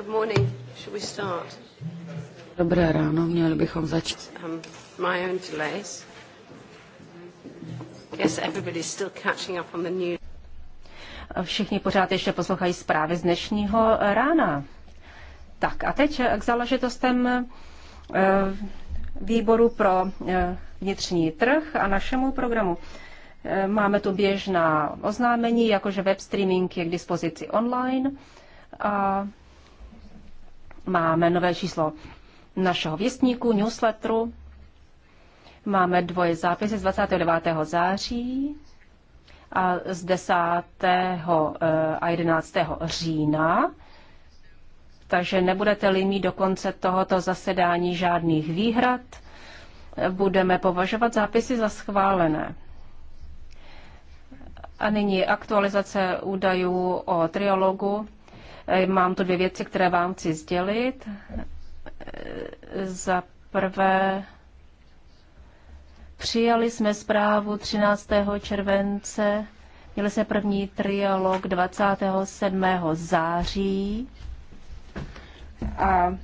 Good morning. we start? Dobré ráno, měli bychom začít. Um, my own delays. Yes, everybody's still catching up on the news. Všichni pořád ještě poslouchají zprávy z dnešního eh, rána. Tak a teď eh, k záležitostem eh, výboru pro vnitřní trh a našemu programu. Máme tu běžná oznámení, jakože web streaming je k dispozici online. A Máme nové číslo našeho věstníku, newsletteru. Máme dvoje zápisy z 29. září a z 10. Eh, a 11. října. Takže nebudete-li mít do konce tohoto zasedání žádných výhrad, budeme považovat zápisy za schválené. A nyní aktualizace údajů o triologu. Eh, mám tu dvě věci, které vám chci sdělit. Eh, za prvé, přijali jsme zprávu 13. července, měli jsme první trialog 27. září a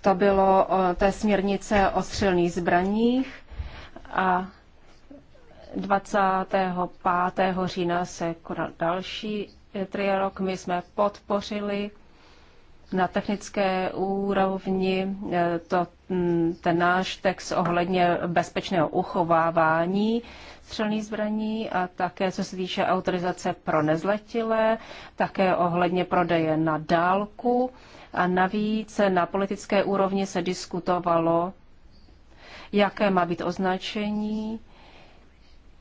to bylo té směrnice o střelných zbraních a 25. října se konal další trialog my jsme podpořili na technické úrovni e, to, ten náš text ohledně bezpečného uchovávání střelných zbraní a také co se týče autorizace pro nezletilé, také ohledně prodeje na dálku. A navíc na politické úrovni se diskutovalo, jaké má být označení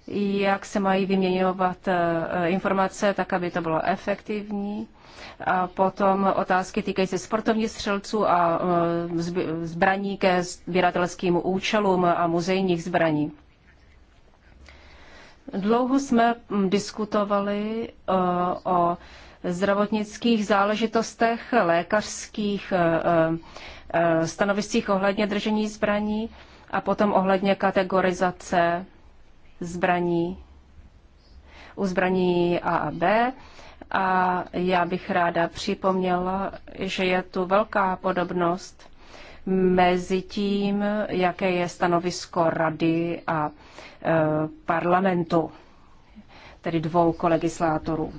jak se mají vyměňovat eh, informace, tak aby to bylo efektivní. A potom otázky týkají se sportovních střelců a eh, zbraní ke sběratelským účelům a muzejních zbraní. Dlouho jsme hm, diskutovali eh, o zdravotnických záležitostech, lékařských stanoviscích ohledně držení zbraní a potom ohledně kategorizace zbraní, u zbraní A a B. A já bych ráda připomněla, že je tu velká podobnost mezi tím, jaké je stanovisko rady a e, parlamentu, tedy dvou kolegislátorů.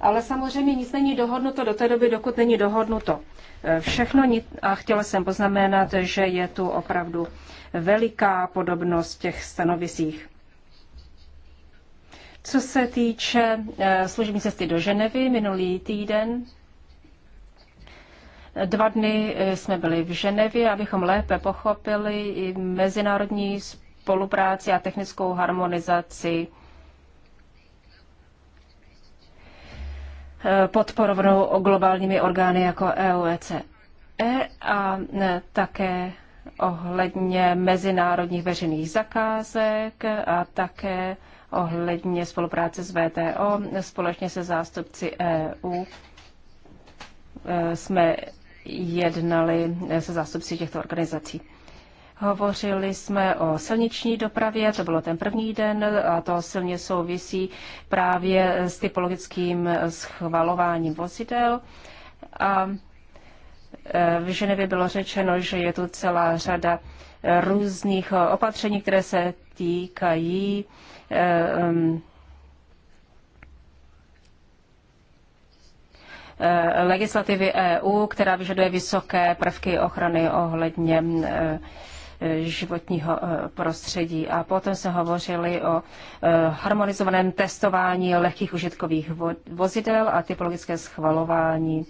Ale samozřejmě nic není dohodnuto do té doby, dokud není dohodnuto eh, všechno. A chtěla jsem poznamenat, že je tu opravdu veliká podobnost těch stanovisích. Co se týče eh, služební cesty do Ženevy minulý týden, dva dny eh, jsme byli v Ženevě, abychom lépe pochopili i mezinárodní spolupráci a technickou harmonizaci podporovanou globálními orgány jako EOECE e e a také ohledně mezinárodních veřejných zakázek a také ohledně spolupráce s VTO společně se zástupci EU e, jsme jednali se zástupci těchto organizací. Hovořili jsme o silniční dopravě, to bylo ten první den a to silně souvisí právě s typologickým schvalováním vozidel. A e, v Ženevě bylo řečeno, že je tu celá řada e, různých opatření, které se týkají e, legislativy EU, která vyžaduje vysoké prvky ochrany ohledně životního eh, prostředí. A potom se hovořili o eh, harmonizovaném testování lehkých užitkových vozidel a typologické schvalování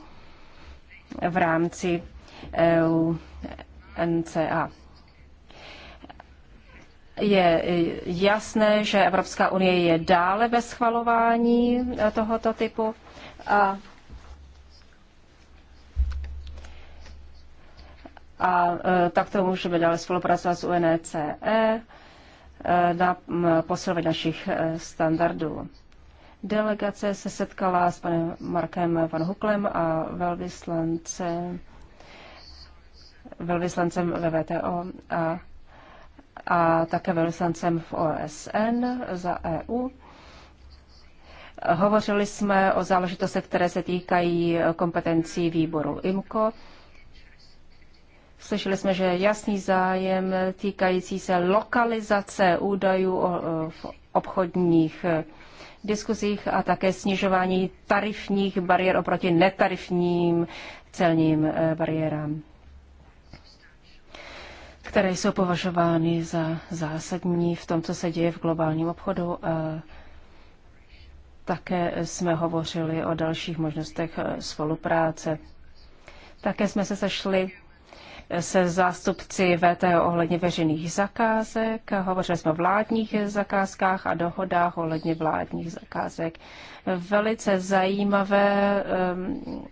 v rámci EU NCA. Je eh, jasné, že Evropská unie je dále ve schvalování tohoto typu a a e, takto můžeme dále spolupracovat s UNECE e, na posilování našich e, standardů. Delegace se setkala s panem Markem Van Huklem a velvyslancem, velvyslancem ve VTO a, a také velvyslancem v OSN za EU. Hovořili jsme o záležitostech, které se týkají kompetencí výboru IMCO Slyšeli jsme, že jasný zájem týkající se lokalizace údajů v obchodních eh, diskuzích a také snižování tarifních bariér oproti netarifním celním eh, bariérám, které jsou považovány za zásadní v tom, co se děje v globálním obchodu. Eh, také jsme hovořili o dalších možnostech spolupráce. Také jsme se sešli se zástupci VTO ohledně veřejných zakázek, hovořili jsme o vládních zakázkách a dohodách ohledně vládních zakázek. Velice zajímavé,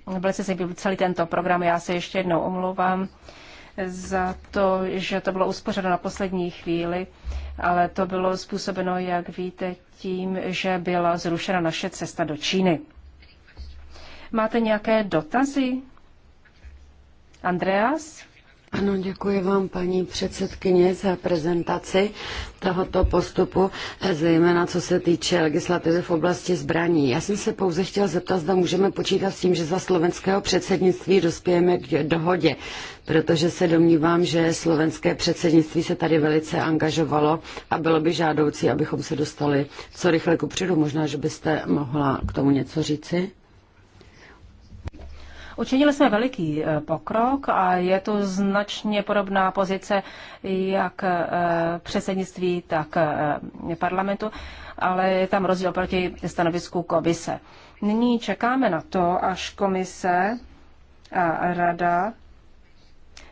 um, velice se byl celý tento program, já se ještě jednou omlouvám za to, že to bylo uspořeno na poslední chvíli, ale to bylo způsobeno, jak víte, tím, že byla zrušena naše cesta do Číny. Máte nějaké dotazy? Andreas? Ano, děkuji vám, paní předsedkyně, za prezentaci tohoto postupu, eh, zejména co se týče legislativy v oblasti zbraní. Já jsem se pouze chtěla zeptat, zda můžeme počítat s tím, že za slovenského předsednictví dospějeme k dohodě, protože se domnívám, že slovenské předsednictví se tady velice angažovalo a bylo by žádoucí, abychom se dostali co rychle kupředu. Možná, že byste mohla k tomu něco říci? Učinili jsme veliký eh, pokrok a je to značně podobná pozice jak eh, předsednictví, tak eh, parlamentu, ale je tam rozdíl proti stanovisku komise. Nyní čekáme na to, až komise a rada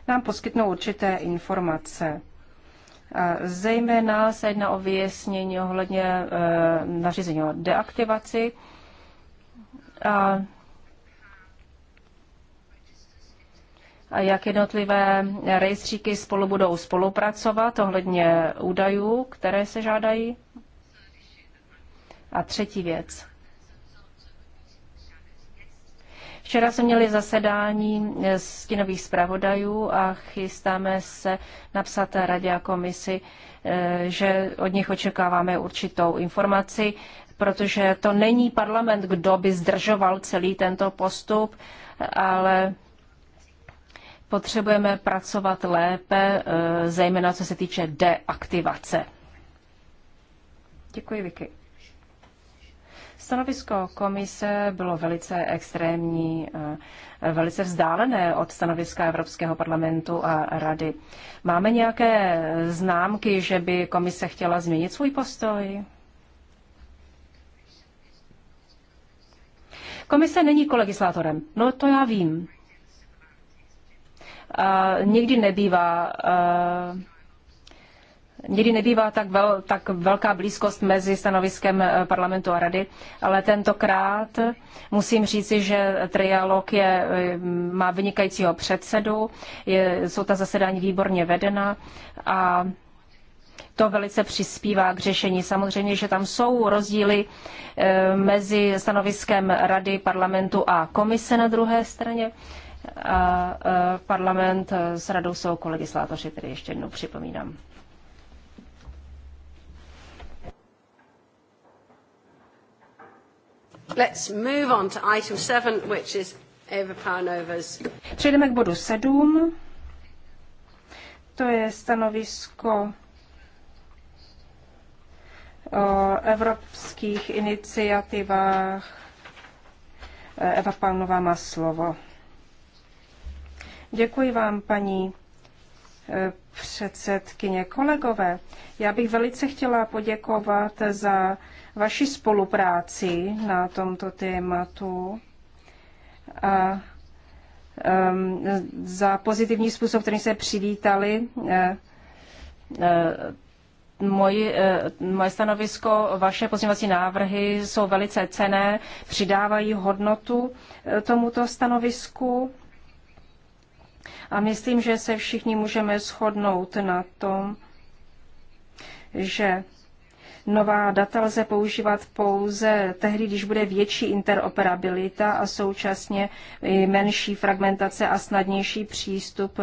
nám poskytnou určité informace. A zejména se jedná o vyjasnění ohledně e, nařízení o deaktivaci. A a jak jednotlivé rejstříky spolu budou spolupracovat ohledně údajů, které se žádají. A třetí věc. Včera jsme měli zasedání stinových zpravodajů a chystáme se napsat radě a komisi, eh, že od nich očekáváme určitou informaci, protože to není parlament, kdo by zdržoval celý tento postup, ale potřebujeme pracovat lépe, eh, zejména co se týče deaktivace. Děkuji, Vicky. Stanovisko komise bylo velice extrémní, eh, velice vzdálené od stanoviska Evropského parlamentu a rady. Máme nějaké známky, že by komise chtěla změnit svůj postoj? Komise není kolegislátorem. No to já vím někdy nebývá Někdy nebývá tak, vel, tak velká blízkost mezi stanoviskem e, parlamentu a rady, ale tentokrát musím říci, že trialog je, e, má vynikajícího předsedu, je, jsou ta zasedání výborně vedena a to velice přispívá k řešení. Samozřejmě, že tam jsou rozdíly e, mezi stanoviskem Rady, parlamentu a komise na druhé straně a parlament s radou jsou kolegislátoři, tedy ještě jednou připomínám. Let's move on to item seven, which is Eva Parnova's. Přejdeme k bodu sedm. To je stanovisko o evropských iniciativách. Eva Parnova má slovo. Děkuji vám, paní eh, předsedkyně, kolegové. Já bych velice chtěla poděkovat za vaši spolupráci na tomto tématu a ehm, za pozitivní způsob, kterým se přivítali eh, eh, Moji, moje stanovisko, vaše pozměňovací návrhy jsou velice cené, přidávají hodnotu tomuto stanovisku a myslím, že se všichni můžeme shodnout na tom, že nová data lze používat pouze tehdy, když bude větší interoperabilita a současně i menší fragmentace a snadnější přístup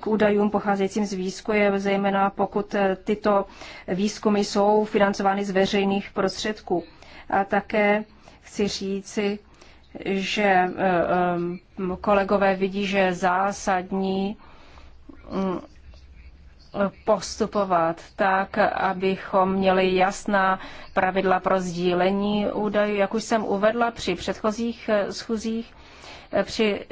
k údajům pocházejícím z výzkuje, zejména pokud tyto výzkumy jsou financovány z veřejných prostředků. A také chci říci, že eh, eh, kolegové vidí, že je zásadní mm, postupovat tak, abychom měli jasná pravidla pro sdílení údajů. Jak už jsem uvedla při předchozích eh, schůzích, při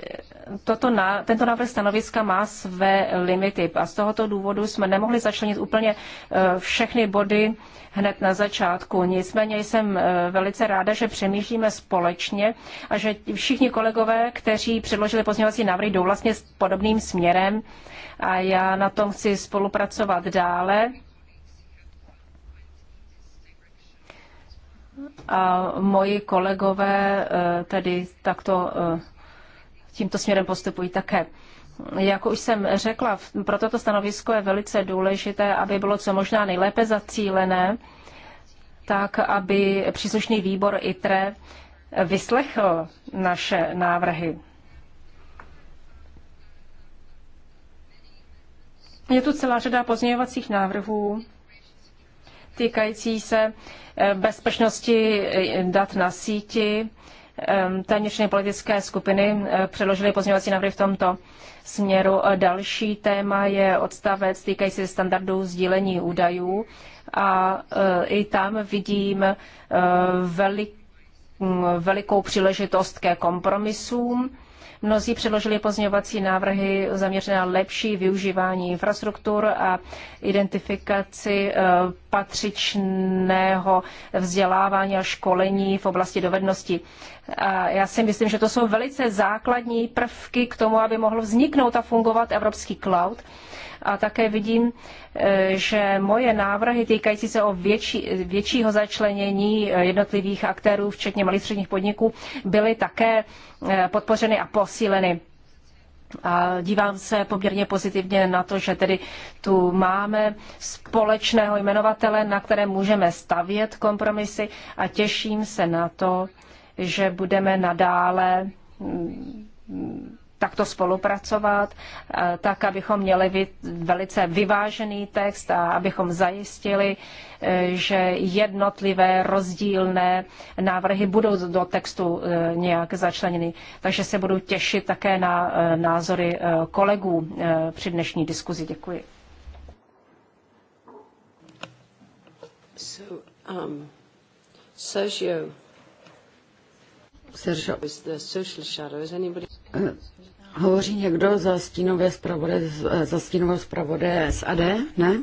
toto na, tento návrh stanoviska má své limity a z tohoto důvodu jsme nemohli začlenit úplně eh, všechny body hned na začátku. Nicméně jsem eh, velice ráda, že přemýšlíme společně a že všichni kolegové, kteří předložili pozměňovací návrhy, jdou vlastně s podobným směrem a já na tom chci spolupracovat dále. A moji kolegové eh, tedy takto tímto směrem postupují také. Jak už jsem řekla, pro toto stanovisko je velice důležité, aby bylo co možná nejlépe zacílené, tak aby příslušný výbor ITRE vyslechl naše návrhy. Je tu celá řada pozměňovacích návrhů týkající se eh, bezpečnosti dat na síti téměřné politické skupiny předložily pozměňovací návrhy v tomto směru. Další téma je odstavec týkající standardů sdílení údajů a e, i tam vidím e, velikou příležitost ke kompromisům Mnozí předložili pozměňovací návrhy zaměřené na lepší využívání infrastruktur a identifikaci eh, patřičného vzdělávání a školení v oblasti dovednosti. A já si myslím, že to jsou velice základní prvky k tomu, aby mohl vzniknout a fungovat evropský cloud a také vidím, e, že moje návrhy týkající se o větší, většího začlenění e, jednotlivých aktérů, včetně malých středních podniků, byly také e, podpořeny a posíleny. A dívám se poměrně pozitivně na to, že tedy tu máme společného jmenovatele, na kterém můžeme stavět kompromisy a těším se na to, že budeme nadále takto spolupracovat, eh, tak abychom měli velice vyvážený text a abychom zajistili, eh, že jednotlivé rozdílné návrhy budou do textu eh, nějak začleněny. Takže se budu těšit také na názory kolegů při dnešní diskuzi. Děkuji. So, um, Sergio. Sergio. Is the social shadow. Is anybody... Hovoří někdo za, stínové zpravode, za stínové zpravodaje SAD? Ne?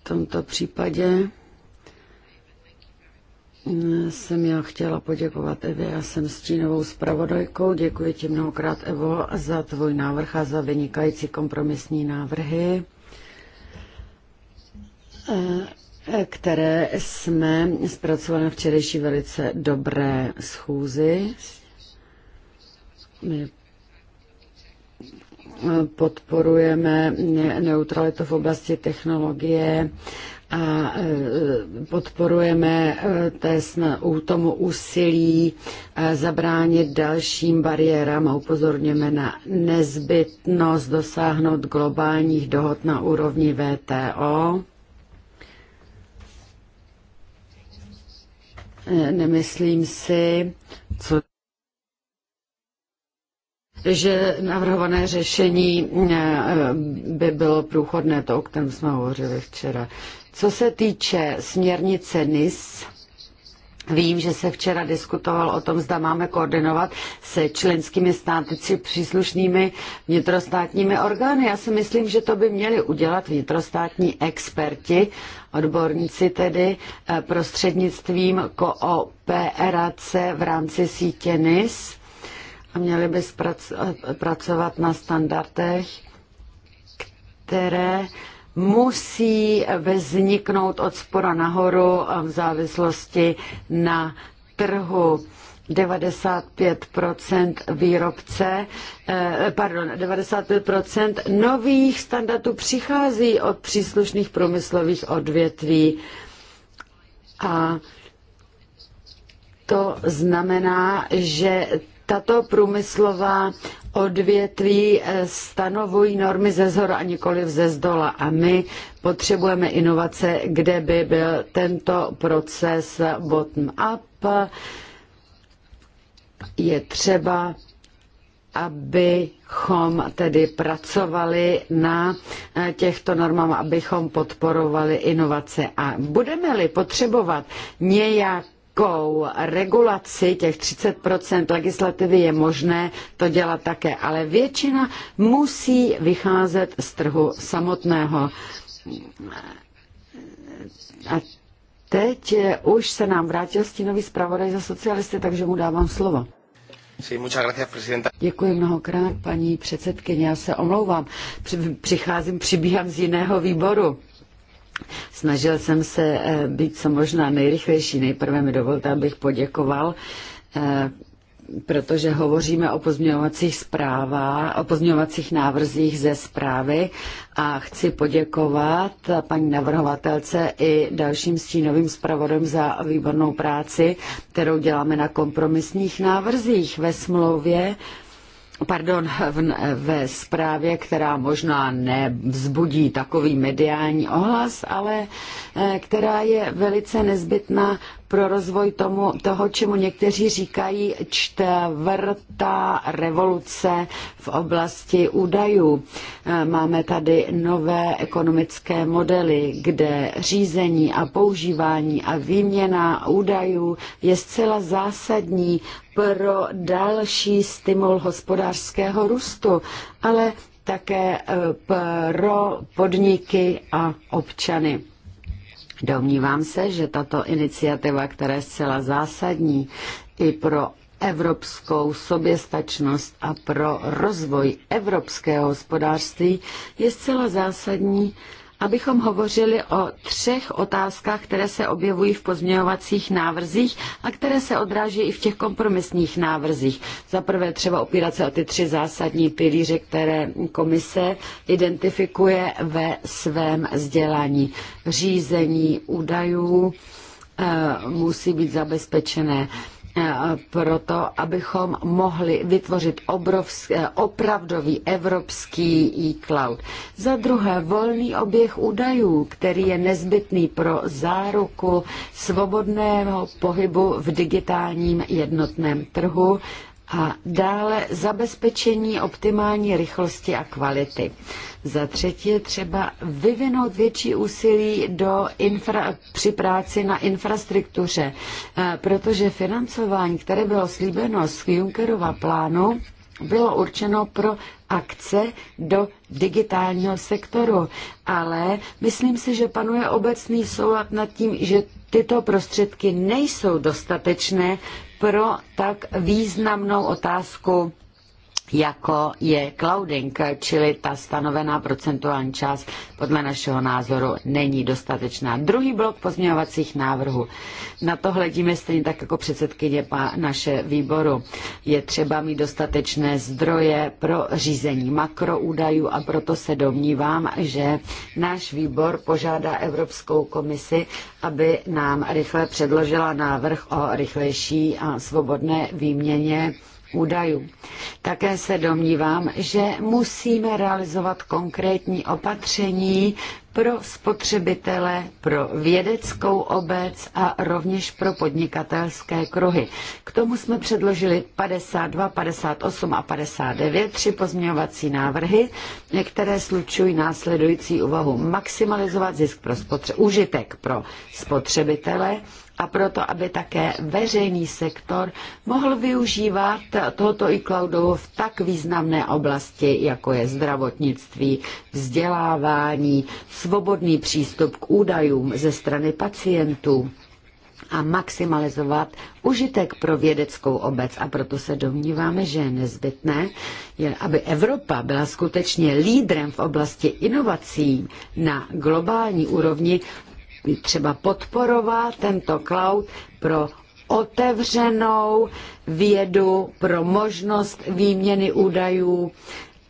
V tomto případě mm, jsem já chtěla poděkovat Evě, já jsem stínovou zpravodajkou, děkuji ti mnohokrát Evo za tvůj návrh a za vynikající kompromisní návrhy, eh, které jsme zpracovali na včerejší velice dobré schůzi s my podporujeme neutralitu v oblasti technologie a e, podporujeme e, tomu úsilí e, zabránit dalším bariérám a upozorněme na nezbytnost dosáhnout globálních dohod na úrovni VTO. Nemyslím si, co že navrhované řešení eh, by bylo průchodné, to o kterém jsme hovořili včera. Co se týče směrnice NIS, Vím, že se včera diskutoval o tom, zda máme koordinovat se členskými státy či příslušnými vnitrostátními orgány. Já si myslím, že to by měli udělat vnitrostátní experti, odborníci tedy, eh, prostřednictvím kooperace v rámci sítě NIS a měli by pracovat na standardech, které musí vzniknout od spora nahoru v závislosti na trhu. 95% výrobce, eh, pardon, 95% nových standardů přichází od příslušných průmyslových odvětví a to znamená, že tato průmyslová odvětví eh, stanovují normy ze zhora a nikoliv ze zdola a my potřebujeme inovace, kde by byl tento proces bottom-up. Je třeba abychom tedy pracovali na eh, těchto normách, abychom podporovali inovace. A budeme-li potřebovat nějak nějakou regulaci těch 30% legislativy je možné to dělat také, ale většina musí vycházet z trhu samotného. A teď už se nám vrátil stínový zpravodaj za socialisty, takže mu dávám slovo. Děkuji mnohokrát, paní předsedkyně. Já se omlouvám. Přicházím, přibíhám z jiného výboru. Snažil jsem se eh, být co možná nejrychlejší. Nejprve mi dovolte, abych poděkoval eh, protože hovoříme o pozměňovacích zprávách, o pozměňovacích návrzích ze zprávy a chci poděkovat paní navrhovatelce i dalším stínovým zpravodem za výbornou práci, kterou děláme na kompromisních návrzích ve smlouvě pardon, v, ve zprávě, která možná nevzbudí takový mediální ohlas, ale eh, která je velice nezbytná pro rozvoj tomu, toho, čemu někteří říkají čtvrtá revoluce v oblasti údajů. Eh, máme tady nové ekonomické modely, kde řízení a používání a výměna údajů je zcela zásadní pro další stimul hospodářského růstu, ale také eh, pro podniky a občany. Domnívám se, že tato iniciativa, která je zcela zásadní i pro evropskou soběstačnost a pro rozvoj evropského hospodářství, je zcela zásadní abychom hovořili o třech otázkách, které se objevují v pozměňovacích návrzích a které se odráží i v těch kompromisních návrzích. Za prvé třeba opírat se o ty tři zásadní pilíře, které komise identifikuje ve svém sdělení. Řízení údajů eh, musí být zabezpečené Eh, proto, abychom mohli vytvořit obrovský, eh, opravdový evropský e-cloud. Za druhé, volný oběh údajů, který je nezbytný pro záruku svobodného pohybu v digitálním jednotném trhu a dále zabezpečení optimální rychlosti a kvality. Za třetí je třeba vyvinout větší úsilí do infra, při práci na infrastruktuře, e, protože financování, které bylo slíbeno z Junckerova plánu, bylo určeno pro akce do digitálního sektoru, ale myslím si, že panuje obecný soulad nad tím, že tyto prostředky nejsou dostatečné pro tak významnou otázku jako je clouding, čili ta stanovená procentuální část podle našeho názoru není dostatečná. Druhý blok pozměňovacích návrhů. Na to hledíme stejně tak jako předsedkyně naše výboru. Je třeba mít dostatečné zdroje pro řízení makroúdajů a proto se domnívám, že náš výbor požádá Evropskou komisi, aby nám rychle předložila návrh o rychlejší a svobodné výměně údajů. Také se domnívám, že musíme realizovat konkrétní opatření pro spotřebitele, pro vědeckou obec a rovněž pro podnikatelské kruhy. K tomu jsme předložili 52, 58 a 59 tři pozměňovací návrhy, které slučují následující úvahu. Maximalizovat zisk pro spotře- užitek pro spotřebitele, a proto, aby také veřejný sektor mohl využívat tohoto i cloudovo v tak významné oblasti, jako je zdravotnictví, vzdělávání, svobodný přístup k údajům ze strany pacientů a maximalizovat užitek pro vědeckou obec. A proto se domníváme, že je nezbytné, aby Evropa byla skutečně lídrem v oblasti inovací na globální úrovni, třeba podporovat tento cloud pro otevřenou vědu, pro možnost výměny údajů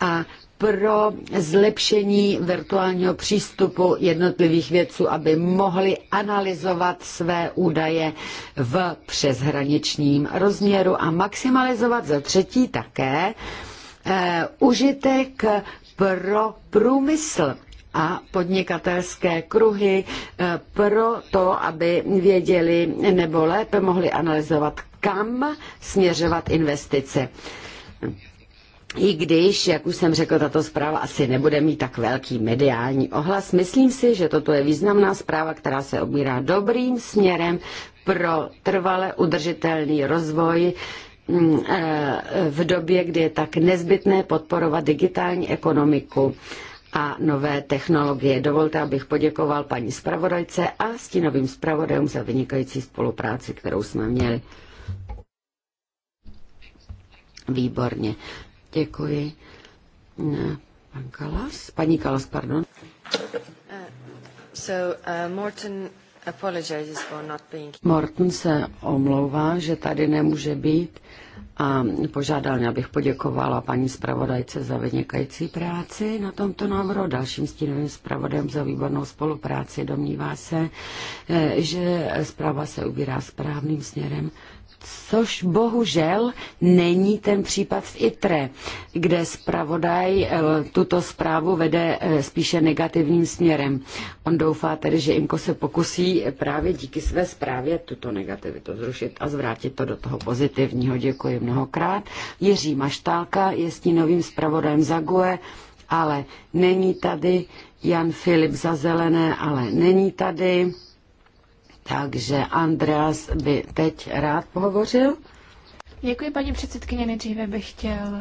a pro zlepšení virtuálního přístupu jednotlivých vědců, aby mohli analyzovat své údaje v přeshraničním rozměru a maximalizovat za třetí také eh, užitek pro průmysl a podnikatelské kruhy eh, pro to, aby věděli nebo lépe mohli analyzovat, kam směřovat investice. I když, jak už jsem řekl, tato zpráva asi nebude mít tak velký mediální ohlas, myslím si, že toto je významná zpráva, která se obírá dobrým směrem pro trvale udržitelný rozvoj mm, eh, v době, kdy je tak nezbytné podporovat digitální ekonomiku a nové technologie. Dovolte, abych poděkoval paní zpravodajce a stínovým zpravodajům za vynikající spolupráci, kterou jsme měli. Výborně. Děkuji. Pan Kalas? Paní Kalas, pardon. So, uh, for not being... se omlouvá, že tady nemůže být a požádal mě, abych poděkovala paní zpravodajce za vynikající práci na tomto návrhu. Dalším stínovým zpravodem za výbornou spolupráci domnívá se, eh, že zpráva se ubírá správným směrem což bohužel není ten případ v ITRE, kde zpravodaj eh, tuto zprávu vede eh, spíše negativním směrem. On doufá tedy, že IMKO se pokusí právě díky své zprávě tuto negativitu zrušit a zvrátit to do toho pozitivního. Děkuji mnohokrát. Jiří Maštálka je novým zpravodajem Zague, ale není tady. Jan Filip za zelené, ale není tady. Takže Andreas by teď rád pohovořil. Děkuji, paní předsedkyně. Nejdříve bych chtěl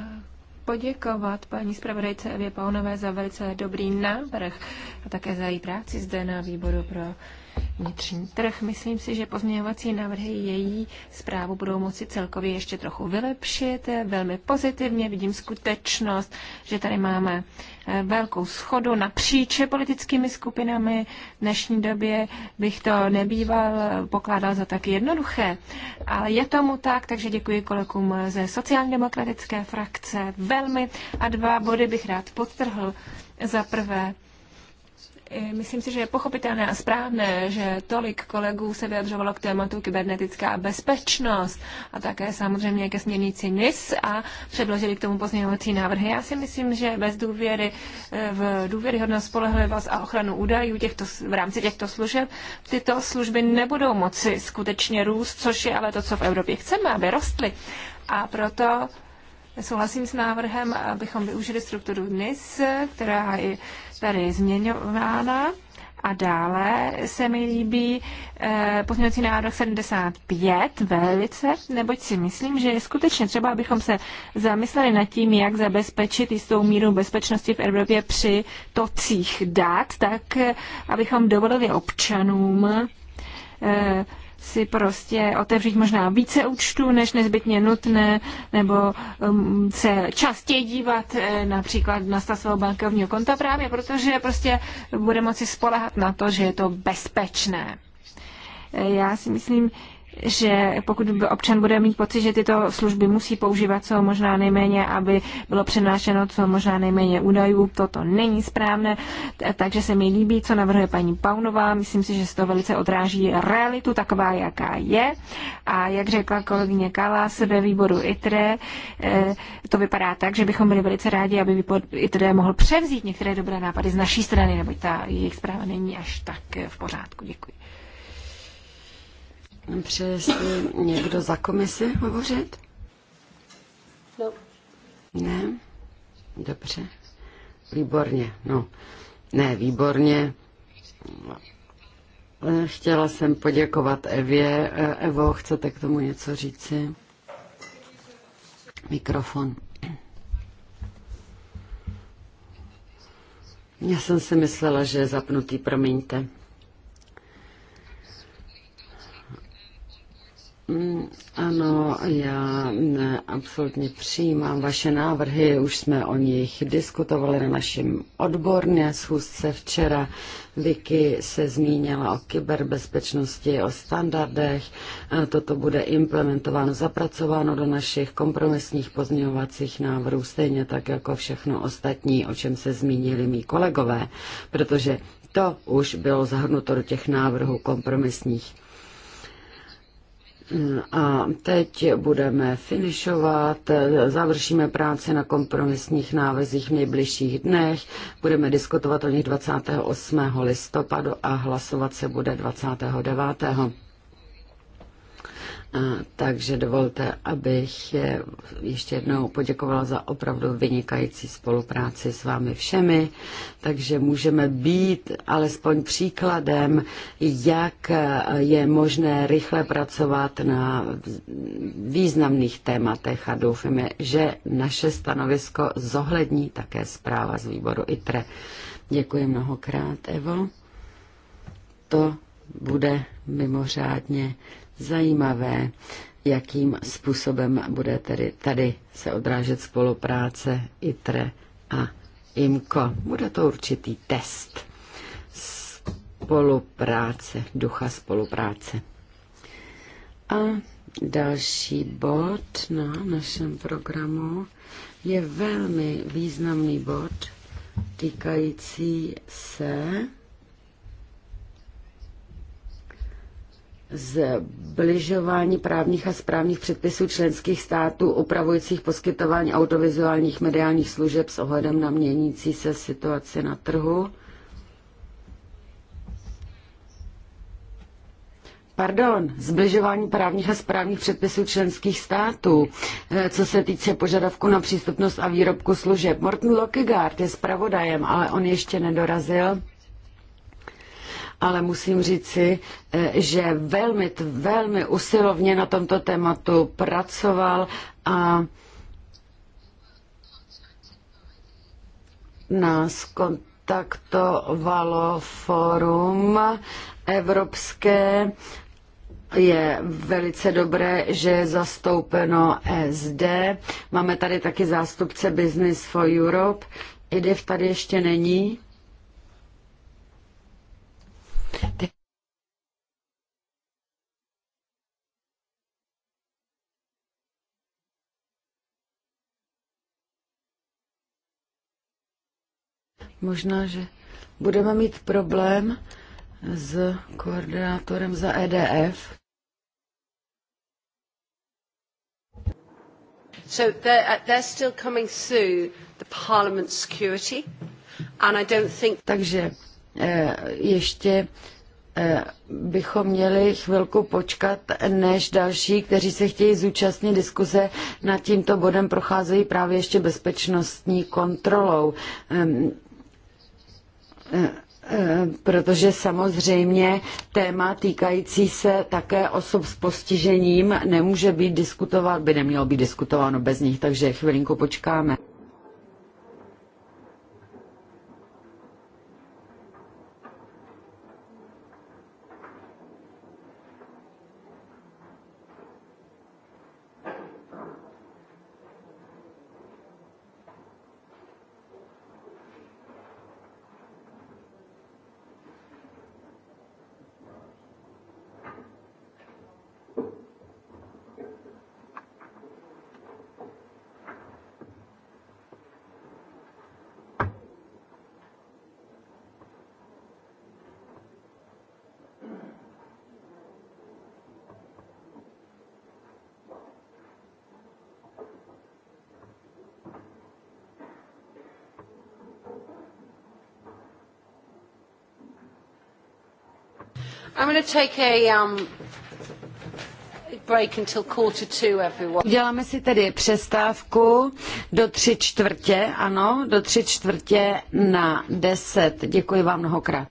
poděkovat paní zpravodajce Evě Paunové za velice dobrý návrh a také za její práci zde na výboru pro vnitřní trh. Myslím si, že pozměňovací návrhy její zprávu budou moci celkově ještě trochu vylepšit. Velmi pozitivně vidím skutečnost, že tady máme eh, velkou schodu napříč politickými skupinami. V dnešní době bych to nebýval pokládal za tak jednoduché. Ale je tomu tak, takže děkuji kolegům ze sociálně demokratické frakce velmi. A dva body bych rád podtrhl. Za prvé, Myslím si, že je pochopitelné a správné, že tolik kolegů se vyjadřovalo k tématu kybernetická bezpečnost a také samozřejmě ke směrnici NIS a předložili k tomu pozměňovací návrhy. Já si myslím, že bez důvěry eh, v důvěryhodnost spolehlivost a ochranu údajů těchto, v rámci těchto služeb tyto služby nebudou moci skutečně růst, což je ale to, co v Evropě chceme, aby rostly. A proto Souhlasím s návrhem, abychom využili strukturu NIS, která je tady změňována. A dále se mi líbí eh, pozměňovací návrh 75 velice, neboť si myslím, že je skutečně třeba, abychom se zamysleli nad tím, jak zabezpečit jistou míru bezpečnosti v Evropě při tocích dat, tak eh, abychom dovolili občanům eh, si prostě otevřít možná více účtů, než nezbytně nutné, nebo um, se častěji dívat eh, například na stav svého bankovního konta právě, protože prostě bude moci spolehat na to, že je to bezpečné. Eh, já si myslím, že pokud občan bude mít pocit, že tyto služby musí používat co možná nejméně, aby bylo přenášeno co možná nejméně údajů, toto není správné, takže se mi líbí, co navrhuje paní Paunová, myslím si, že se to velice odráží realitu taková, jaká je a jak řekla kolegyně Kalas ve výboru ITRE, eh, to vypadá tak, že bychom byli velice rádi, aby ITRE mohl převzít některé dobré nápady z naší strany, neboť ta jejich zpráva není až tak eh, v pořádku. Děkuji. Přeje někdo za komisi hovořit? No. Ne? Dobře. Výborně, no. Ne, výborně. Chtěla jsem poděkovat Evě. Evo, chcete k tomu něco říci? Mikrofon. Já jsem si myslela, že je zapnutý, promiňte. Mm, ano, já ne, absolutně přijímám vaše návrhy, už jsme o nich diskutovali na našem odborné schůzce včera. Vicky se zmínila o kyberbezpečnosti, o standardech. Toto bude implementováno, zapracováno do našich kompromisních pozměňovacích návrhů, stejně tak jako všechno ostatní, o čem se zmínili mý kolegové, protože to už bylo zahrnuto do těch návrhů kompromisních. A teď budeme finišovat, završíme práci na kompromisních návezích v nejbližších dnech, budeme diskutovat o nich 28. listopadu a hlasovat se bude 29. Takže dovolte, abych ještě jednou poděkovala za opravdu vynikající spolupráci s vámi všemi. Takže můžeme být alespoň příkladem, jak je možné rychle pracovat na významných tématech a doufáme, že naše stanovisko zohlední také zpráva z výboru ITRE. Děkuji mnohokrát, Evo. To bude mimořádně zajímavé, jakým způsobem bude tedy tady se odrážet spolupráce ITRE a IMCO. Bude to určitý test spolupráce, ducha spolupráce. A další bod na našem programu je velmi významný bod týkající se zbližování právních a správních předpisů členských států upravujících poskytování audiovizuálních mediálních služeb s ohledem na měnící se situaci na trhu. Pardon, zbližování právních a správních předpisů členských států, eh, co se týče požadavku na přístupnost a výrobku služeb. Morten Lockegaard je zpravodajem, ale on ještě nedorazil ale musím říci, eh, že velmi, velmi usilovně na tomto tématu pracoval a nás kontaktovalo forum evropské je velice dobré, že je zastoupeno SD. Máme tady taky zástupce Business for Europe. IDIF tady ještě není. Možná, že budeme mít problém s koordinátorem za EDF. So they're, uh, they're still coming through the Parliament security, and I don't think... Takže Eh, ještě eh, bychom měli chvilku počkat, než další, kteří se chtějí zúčastnit diskuze nad tímto bodem, procházejí právě ještě bezpečnostní kontrolou. Ehm, eh, protože samozřejmě téma týkající se také osob s postižením nemůže být diskutovat, by nemělo být diskutováno bez nich, takže chvilinku počkáme. going to take a um, break until quarter two, everyone. Uděláme si tedy přestávku do tři čtvrtě, ano, do tři čtvrtě na deset. Děkuji vám mnohokrát.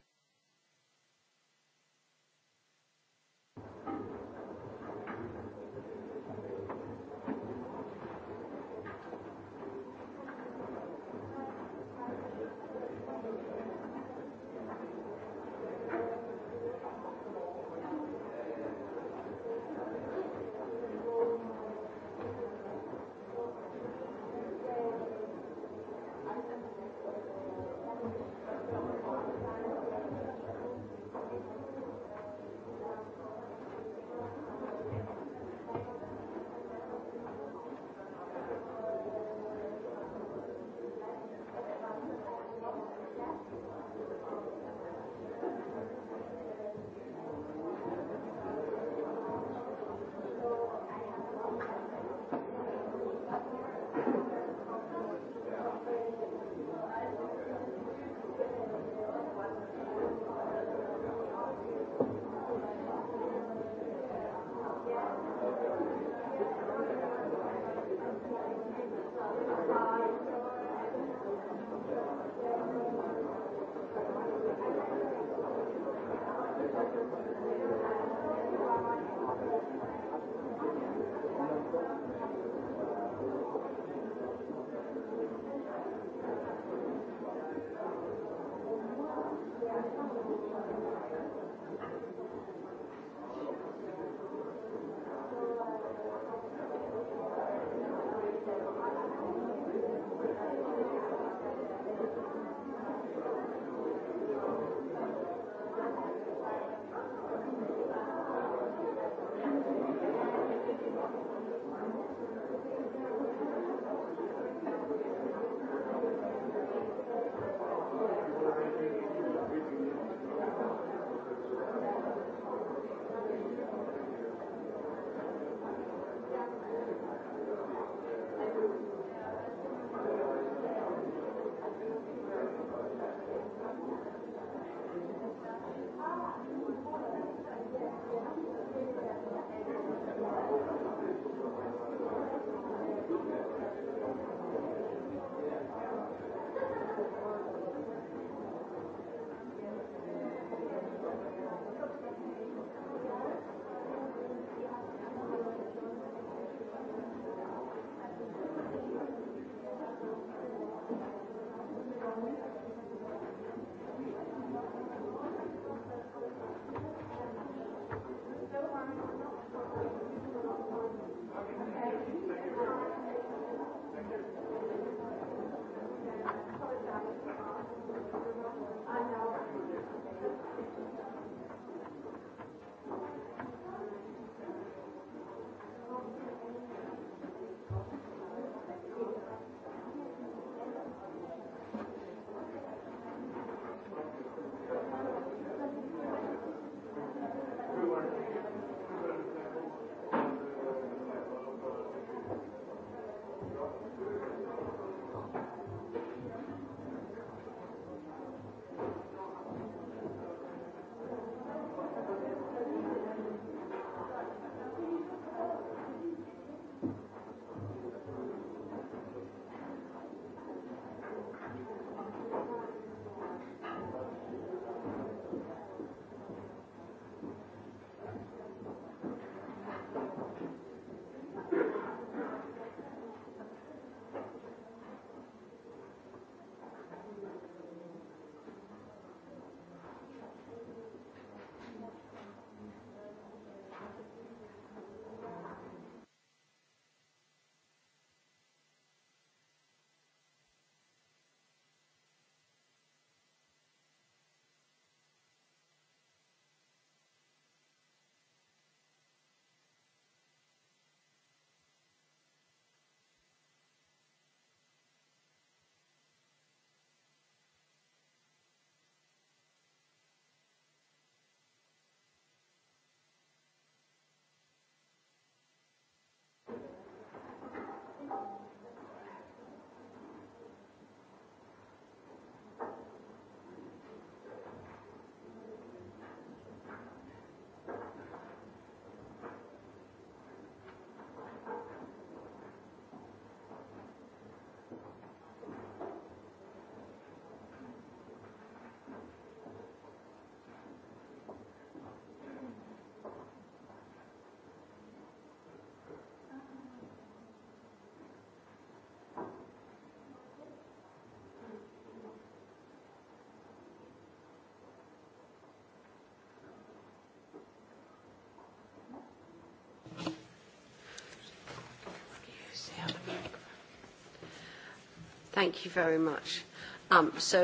Thank you very much. Um, so,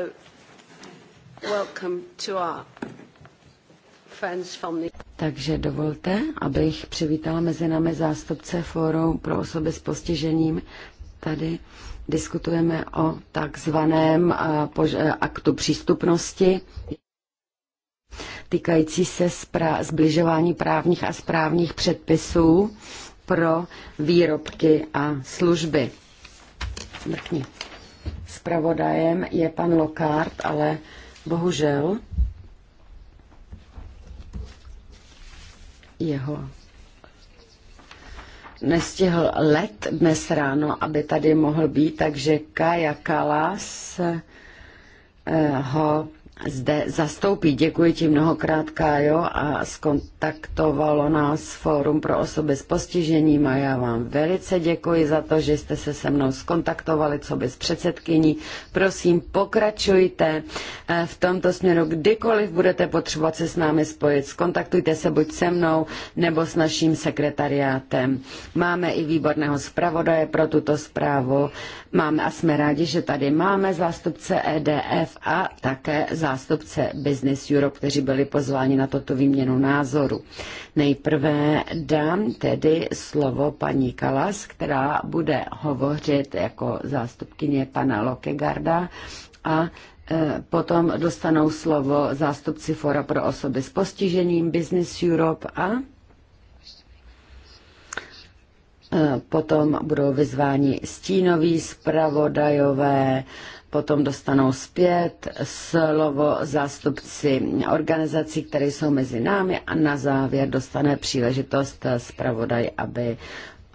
welcome to our friends from the... Takže dovolte, abych přivítala mezi námi zástupce fóru pro osoby s postižením. Tady diskutujeme o takzvaném eh, eh, aktu přístupnosti týkající se zbližování právních a správních předpisů pro výrobky a služby. Mrkni zpravodajem je pan Lokard, ale bohužel jeho nestihl let dnes ráno, aby tady mohl být, takže Kaja Kalas eh, ho zde zastoupí. Děkuji ti mnohokrát, Kájo, a skontaktovalo nás Fórum pro osoby s postižením a já vám velice děkuji za to, že jste se se mnou skontaktovali, co bez předsedkyní. Prosím, pokračujte eh, v tomto směru. Kdykoliv budete potřebovat se s námi spojit, skontaktujte se buď se mnou nebo s naším sekretariátem. Máme i výborného zpravodaje pro tuto zprávu máme a jsme rádi, že tady máme zástupce EDF a také zástupce Business Europe, kteří byli pozváni na toto výměnu názoru. Nejprve dám tedy slovo paní Kalas, která bude hovořit jako zástupkyně pana Lokegarda a e, Potom dostanou slovo zástupci Fora pro osoby s postižením Business Europe a Eh, potom budou vyzváni stínoví zpravodajové, potom dostanou zpět slovo zástupci organizací, které jsou mezi námi a na závěr dostane příležitost zpravodaj, aby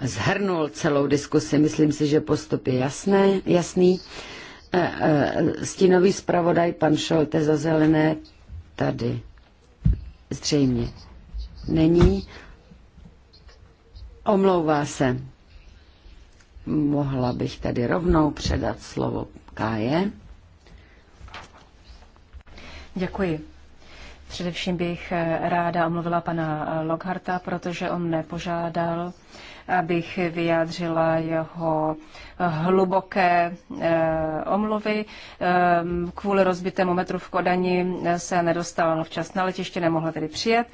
zhrnul celou diskusi. Myslím si, že postup je jasné, jasný. Eh, eh, stínový zpravodaj pan Šolte za zelené tady zřejmě není. Omlouvá se. Mohla bych tady rovnou předat slovo Káje. Děkuji. Především bych eh, ráda omluvila pana eh, Lockharta, protože on nepožádal, abych vyjádřila jeho eh, hluboké omluvy. Kvůli rozbitému metru v Kodani se nedostal včas na letiště, nemohl tedy přijet.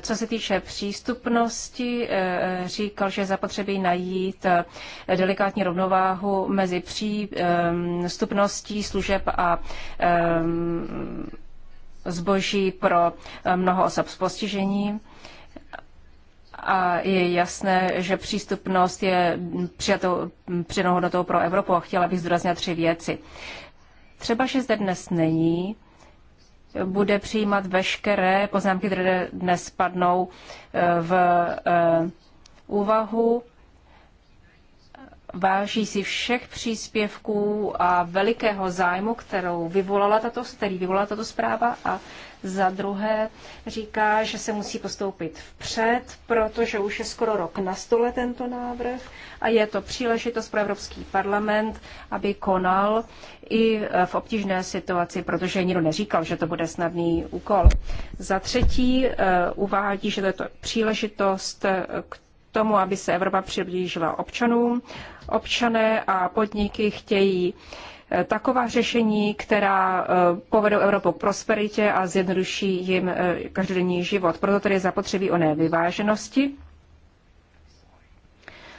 Co se týče přístupnosti, eh, říkal, že zapotřebí najít eh, delikátní rovnováhu mezi přístupností eh, služeb a zboží pro mnoho osob s postižením a je jasné, že přístupnost je přijatou, přidanou hodnotou pro Evropu a chtěla bych zdůraznit tři věci. Třeba, že zde dnes není, bude přijímat veškeré poznámky, které dnes padnou eh, v eh, úvahu. Váží si všech příspěvků a velikého zájmu, kterou vyvolala tato, který vyvolala tato zpráva a za druhé říká, že se musí postoupit vpřed, protože už je skoro rok na stole tento návrh a je to příležitost pro Evropský parlament, aby konal i v obtížné situaci, protože nikdo neříkal, že to bude snadný úkol. Za třetí eh, uvádí, že to je to příležitost k tomu, aby se Evropa přiblížila občanům. Občané a podniky chtějí uh, Eh, taková řešení, která eh, povedou Evropu k prosperitě a zjednoduší jim eh, každodenní život. Proto tedy zapotřebí oné vyváženosti,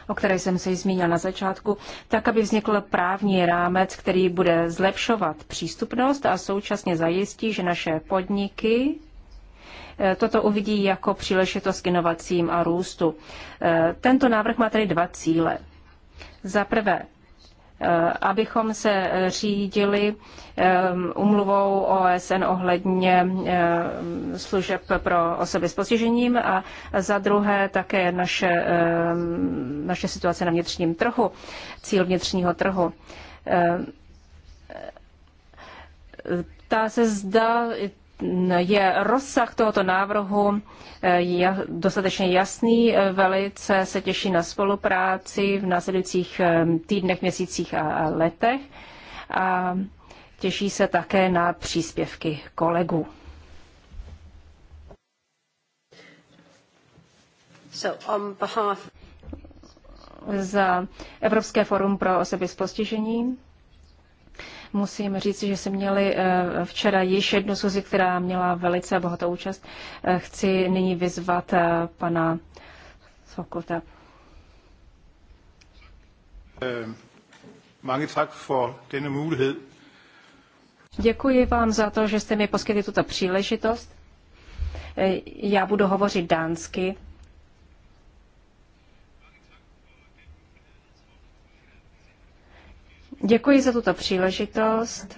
o které jsem se zmínil na začátku, tak, aby vznikl právní rámec, který bude zlepšovat přístupnost a současně zajistí, že naše podniky toto uvidí jako příležitost k inovacím a růstu. Tento návrh má tedy dva cíle. Za prvé, Eh, abychom se řídili ehm, umluvou OSN ohledně ehm, služeb pro osoby s postižením a za druhé také naše, ehm, naše situace na vnitřním trhu, cíl vnitřního trhu. Ptá se, zda je rozsah tohoto návrhu eh, dostatečně jasný. Eh, velice se těší na spolupráci v následujících eh, týdnech, měsících a letech. A těší se také na příspěvky kolegů. So on behalf... Za Evropské forum pro osoby s postižením Musím říct, že jsme měli eh, včera již jednu suzi, která měla velice bohatou účast. Eh, chci nyní vyzvat eh, pana Sokota. Mange tak for denne mulighed. Děkuji vám za to, že jste mi poskytli tuto příležitost. Já budu hovořit dánsky Děkuji za tuto příležitost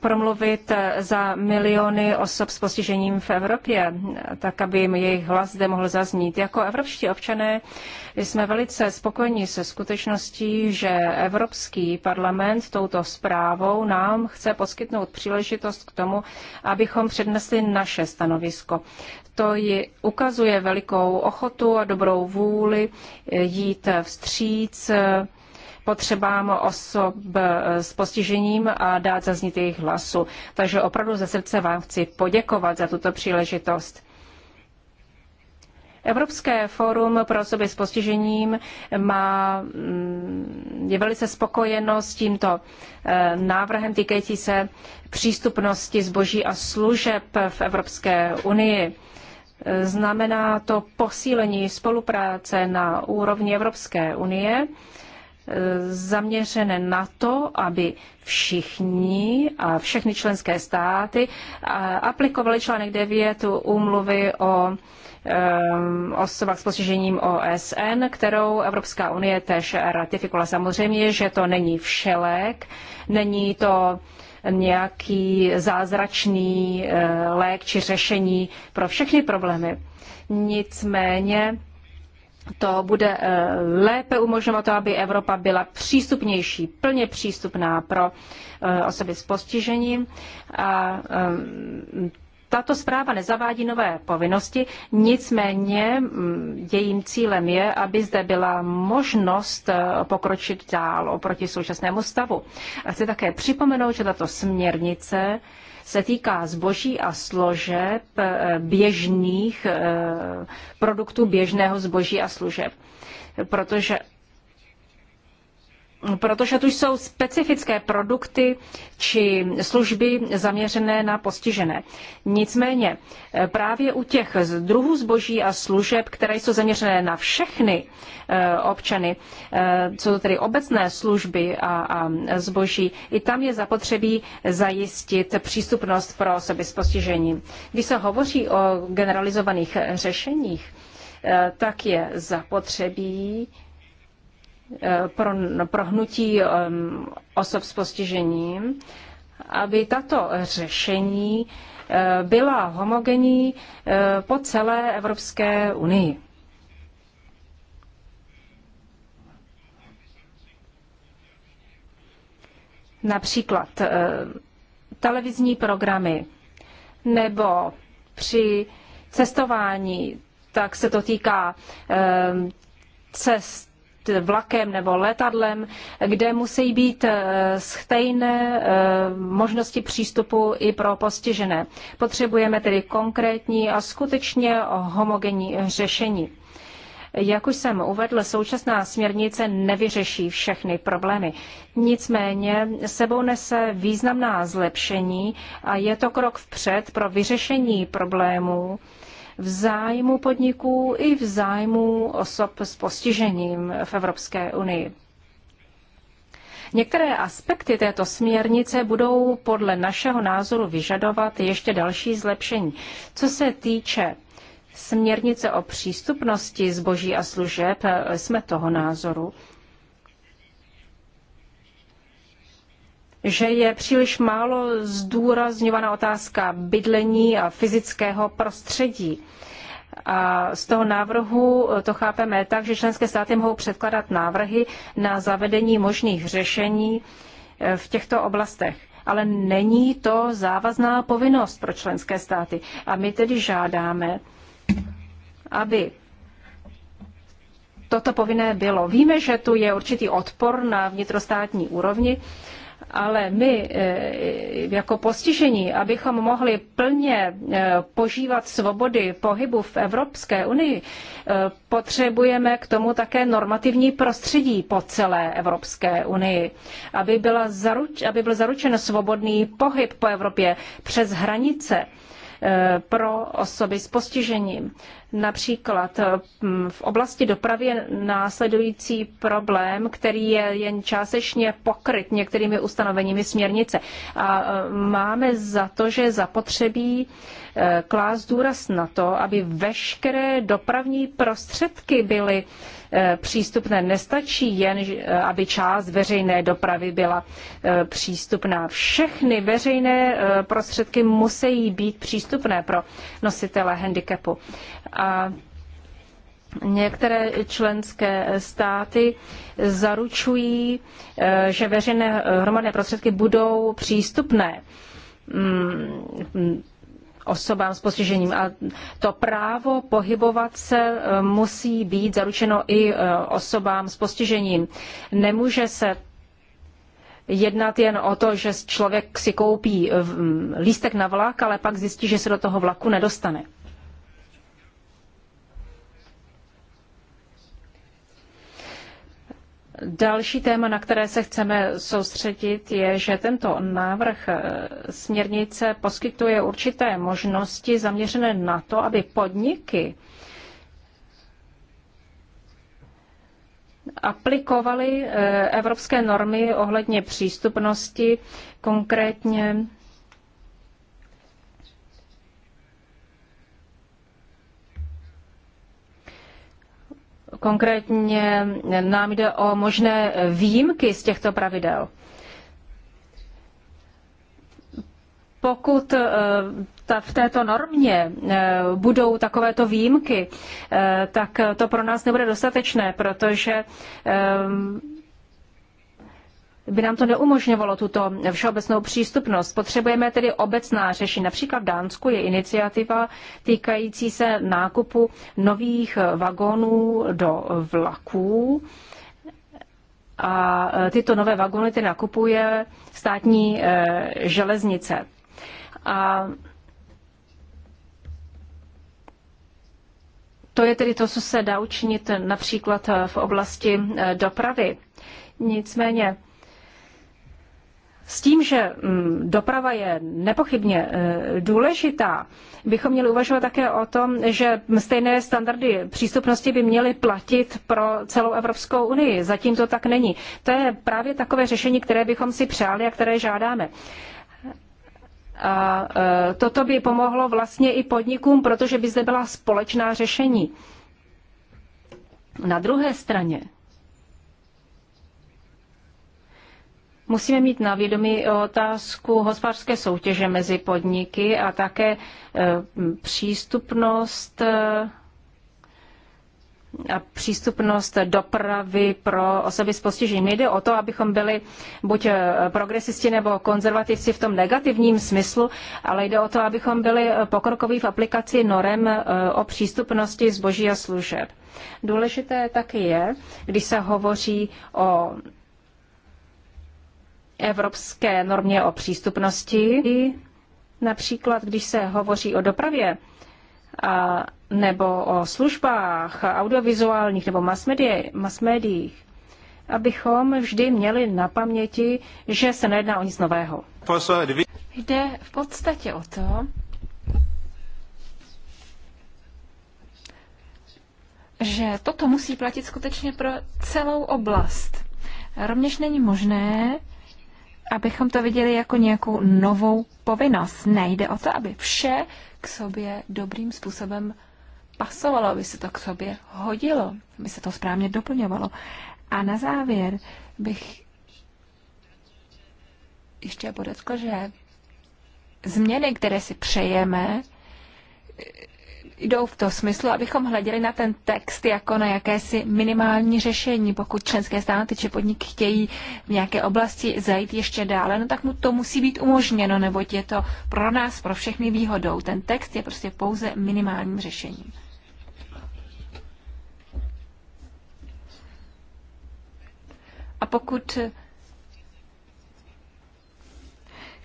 promluvit za miliony osob s postižením v Evropě, tak aby jim jejich hlas zde mohl zaznít. Jako evropští občané jsme velice spokojeni se skutečností, že Evropský parlament touto zprávou nám chce poskytnout příležitost k tomu, abychom přednesli naše stanovisko. To ji ukazuje velikou ochotu a dobrou vůli jít vstříc potřebám osob eh, s postižením a dát zaznít jejich hlasu. Takže opravdu ze srdce vám chci poděkovat za tuto příležitost. Evropské fórum pro osoby s postižením má, mm, je velice spokojeno s tímto eh, návrhem týkající se přístupnosti zboží a služeb v Evropské unii. Znamená to posílení spolupráce na úrovni Evropské unie zaměřené na to, aby všichni a všechny členské státy aplikovali článek 9 úmluvy o osobách s postižením OSN, kterou Evropská unie tež ratifikovala. Samozřejmě, že to není všelek, není to nějaký zázračný eh, lék či řešení pro všechny problémy. Nicméně to bude eh, lépe umožňovat to, aby Evropa byla přístupnější, plně přístupná pro eh, osoby s postižením. A eh, tato zpráva nezavádí nové povinnosti, nicméně mm, jejím cílem je, aby zde byla možnost pokročit dál oproti současnému stavu. A chci také připomenout, že tato směrnice se týká zboží a složeb eh, běžných eh, produktů běžného zboží a služeb. Protože protože tu jsou specifické produkty či služby zaměřené na postižené. Nicméně eh, právě u těch druhů zboží a služeb, které jsou zaměřené na všechny eh, občany, eh, jsou to tedy obecné služby a, a zboží, i tam je zapotřebí zajistit přístupnost pro osoby s postižením. Když se hovoří o generalizovaných řešeních, tak je zapotřebí Eh, pro, pro hnutí osob s postižením, aby tato řešení eh, byla homogenní eh, po celé Evropské unii. Například televizní programy nebo při cestování, tak se to týká cest vlakem nebo letadlem, kde musí být eh, stejné eh, možnosti přístupu i pro postižené. Potřebujeme tedy konkrétní a skutečně homogenní řešení. Jak už jsem uvedl, současná směrnice nevyřeší všechny problémy. Nicméně sebou nese významná zlepšení a je to krok vpřed pro vyřešení problémů, v zájmu podniků i v zájmu osob s postižením v Evropské unii. Některé aspekty této směrnice budou podle našeho názoru vyžadovat ještě další zlepšení. Co se týče směrnice o přístupnosti zboží a služeb, jsme toho názoru, že je příliš málo zdůrazňovaná otázka bydlení a fyzického prostředí. A z toho návrhu to chápeme tak, že členské státy mohou předkladat návrhy na zavedení možných řešení e, v těchto oblastech. Ale není to závazná povinnost pro členské státy. A my tedy žádáme, aby toto povinné bylo. Víme, že tu je určitý odpor na vnitrostátní úrovni, ale my eh, jako postižení, abychom mohli plně eh, požívat svobody pohybu v Evropské unii, eh, potřebujeme k tomu také normativní prostředí po celé Evropské unii, aby, byla zaruč, aby byl zaručen svobodný pohyb po Evropě přes hranice pro osoby s postižením například eh, v oblasti dopravy je následující problém, který je jen částečně pokryt některými ustanoveními směrnice. A eh, máme za to, že zapotřebí eh, klást důraz na to, aby veškeré dopravní prostředky byly Eh, přístupné. Nestačí jen, eh, aby část veřejné dopravy byla eh, přístupná. Všechny veřejné prostředky musí být přístupné pro nositele handicapu. A Některé členské státy zaručují, že veřejné hromadné prostředky budou přístupné mm, osobám s postižením. A to právo pohybovat se eh, musí být zaručeno i eh, osobám s postižením. Nemůže se jednat jen o to, že člověk si koupí eh, lístek na vlak, ale pak zjistí, že se do toho vlaku nedostane. Další téma, na které se chceme soustředit, je, že tento návrh eh, směrnice poskytuje určité možnosti zaměřené na to, aby podniky aplikovaly eh, evropské normy ohledně přístupnosti, konkrétně Konkrétně nám jde o možné výjimky z těchto pravidel. Pokud eh, ta, v této normě eh, budou takovéto výjimky, eh, tak to pro nás nebude dostatečné, protože by nám to neumožňovalo tuto všeobecnou přístupnost. Potřebujeme tedy obecná řešení. Například v Dánsku je iniciativa týkající se nákupu nových vagónů do vlaků. A e, tyto nové vagóny ty nakupuje státní e, železnice. A to je tedy to, co se dá učinit například v oblasti e, dopravy. Nicméně s tím, že mm, doprava je nepochybně e, důležitá, bychom měli uvažovat také o tom, že stejné standardy přístupnosti by měly platit pro celou Evropskou unii. Zatím to tak není. To je právě takové řešení, které bychom si přáli a které žádáme. A e, toto by pomohlo vlastně i podnikům, protože by zde byla společná řešení. Na druhé straně Musíme mít na vědomí otázku hospodářské soutěže mezi podniky a také eh, přístupnost eh, a přístupnost dopravy pro osoby s postižením. Nejde o to, abychom byli buď eh, progresisti nebo konzervativci v tom negativním smyslu, ale jde o to, abychom byli pokrokoví v aplikaci norem o přístupnosti zboží a služeb. Důležité taky je, když se hovoří o evropské normě o přístupnosti. Například, když se hovoří o dopravě a, nebo o službách audiovizuálních nebo masmédiích, abychom vždy měli na paměti, že se nejedná o nic nového. Jde v podstatě o to, že toto musí platit skutečně pro celou oblast. Rovněž není možné, abychom to viděli jako nějakou novou povinnost. Nejde o to, aby vše k sobě dobrým způsobem pasovalo, aby se to k sobě hodilo, aby se to správně doplňovalo. A na závěr bych ještě podotkl, že změny, které si přejeme, jdou v tom smyslu, abychom hleděli na ten text jako na jakési minimální řešení. Pokud členské státy či podnik chtějí v nějaké oblasti zajít ještě dále, no tak mu to musí být umožněno, neboť je to pro nás, pro všechny výhodou. Ten text je prostě pouze minimálním řešením. A pokud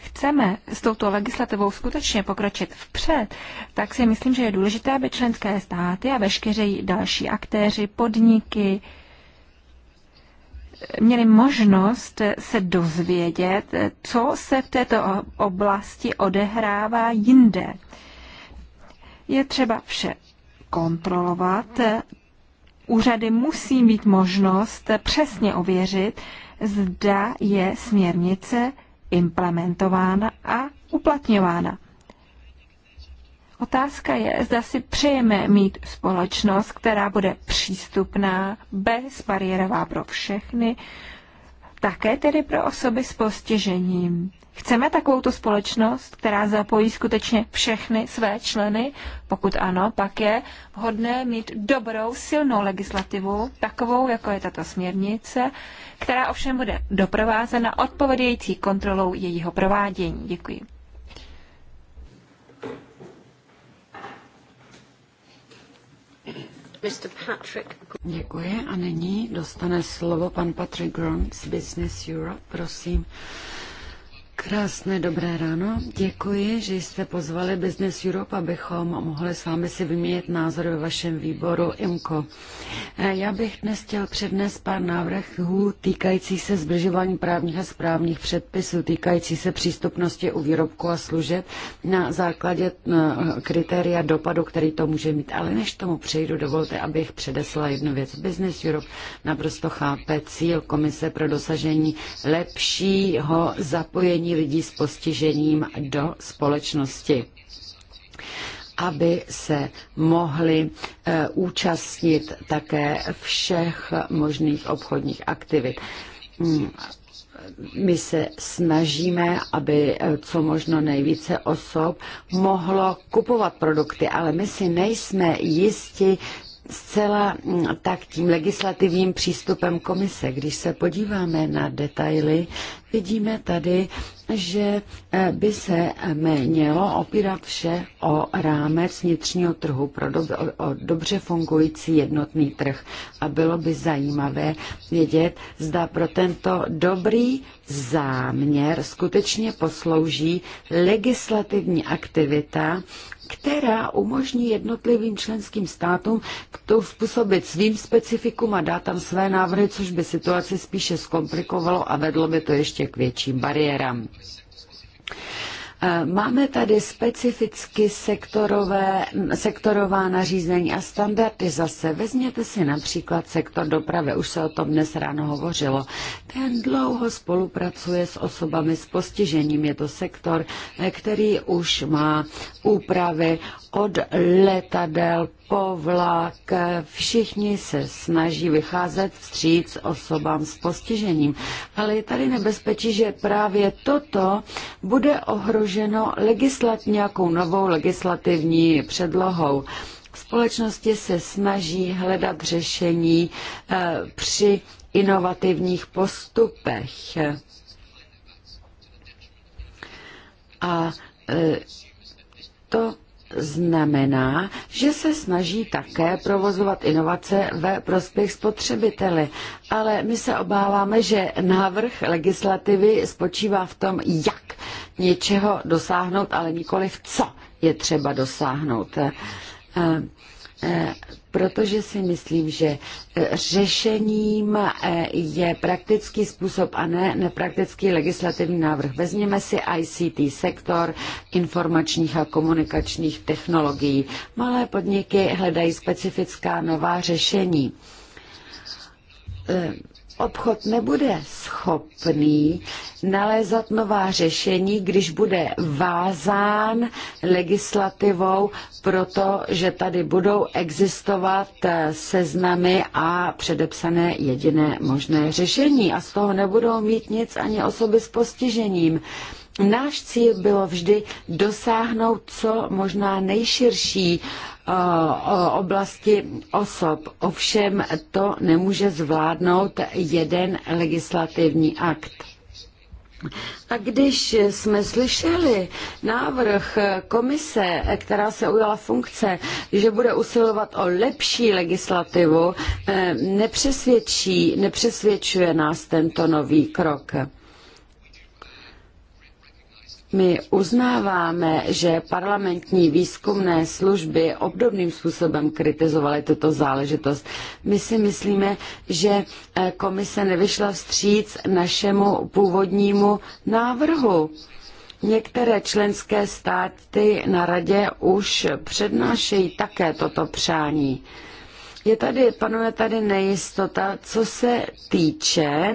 chceme s touto legislativou skutečně pokročit vpřed, tak si myslím, že je důležité, aby členské státy a veškeré další aktéři, podniky, měli možnost se dozvědět, co se v této oblasti odehrává jinde. Je třeba vše kontrolovat. Úřady musí mít možnost přesně ověřit, zda je směrnice implementována a uplatňována. Otázka je, zda si přejeme mít společnost, která bude přístupná, bezbariérová pro všechny, také tedy pro osoby s postižením. Chceme takovouto společnost, která zapojí skutečně všechny své členy? Pokud ano, pak je vhodné mít dobrou, silnou legislativu, takovou, jako je tato směrnice, která ovšem bude doprovázena odpovědějící kontrolou jejího provádění. Děkuji. Děkuji a nyní dostane slovo pan Patrick Grant z Business Europe, prosím. Krásné dobré ráno. Děkuji, že jste pozvali Business Europe, abychom mohli s vámi si vyměnit názor ve vašem výboru IMCO. Eh, já bych dnes chtěl přednést pár návrhů týkající se zbližování právních a správních předpisů, týkající se přístupnosti u výrobku a služeb na základě eh, kritéria dopadu, který to může mít. Ale než tomu přejdu, dovolte, abych předesla jednu věc. Business Europe naprosto chápe cíl Komise pro dosažení lepšího zapojení začlenění lidí s postižením do společnosti aby se mohli eh, účastnit také všech možných obchodních aktivit hmm. my se snažíme, aby eh, co možno nejvíce osob mohlo kupovat produkty, ale my si nejsme jisti, zcela mm, tak tím legislativním přístupem komise. Když se podíváme na detaily, vidíme tady, že eh, by se mělo opírat vše o rámec vnitřního trhu pro dob- o dobře fungující jednotný trh. A bylo by zajímavé vědět, zda pro tento dobrý záměr skutečně poslouží legislativní aktivita která umožní jednotlivým členským státům k to způsobit svým specifikum a dát tam své návrhy, což by situaci spíše zkomplikovalo a vedlo by to ještě k větším bariérám. Eh, máme tady specificky sektorové, sektorová nařízení a standardizace. Vezměte si například sektor dopravy, už se o tom dnes ráno hovořilo. Ten dlouho spolupracuje s osobami s postižením. Je to sektor, eh, který už má úpravy od letadel po vlak. Všichni se snaží vycházet vstříc osobám s postižením. Ale je tady nebezpečí, že právě toto bude ohroženo legislat, nějakou novou legislativní předlohou. Společnosti se snaží hledat řešení eh, při inovativních postupech. A eh, to znamená, že se snaží také provozovat inovace ve prospěch spotřebiteli. Ale my se obáváme, že návrh legislativy spočívá v tom, jak něčeho dosáhnout, ale nikoli v co je třeba dosáhnout. Eh, eh, protože si myslím, že e, řešením e, je praktický způsob a ne nepraktický legislativní návrh. Vezměme si ICT sektor informačních a komunikačních technologií. Malé podniky hledají specifická nová řešení e, obchod nebude schopný nalézat nová řešení, když bude vázán legislativou, protože tady budou existovat eh, seznamy a předepsané jediné možné řešení a z toho nebudou mít nic ani osoby s postižením. Náš cíl bylo vždy dosáhnout co možná nejširší oblasti osob. Ovšem to nemůže zvládnout jeden legislativní akt. A když jsme slyšeli návrh komise, která se ujala funkce, že bude usilovat o lepší legislativu, eh, nepřesvědčí, nepřesvědčuje nás tento nový krok. My uznáváme, že parlamentní výzkumné služby obdobným způsobem kritizovaly tuto záležitost. My si myslíme, že eh, komise nevyšla vstříc našemu původnímu návrhu. Některé členské státy na radě už přednášejí také toto přání je tady, panuje tady nejistota, co se týče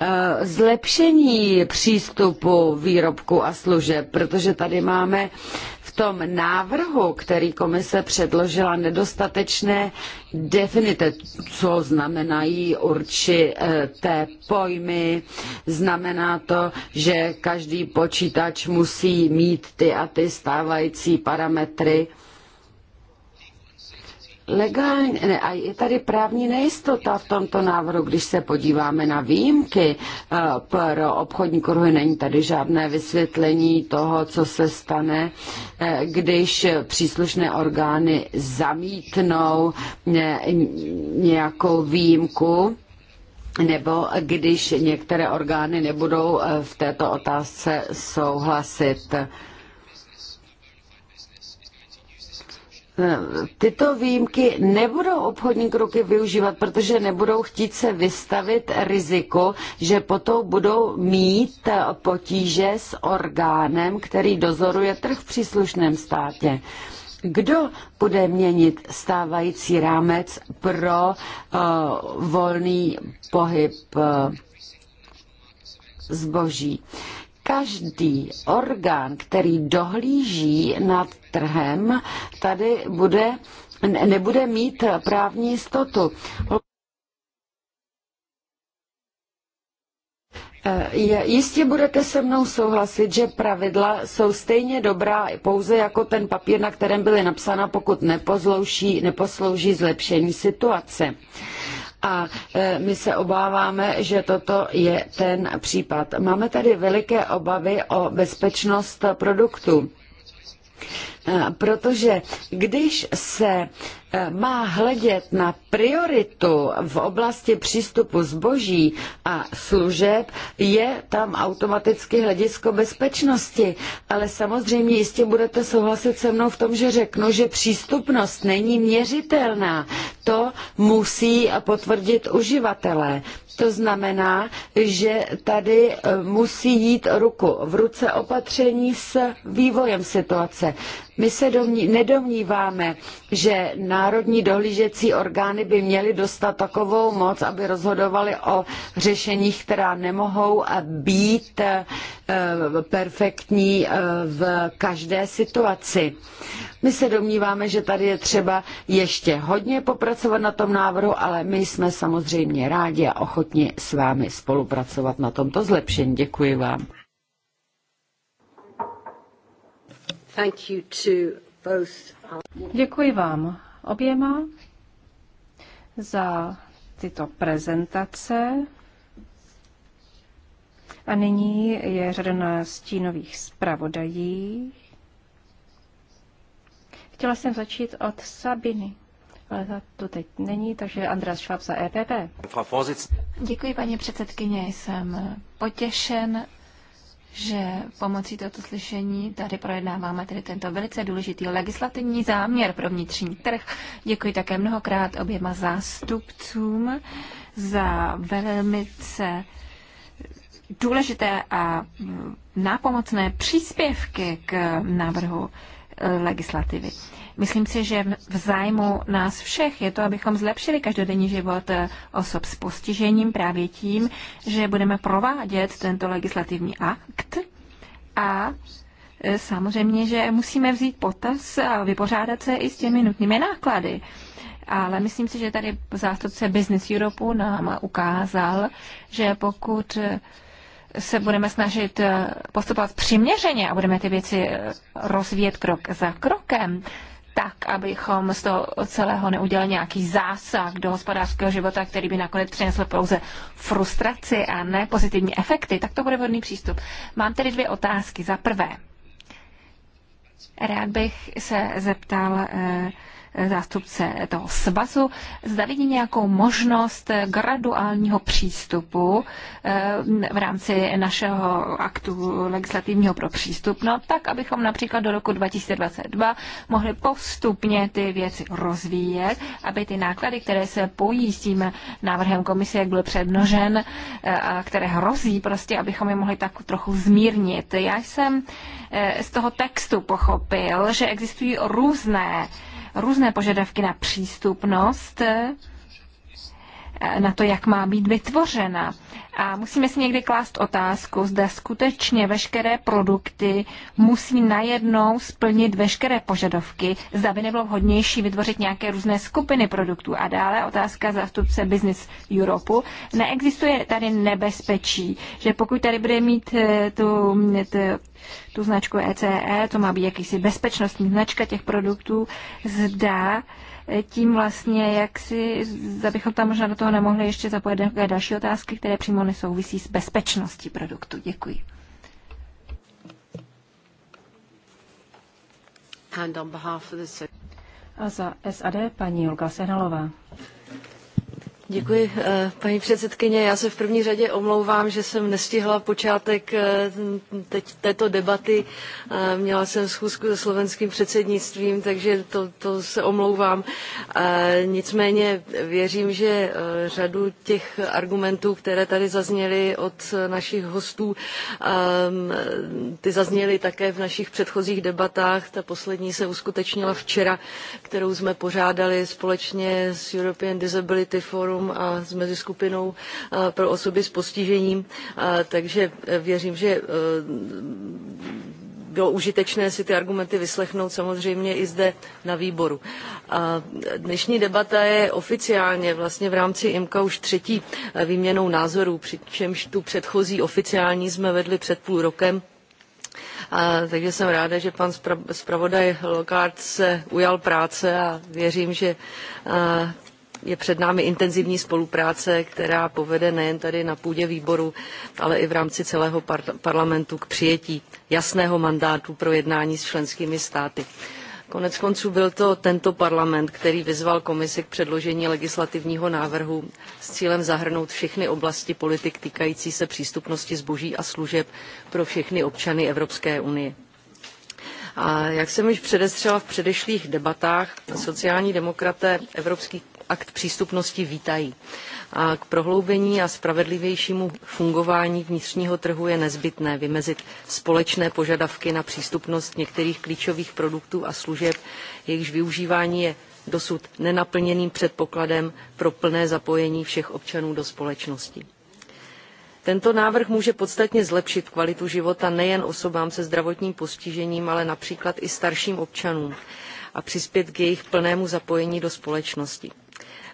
eh, zlepšení přístupu výrobku a služeb, protože tady máme v tom návrhu, který komise předložila, nedostatečné definite, co znamenají určité pojmy. Znamená to, že každý počítač musí mít ty a ty stávající parametry legálně, ne, a je tady právní nejistota v tomto návrhu, když se podíváme na výjimky eh, pro obchodní kruhy, není tady žádné vysvětlení toho, co se stane, eh, když příslušné orgány zamítnou eh, nějakou výjimku nebo když některé orgány nebudou v této otázce souhlasit. tyto výjimky nebudou obchodní kroky využívat, protože nebudou chtít se vystavit riziku, že potom budou mít potíže s orgánem, který dozoruje trh v příslušném státě. Kdo bude měnit stávající rámec pro uh, volný pohyb uh, zboží? každý orgán, který dohlíží nad trhem, tady bude, nebude mít právní jistotu. Jistě budete se mnou souhlasit, že pravidla jsou stejně dobrá pouze jako ten papír, na kterém byly napsána, pokud neposlouží, neposlouží zlepšení situace. A e, my se obáváme, že toto je ten případ. Máme tady veliké obavy o bezpečnost produktů. E, protože když se Eh, má hledět na prioritu v oblasti přístupu zboží a služeb, je tam automaticky hledisko bezpečnosti. Ale samozřejmě jistě budete souhlasit se mnou v tom, že řeknu, že přístupnost není měřitelná. To musí potvrdit uživatelé. To znamená, že tady eh, musí jít ruku v ruce opatření s vývojem situace. My se domní, nedomníváme, že na národní dohlížecí orgány by měly dostat takovou moc, aby rozhodovali o řešeních, která nemohou být eh, perfektní eh, v každé situaci. My se domníváme, že tady je třeba ještě hodně popracovat na tom návrhu, ale my jsme samozřejmě rádi a ochotni s vámi spolupracovat na tomto zlepšení. Děkuji vám. Děkuji vám oběma za tyto prezentace. A nyní je řada na stínových zpravodají. Chtěla jsem začít od Sabiny, ale ta tu teď není, takže Andreas Schwab za EPP. Děkuji, paní předsedkyně, jsem potěšen že pomocí tohoto slyšení tady projednáváme tedy tento velice důležitý legislativní záměr pro vnitřní trh. Děkuji také mnohokrát oběma zástupcům za velmi důležité a nápomocné příspěvky k návrhu legislativy. Myslím si, že v zájmu nás všech je to, abychom zlepšili každodenní život eh, osob s postižením právě tím, že budeme provádět tento legislativní akt a eh, samozřejmě, že musíme vzít potaz a vypořádat se i s těmi nutnými náklady. Ale myslím si, že tady zástupce Business Europe nám ukázal, že pokud eh, se budeme snažit postupovat přiměřeně a budeme ty věci rozvíjet krok za krokem, tak, abychom z toho celého neudělali nějaký zásah do hospodářského života, který by nakonec přinesl pouze frustraci a ne pozitivní efekty, tak to bude vhodný přístup. Mám tedy dvě otázky. Za prvé, rád bych se zeptal eh, zástupce toho svazu, zda vidí nějakou možnost graduálního přístupu eh, v rámci našeho aktu legislativního pro no, tak abychom například do roku 2022 mohli postupně ty věci rozvíjet, aby ty náklady, které se pojí s tím návrhem komise, jak byl přednožen, eh, a které hrozí, prostě abychom je mohli tak trochu zmírnit. Já jsem eh, z toho textu pochopil, že existují různé různé požadavky na přístupnost Eh, na to, jak má být vytvořena. A musíme si někdy klást otázku, zda skutečně veškeré produkty musí najednou splnit veškeré požadovky, zda by nebylo vhodnější vytvořit nějaké různé skupiny produktů. A dále otázka zástupce Business Europe Neexistuje tady nebezpečí, že pokud tady bude mít eh, tu, tu, tu značku ECE, e, to má být jakýsi bezpečnostní značka těch produktů, zda tím vlastně, jak si, abychom tam možná do toho nemohli ještě zapojit nějaké další otázky, které přímo nesouvisí s bezpečností produktu. Děkuji. A za SAD paní Olga Senalová. Děkuji, eh, paní předsedkyně. Já se v první řadě omlouvám, že jsem nestihla počátek eh, teď této debaty. Eh, měla jsem schůzku se slovenským předsednictvím, takže to, to se omlouvám. Nicméně věřím, že řadu těch argumentů, které tady zazněly od našich hostů, ty zazněly také v našich předchozích debatách. Ta poslední se uskutečnila včera, kterou jsme pořádali společně s European Disability Forum forum a s meziskupinou pro osoby s postižením, takže e, věřím, že e, bylo užitečné si ty argumenty vyslechnout samozřejmě i zde na výboru. A dnešní debata je oficiálně vlastně v rámci IMKA už třetí e, výměnou názorů, přičemž tu předchozí oficiální jsme vedli před půl rokem. A, takže jsem ráda, že pan zpravodaj Lokard se ujal práce a věřím, že a, je před námi intenzivní spolupráce, která povede nejen tady na půdě výboru, ale i v rámci celého par parlamentu k přijetí jasného mandátu pro jednání s členskými státy. Konec konců byl to tento parlament, který vyzval komisi k předložení legislativního návrhu s cílem zahrnout všechny oblasti politik týkající se přístupnosti zboží a služeb pro všechny občany Evropské unie. A jak jsem již předestřela v předešlých debatách, sociální demokraté Evropský akt přístupnosti vítají. A k prohloubení a spravedlivějšímu fungování vnitřního trhu je nezbytné vymezit společné požadavky na přístupnost některých klíčových produktů a služeb, jejichž využívání je dosud nenaplněným předpokladem pro plné zapojení všech občanů do společnosti. Tento návrh může podstatně zlepšit kvalitu života nejen osobám se zdravotním postižením, ale například i starším občanům a přispět k jejich plnému zapojení do společnosti.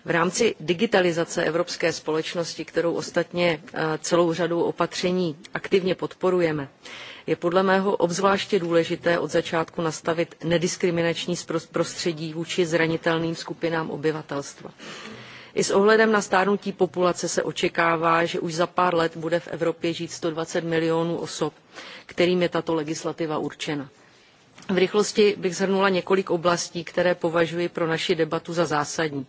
V rámci digitalizace evropské společnosti, kterou ostatně eh, celou řadou opatření aktivně podporujeme, je podle mého obzvláště důležité od začátku nastavit nediskriminační prostředí vůči zranitelným skupinám obyvatelstva. I s ohledem na stárnutí populace se očekává, že už za pár let bude v Evropě žít 120 milionů osob, kterým je tato legislativa určena. V rychlosti bych zhrnula několik oblastí, které považuji pro naši debatu za zásadní.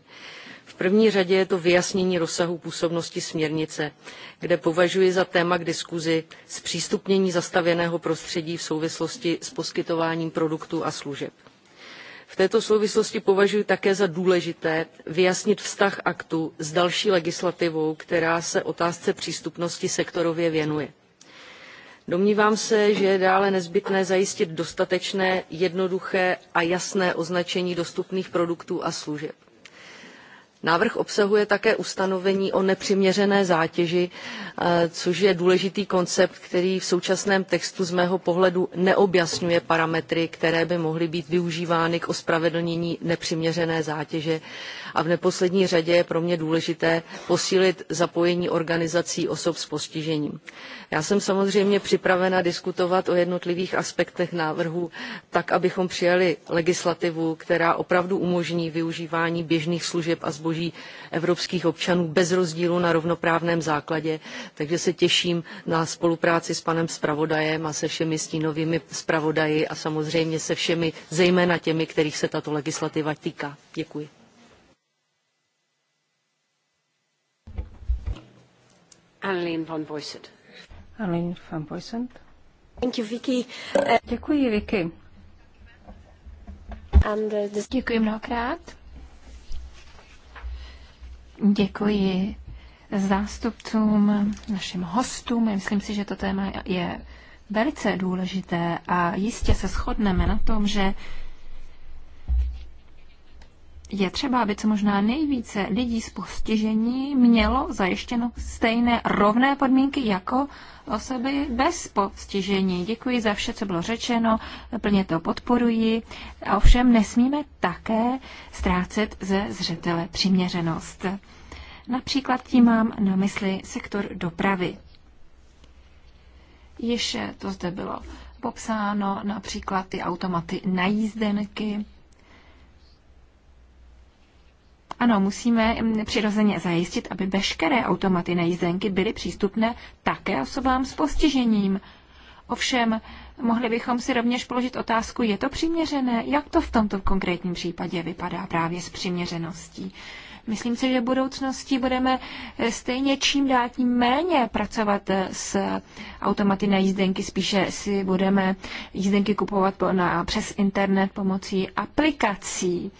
V první řadě je to vyjasnění rozsahu působnosti směrnice, kde považuji za téma k diskuzi zpřístupnění zastavěného prostředí v souvislosti s poskytováním produktů a služeb. V této souvislosti považuji také za důležité vyjasnit vztah aktu s další legislativou, která se otázce přístupnosti sektorově věnuje. Domnívám se, že je dále nezbytné zajistit dostatečné, jednoduché a jasné označení dostupných produktů a služeb. Návrh obsahuje také ustanovení o nepřiměřené zátěži, eh, což je důležitý koncept, který v současném textu z mého pohledu neobjasňuje parametry, které by mohly být využívány k ospravedlnění nepřiměřené zátěže. A v neposlední řadě je pro mě důležité posílit zapojení organizací osob s postižením. Já jsem samozřejmě připravena diskutovat o jednotlivých aspektech návrhu tak, abychom přijali legislativu, která opravdu umožní využívání běžných služeb a zboží zboží evropských občanů bez rozdílu na rovnoprávném základě, takže se těším na spolupráci s panem zpravodajem a se všemi stínovými zpravodaji a samozřejmě se všemi, zejména těmi, kterých se tato legislativa týká. Děkuji. Annelien van Boyset. Thank you, Vicky. Děkuji, Vicky. Uh, Děkuji mnohokrát. Děkuji zástupcům, našim hostům. Myslím si, že to téma je velice důležité a jistě se shodneme na tom, že je třeba, aby co možná nejvíce lidí s postižení mělo zajištěno stejné rovné podmínky jako osoby bez postižení. Děkuji za vše, co bylo řečeno, plně to podporuji. Ovšem nesmíme také ztrácet ze zřetele přiměřenost. Například tím mám na mysli sektor dopravy. Již to zde bylo popsáno, například ty automaty na jízdenky. Ano, musíme přirozeně zajistit, aby veškeré automaty na jízdenky byly přístupné také osobám s postižením. Ovšem, mohli bychom si rovněž položit otázku, je to přiměřené? Jak to v tomto konkrétním případě vypadá právě s přiměřeností? Myslím si, že v budoucnosti budeme eh, stejně čím dál tím méně pracovat eh, s automaty na jízdenky, spíše si budeme jízdenky kupovat na, přes internet pomocí aplikací.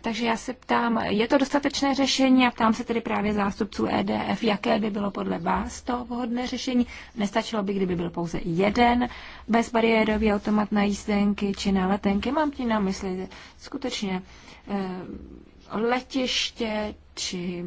Takže já se ptám, je to dostatečné řešení a ptám se tedy právě zástupců EDF, jaké by bylo podle vás to vhodné řešení. Nestačilo by, kdyby byl pouze jeden bezbariérový automat na jízdenky či na letenky. Mám tím na mysli skutečně eh, letiště či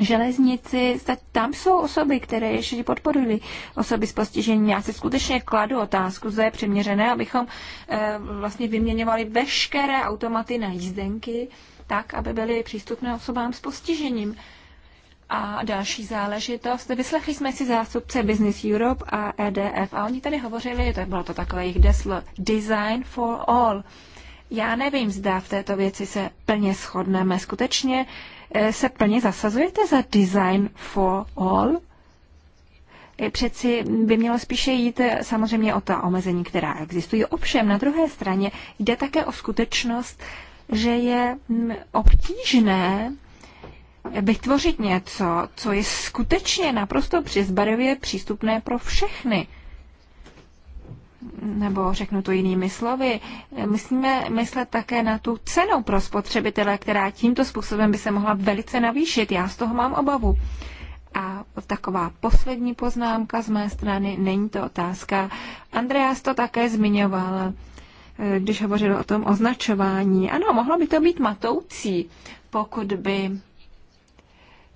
železnici, tam jsou osoby, které ještě podporují osoby s postižením. Já si skutečně kladu otázku, zda je přiměřené, abychom eh, vlastně vyměňovali veškeré automaty na jízdenky, tak, aby byly přístupné osobám s postižením. A další záležitost. Vyslechli jsme si zástupce Business Europe a EDF a oni tady hovořili, to bylo to takové jejich deslo Design for All. Já nevím, zda v této věci se plně shodneme. Skutečně eh, se plně zasazujete za design for all? Eh, přeci by mělo spíše jít eh, samozřejmě o ta omezení, která existují. Ovšem, na druhé straně jde také o skutečnost, že je mm, obtížné vytvořit něco, co je skutečně naprosto přizbarevě přístupné pro všechny nebo řeknu to jinými slovy, musíme myslet také na tu cenu pro spotřebitele, která tímto způsobem by se mohla velice navýšit. Já z toho mám obavu. A taková poslední poznámka z mé strany, není to otázka. Andreas to také zmiňoval, když hovořil o tom označování. Ano, mohlo by to být matoucí, pokud by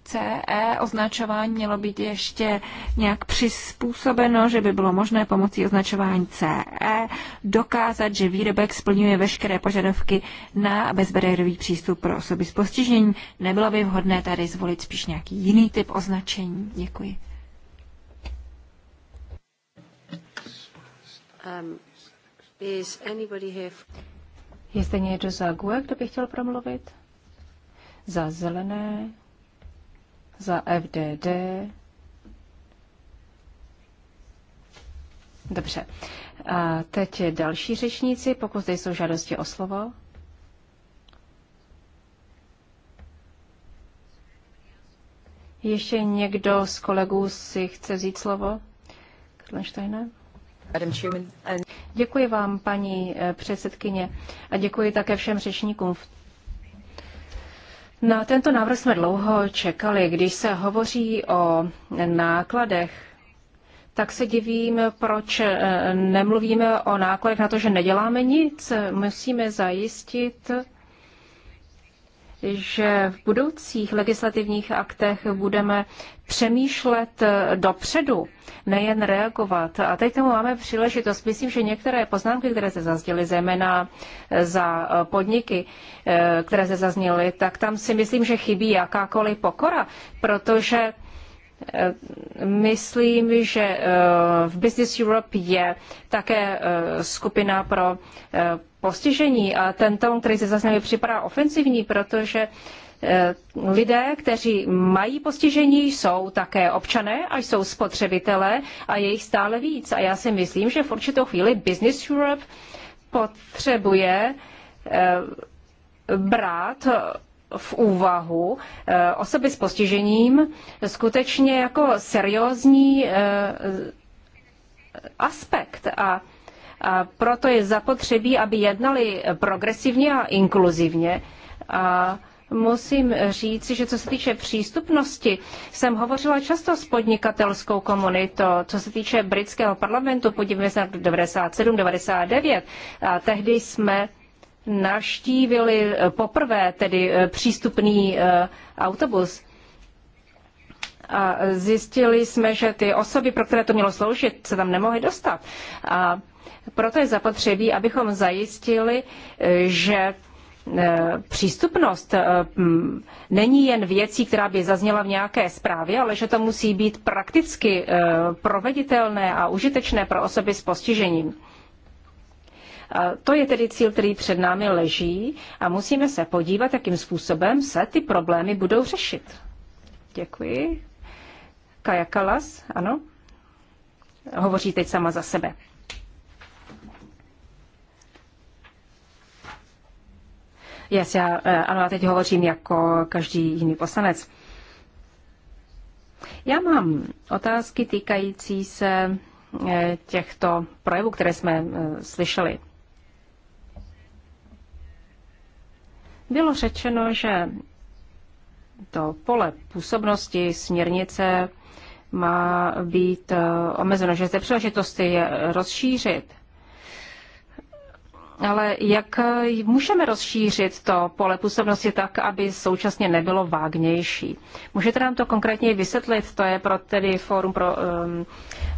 CE označování mělo být ještě nějak přizpůsobeno, že by bylo možné pomocí označování CE dokázat, že výrobek splňuje veškeré požadavky na bezbariérový přístup pro osoby s postižením. Nebylo by vhodné tady zvolit spíš nějaký jiný typ označení? Děkuji. Um, is anybody here Je zde někdo za GUE, kdo by chtěl promluvit? Za zelené za FDD. Dobře. A teď další řečníci, pokud zde jsou žádosti o slovo. Ještě někdo z kolegů si chce vzít slovo? Karlensteiner? Děkuji vám, paní eh, předsedkyně, a děkuji také všem řečníkům v na tento návrh jsme dlouho čekali. Když se hovoří o nákladech, tak se divím, proč eh, nemluvíme o nákladech na to, že neděláme nic. Musíme zajistit že v budoucích legislativních aktech budeme přemýšlet dopředu, nejen reagovat. A teď tomu máme příležitost. Myslím, že některé poznámky, které se zazděly, zejména za podniky, eh, které se zazněly, tak tam si myslím, že chybí jakákoliv pokora, protože eh, Myslím, že eh, v Business Europe je také skupina pro postižení a ten který se zase mi připadá ofensivní, protože eh, lidé, kteří mají postižení, jsou také občané a jsou spotřebitelé a je jich stále víc. A já si myslím, že v určitou chvíli Business Europe potřebuje eh, brát v úvahu eh, osoby s postižením skutečně jako seriózní aspekt. A a proto je zapotřebí, aby jednali progresivně a inkluzivně. A musím říci, že co se týče přístupnosti, jsem hovořila často s podnikatelskou komunitou. Co se týče britského parlamentu, podívejme se na 97, 99. A tehdy jsme navštívili poprvé tedy eh, přístupný eh, autobus. A zjistili jsme, že ty osoby, pro které to mělo sloužit, se tam nemohly dostat. A proto je zapotřebí, abychom zajistili, eh, že eh, přístupnost eh, není jen věcí, která by zazněla v nějaké zprávě, ale že to musí být prakticky proveditelné a užitečné pro osoby s postižením. to je tedy cíl, který před námi leží a musíme se podívat, jakým způsobem se ty problémy budou řešit. Děkuji. Kaja Kalas, ano. Hovoří teď sama za sebe. Yes, já, eh, ano, já teď hovořím jako každý jiný poslanec. Já mám otázky týkající se eh, těchto projevů, které jsme eh, slyšeli. Bylo řečeno, že to pole působnosti směrnice má být omezeno, že zde příležitosti je rozšířit ale jak eh, můžeme rozšířit to pole působnosti tak, aby současně nebylo vágnější? Můžete nám to konkrétně vysvětlit? To je pro tedy Fórum pro um,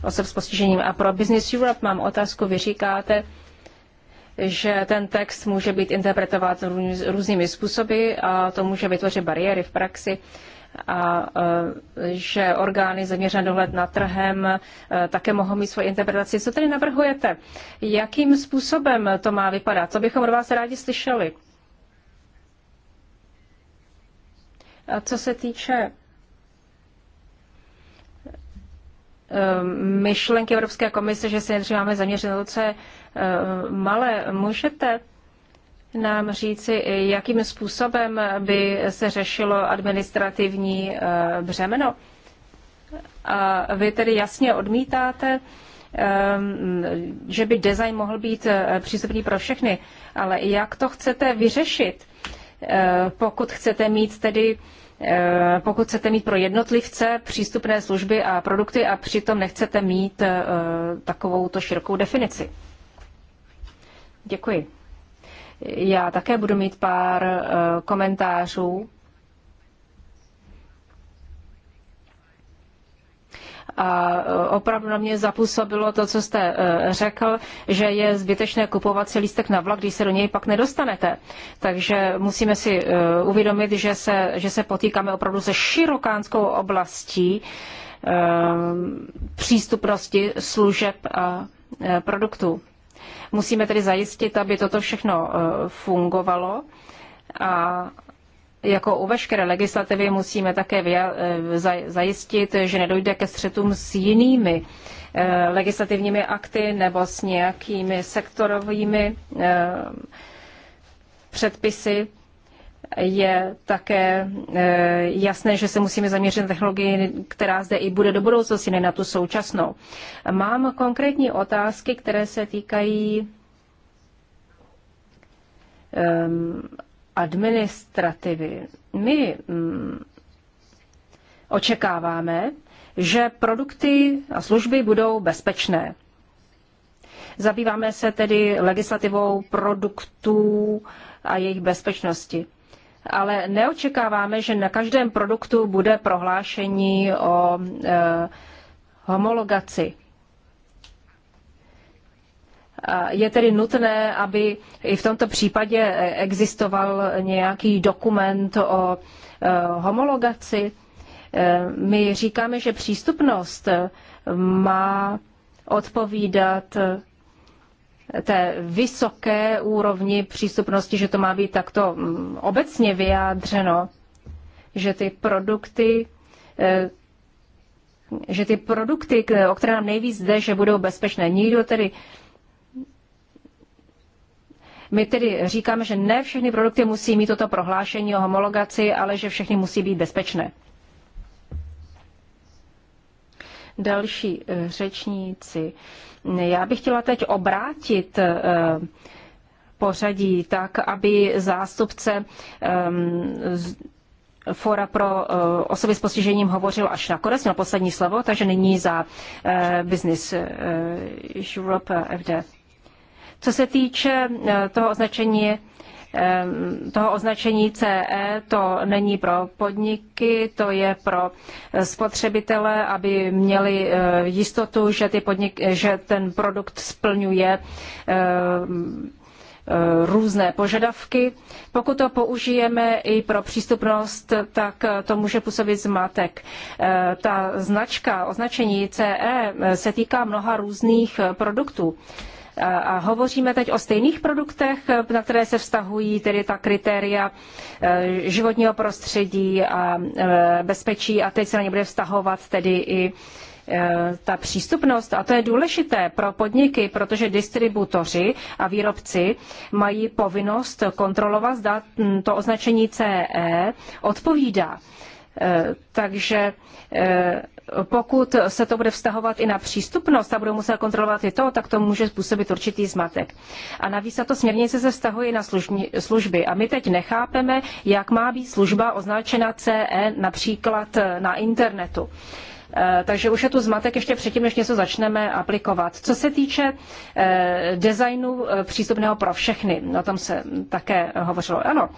osob s postižením a pro Business Europe. Mám otázku, vy říkáte, že ten text může být interpretován různými způsoby a to může vytvořit bariéry v praxi. Uh, a e, že orgány zaměřené dohled na trhem e, také mohou mít svoji interpretaci. Co tedy navrhujete? Jakým způsobem to má vypadat? Co bychom od vás rádi slyšeli? A co se týče e, myšlenky Evropské komise, že se nejdřív máme zaměřit na to, co je malé, můžete nám říci, jakým způsobem by se řešilo administrativní eh, břemeno? A vy tedy jasně odmítáte, eh, že by design mohl být eh, přístupný pro všechny, ale jak to chcete vyřešit, pokud chcete mít tedy pokud chcete mít pro jednotlivce přístupné služby a produkty a přitom nechcete mít takovouto širokou definici. Děkuji. Já také budu mít pár eh, komentářů. A eh, opravdu na mě zapůsobilo to, co jste eh, řekl, že je zbytečné kupovat si lístek na vlak, když se do něj pak nedostanete. Takže musíme si uvědomit, že se, že se potýkáme opravdu se širokánskou oblastí přístupnosti služeb a produktů. Musíme tedy zajistit, aby toto všechno eh, fungovalo a jako u veškeré legislativy musíme také eh, zajistit, že nedojde ke střetům s jinými eh, legislativními akty nebo s nějakými sektorovými předpisy je také eh, jasné, že se musíme zaměřit na technologii, která zde i bude do budoucnosti, ne na tu současnou. Mám konkrétní otázky, které se týkají ehm, administrativy. My mm, očekáváme, že produkty a služby budou bezpečné. Zabýváme se tedy legislativou produktů a jejich bezpečnosti ale neočekáváme, že na každém produktu bude prohlášení o e, homologaci. Je tedy nutné, aby i v tomto případě e, existoval nějaký dokument o e, homologaci. E, my říkáme, že přístupnost má odpovídat té vysoké úrovni přístupnosti, že to má být takto mm, obecně vyjádřeno, že ty produkty eh, že ty produkty, o které nám nejvíc jde, že budou bezpečné. Nikdo tedy my tedy říkáme, že ne všechny produkty musí mít toto prohlášení o homologaci, ale že všechny musí být bezpečné. Další eh, řečníci. Já bych chtěla teď obrátit eh, pořadí tak, aby zástupce ehm, Fora pro eh, osoby s postižením hovořil až nakonec, měl poslední slovo, takže nyní za eh, Business Europe FD. Co se týče toho označení toho označení CE, to není pro podniky, to je pro spotřebitele, aby měli eh, jistotu, že, ty podnik, že ten produkt splňuje eh, různé požadavky. Pokud to použijeme i pro přístupnost, tak to může působit zmatek. Eh, ta značka, označení CE se týká mnoha různých produktů. A, hovoříme teď o stejných produktech, na které se vztahují tedy ta kritéria e, životního prostředí a e, bezpečí a teď se na ně bude vztahovat tedy i e, ta přístupnost, a to je důležité pro podniky, protože distributoři a výrobci mají povinnost kontrolovat, zda to označení CE odpovídá Eh, takže eh, pokud se to bude vztahovat i na přístupnost a budou muset kontrolovat i to, tak to může způsobit určitý zmatek. A navíc tato to směrnice se vztahuje i na služby. A my teď nechápeme, jak má být služba označena CE například eh, na internetu. Eh, takže už je tu zmatek ještě předtím, než něco začneme aplikovat. Co se týče eh, designu eh, přístupného pro všechny, o tom se také hovořilo. Ano,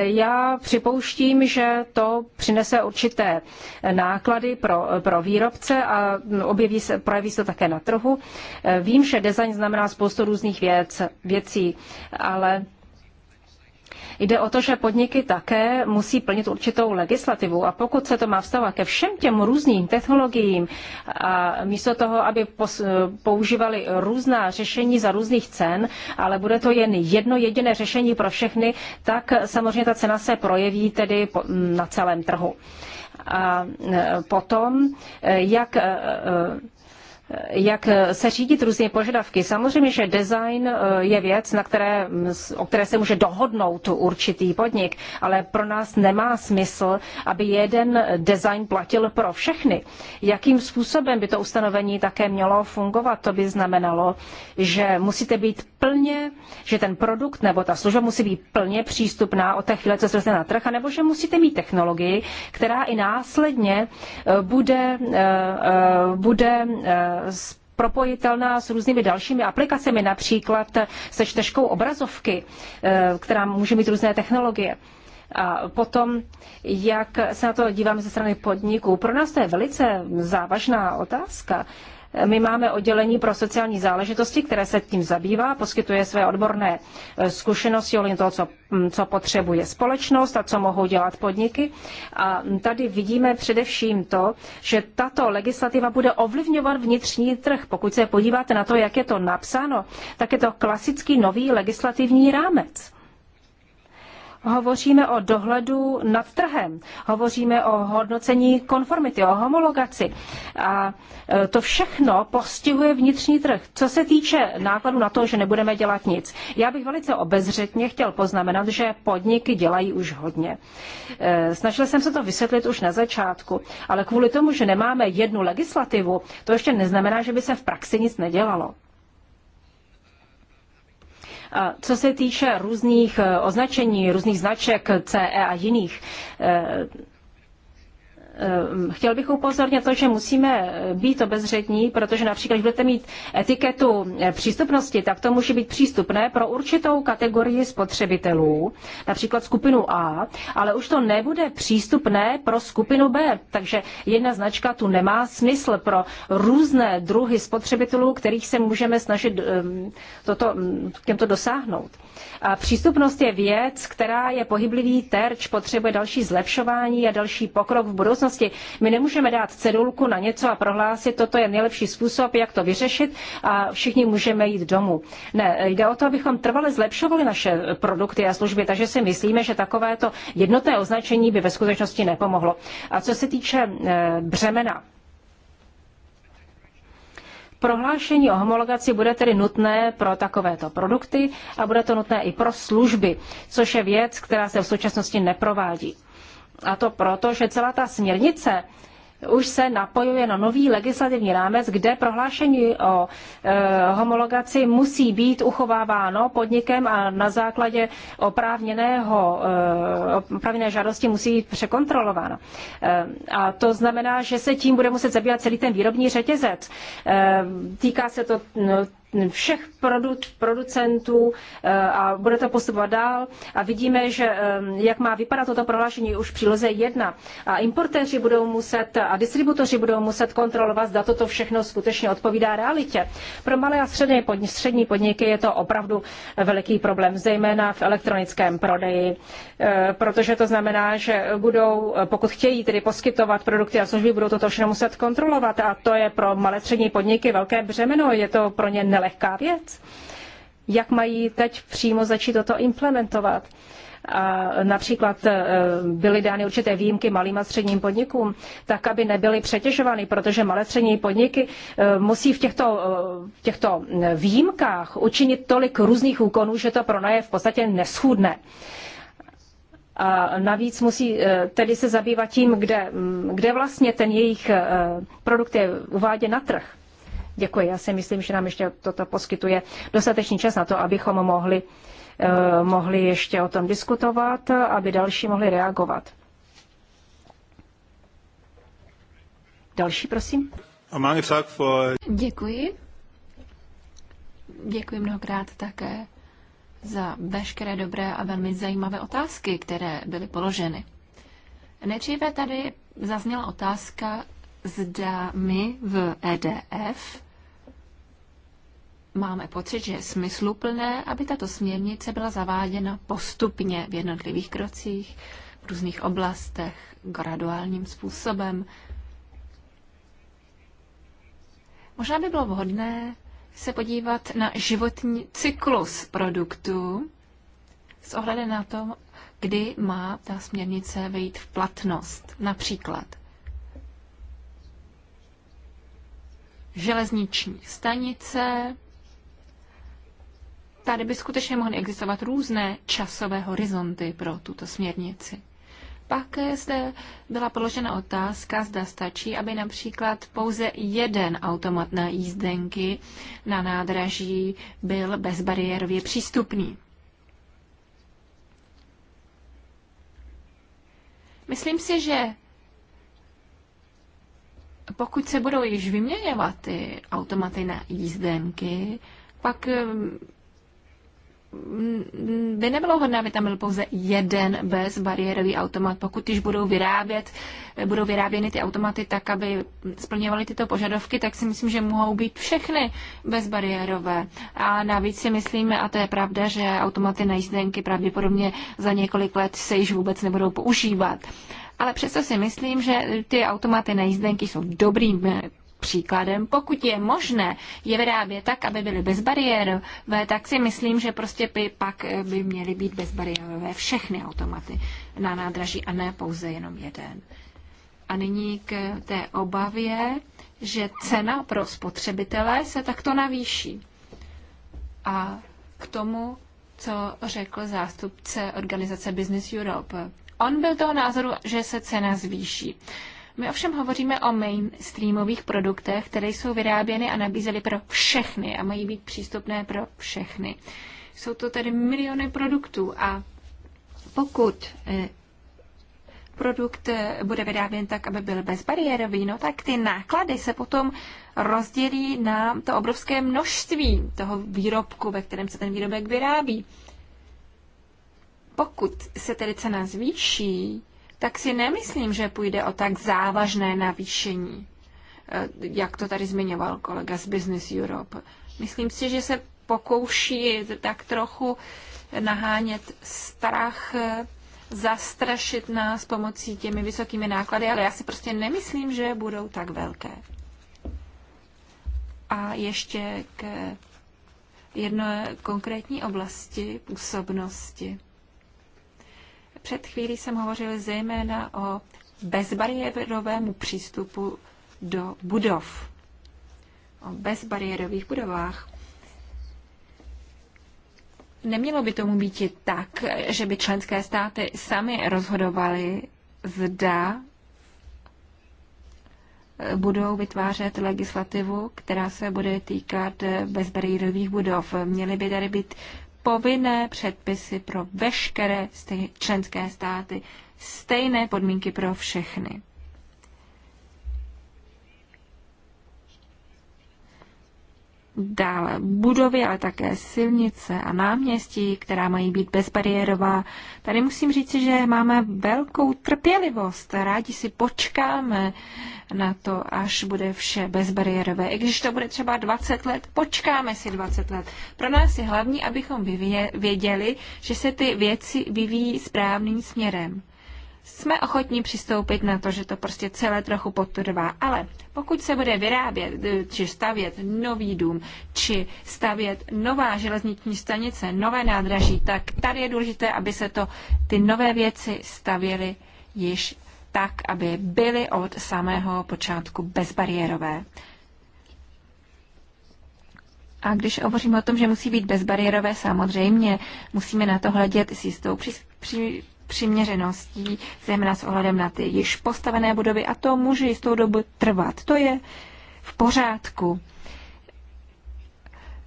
já připouštím, že to přinese určité náklady pro, pro výrobce a objeví se, projeví se to také na trhu. Vím, že design znamená spoustu různých věc, věcí, ale Jde o to, že podniky také musí plnit určitou legislativu a pokud se to má vztahovat ke všem těm různým technologiím a místo toho, aby eh, používali různá řešení za různých cen, ale bude to jen jedno jediné řešení pro všechny, tak samozřejmě ta cena se projeví tedy na celém trhu. A eh, potom, eh, jak jak se řídit různé požadavky. Samozřejmě, že design eh, je věc, na které, mm, o které se může dohodnout určitý podnik, ale pro nás nemá smysl, aby jeden design platil pro všechny. Jakým způsobem by to ustanovení také mělo fungovat? To by znamenalo, že musíte být plně, že ten produkt nebo ta služba musí být plně přístupná od té chvíle, co se dostane na trh, nebo že musíte mít technologii, která i následně eh, bude, eh, bude propojitelná s různými dalšími aplikacemi, například se čteškou obrazovky, eh, která může mít různé technologie. A potom, jak se na to díváme ze strany podniků. Pro nás to je velice závažná otázka. My máme oddělení pro sociální záležitosti, které se tím zabývá, poskytuje své odborné e, zkušenosti o toho, co, co potřebuje společnost a co mohou dělat podniky. A tady vidíme především to, že tato legislativa bude ovlivňovat vnitřní trh. Pokud se podíváte na to, jak je to napsáno, tak je to klasický nový legislativní rámec hovoříme o dohledu nad trhem, hovoříme o hodnocení konformity, o homologaci. A e, to všechno postihuje vnitřní trh. Co se týče nákladu na to, že nebudeme dělat nic, já bych velice obezřetně chtěl poznamenat, že podniky dělají už hodně. E, snažil jsem se to vysvětlit už na začátku, ale kvůli tomu, že nemáme jednu legislativu, to ještě neznamená, že by se v praxi nic nedělalo. Co se týče různých eh, označení, různých značek CE a jiných, eh, Ehm, chtěl bych upozornit to, že musíme být obezřetní, protože například, když budete mít etiketu eh, přístupnosti, tak to může být přístupné pro určitou kategorii spotřebitelů, například skupinu A, ale už to nebude přístupné pro skupinu B. Takže jedna značka tu nemá smysl pro různé druhy spotřebitelů, kterých se můžeme snažit ehm, toto, mm, těmto dosáhnout. A přístupnost je věc, která je pohyblivý terč, potřebuje další zlepšování a další pokrok v budoucnosti budoucnosti. My nemůžeme dát cedulku na něco a prohlásit, toto je nejlepší způsob, jak to vyřešit a všichni můžeme jít domů. Ne, jde o to, abychom trvale zlepšovali naše produkty a služby, takže si myslíme, že takovéto jednotné označení by ve skutečnosti nepomohlo. A co se týče e, břemena, Prohlášení o homologaci bude tedy nutné pro takovéto produkty a bude to nutné i pro služby, což je věc, která se v současnosti neprovádí. A to proto, že celá ta směrnice už se napojuje na nový legislativní rámec, kde prohlášení o e, homologaci musí být uchováváno podnikem a na základě oprávněného, e, oprávněné žádosti musí být překontrolováno. E, a to znamená, že se tím bude muset zabývat celý ten výrobní řetězec. E, týká se to no, všech producentů eh, a bude to postupovat dál. A vidíme, že eh, jak má vypadat toto prohlášení už v příloze 1. A importéři budou muset a distributoři budou muset kontrolovat, zda toto všechno skutečně odpovídá realitě. Pro malé a střední, pod, střední podniky je to opravdu veliký problém, zejména v elektronickém prodeji, eh, protože to znamená, že budou, pokud chtějí tedy poskytovat produkty a služby, budou toto všechno muset kontrolovat a to je pro malé střední podniky velké břemeno, je to pro ně nelehká věc. Jak mají teď přímo začít toto implementovat? A například e, byly dány určité výjimky malým a středním podnikům, tak aby nebyly přetěžovány, protože malé střední podniky e, musí v těchto, e, v těchto výjimkách učinit tolik různých úkonů, že to pro ně je v podstatě neschůdné. A navíc musí tedy se zabývat tím, kde, kde vlastně ten jejich produkt je uváděn na trh. Děkuji. Já si myslím, že nám ještě toto poskytuje dostatečný čas na to, abychom mohli, eh, mohli ještě o tom diskutovat, aby další mohli reagovat. Další, prosím. Děkuji. Děkuji mnohokrát také za veškeré dobré a velmi zajímavé otázky, které byly položeny. Nejdříve tady zazněla otázka zda my v EDF máme pocit, že je smysluplné, aby tato směrnice byla zaváděna postupně v jednotlivých krocích, v různých oblastech, graduálním způsobem. Možná by bylo vhodné se podívat na životní cyklus produktu s ohledem na to, kdy má ta směrnice vejít v platnost. Například železniční stanice. Tady by skutečně mohly existovat různé časové horizonty pro tuto směrnici. Pak zde byla položena otázka, zda stačí, aby například pouze jeden automat na jízdenky na nádraží byl bezbariérově přístupný. Myslím si, že pokud se budou již vyměňovat ty automaty na jízdenky, pak mm, mm, by nebylo hodné, aby tam byl pouze jeden bezbariérový automat, pokud již budou vyrábět, budou vyráběny ty automaty tak, aby splňovaly tyto požadavky, tak si myslím, že mohou být všechny bezbariérové. A navíc si myslíme, a to je pravda, že automaty na jízdenky pravděpodobně za několik let se již vůbec nebudou používat ale přesto si myslím, že ty automaty na jízdenky jsou dobrým eh, příkladem. Pokud je možné je vyrábět tak, aby byly bezbariérové, tak si myslím, že prostě by pak eh, by měly být bezbariérové všechny automaty na nádraží a ne pouze jenom jeden. A nyní k té obavě, že cena pro spotřebitele se takto navýší. A k tomu, co řekl zástupce organizace Business Europe. On byl toho názoru, že se cena zvýší. My ovšem hovoříme o mainstreamových produktech, které jsou vyráběny a nabízely pro všechny a mají být přístupné pro všechny. Jsou to tedy miliony produktů a pokud eh, produkt eh, bude vyráběn tak, aby byl bezbariérový, no tak ty náklady se potom rozdělí na to obrovské množství toho výrobku, ve kterém se ten výrobek vyrábí. Pokud se tedy cena zvýší, tak si nemyslím, že půjde o tak závažné navýšení, eh, jak to tady zmiňoval kolega z Business Europe. Myslím si, že se pokouší tak trochu nahánět strach, eh, zastrašit nás pomocí těmi vysokými náklady, ale já si prostě nemyslím, že budou tak velké. A ještě k jedné konkrétní oblasti působnosti. Před chvílí jsem hovořil zejména o bezbariérovému přístupu do budov, o bezbariérových budovách. Nemělo by tomu být tak, že by členské státy sami rozhodovaly, zda budou vytvářet legislativu, která se bude týkat bezbariérových budov. Měly by tady být povinné předpisy pro veškeré členské státy, stejné podmínky pro všechny. Dále budovy, ale také silnice a náměstí, která mají být bezbariérová. Tady musím říct, že máme velkou trpělivost. Rádi si počkáme na to, až bude vše bezbariérové. I když to bude třeba 20 let, počkáme si 20 let. Pro nás je hlavní, abychom věděli, že se ty věci vyvíjí správným směrem jsme ochotní přistoupit na to, že to prostě celé trochu potrvá. Ale pokud se bude vyrábět eh, či stavět nový dům, či stavět nová železniční stanice, nové nádraží, tak tady je důležité, aby se to ty nové věci stavěly již tak, aby byly od samého počátku bezbariérové. A když hovořím o tom, že musí být bezbariérové, samozřejmě musíme na to hledět s jistou při, při, přiměřeností, zejména s ohledem na ty již postavené budovy a to může jistou dobu trvat. To je v pořádku.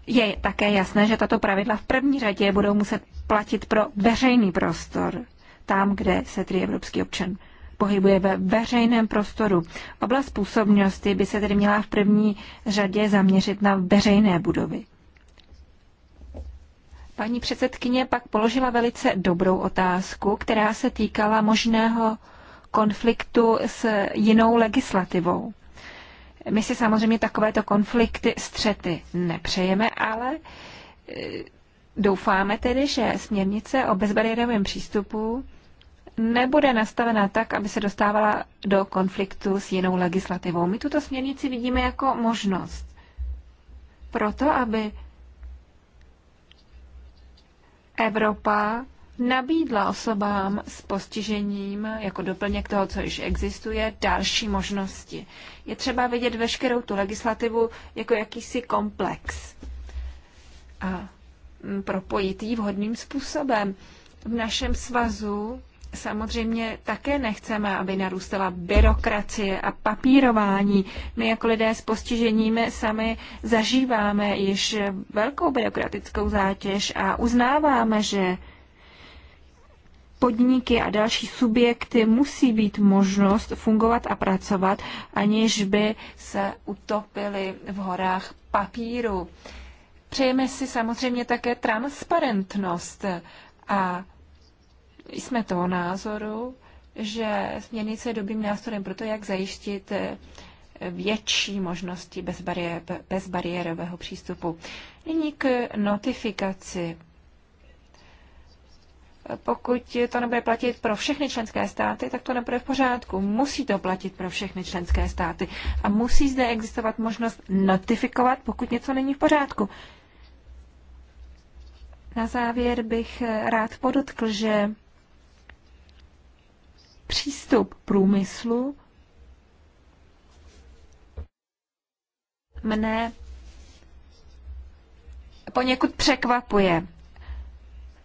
Je také jasné, že tato pravidla v první řadě budou muset platit pro veřejný prostor, tam, kde se tedy evropský občan pohybuje ve veřejném prostoru. Oblast působnosti by se tedy měla v první řadě zaměřit na veřejné budovy. Paní předsedkyně pak položila velice dobrou otázku, která se týkala možného konfliktu s jinou legislativou. My si samozřejmě takovéto konflikty, střety nepřejeme, ale e, doufáme tedy, že směrnice o bezbariérovém přístupu nebude nastavena tak, aby se dostávala do konfliktu s jinou legislativou. My tuto směrnici vidíme jako možnost proto, aby Evropa nabídla osobám s postižením jako doplněk toho, co již existuje, další možnosti. Je třeba vidět veškerou tu legislativu jako jakýsi komplex a propojit ji vhodným způsobem. V našem svazu samozřejmě také nechceme, aby narůstala byrokracie a papírování. My jako lidé s postižením sami zažíváme již velkou byrokratickou zátěž a uznáváme, že podniky a další subjekty musí být možnost fungovat a pracovat, aniž by se utopili v horách papíru. Přejeme si samozřejmě také transparentnost a jsme toho názoru, že směrnice je dobrým nástrojem pro to, jak zajištit eh, větší možnosti bezbariérového přístupu. Nyní k notifikaci. Pokud to nebude platit pro všechny členské státy, tak to nebude v pořádku. Musí to platit pro všechny členské státy. A musí zde existovat možnost notifikovat, pokud něco není v pořádku. Na závěr bych eh, rád podotkl, že přístup průmyslu mne poněkud překvapuje.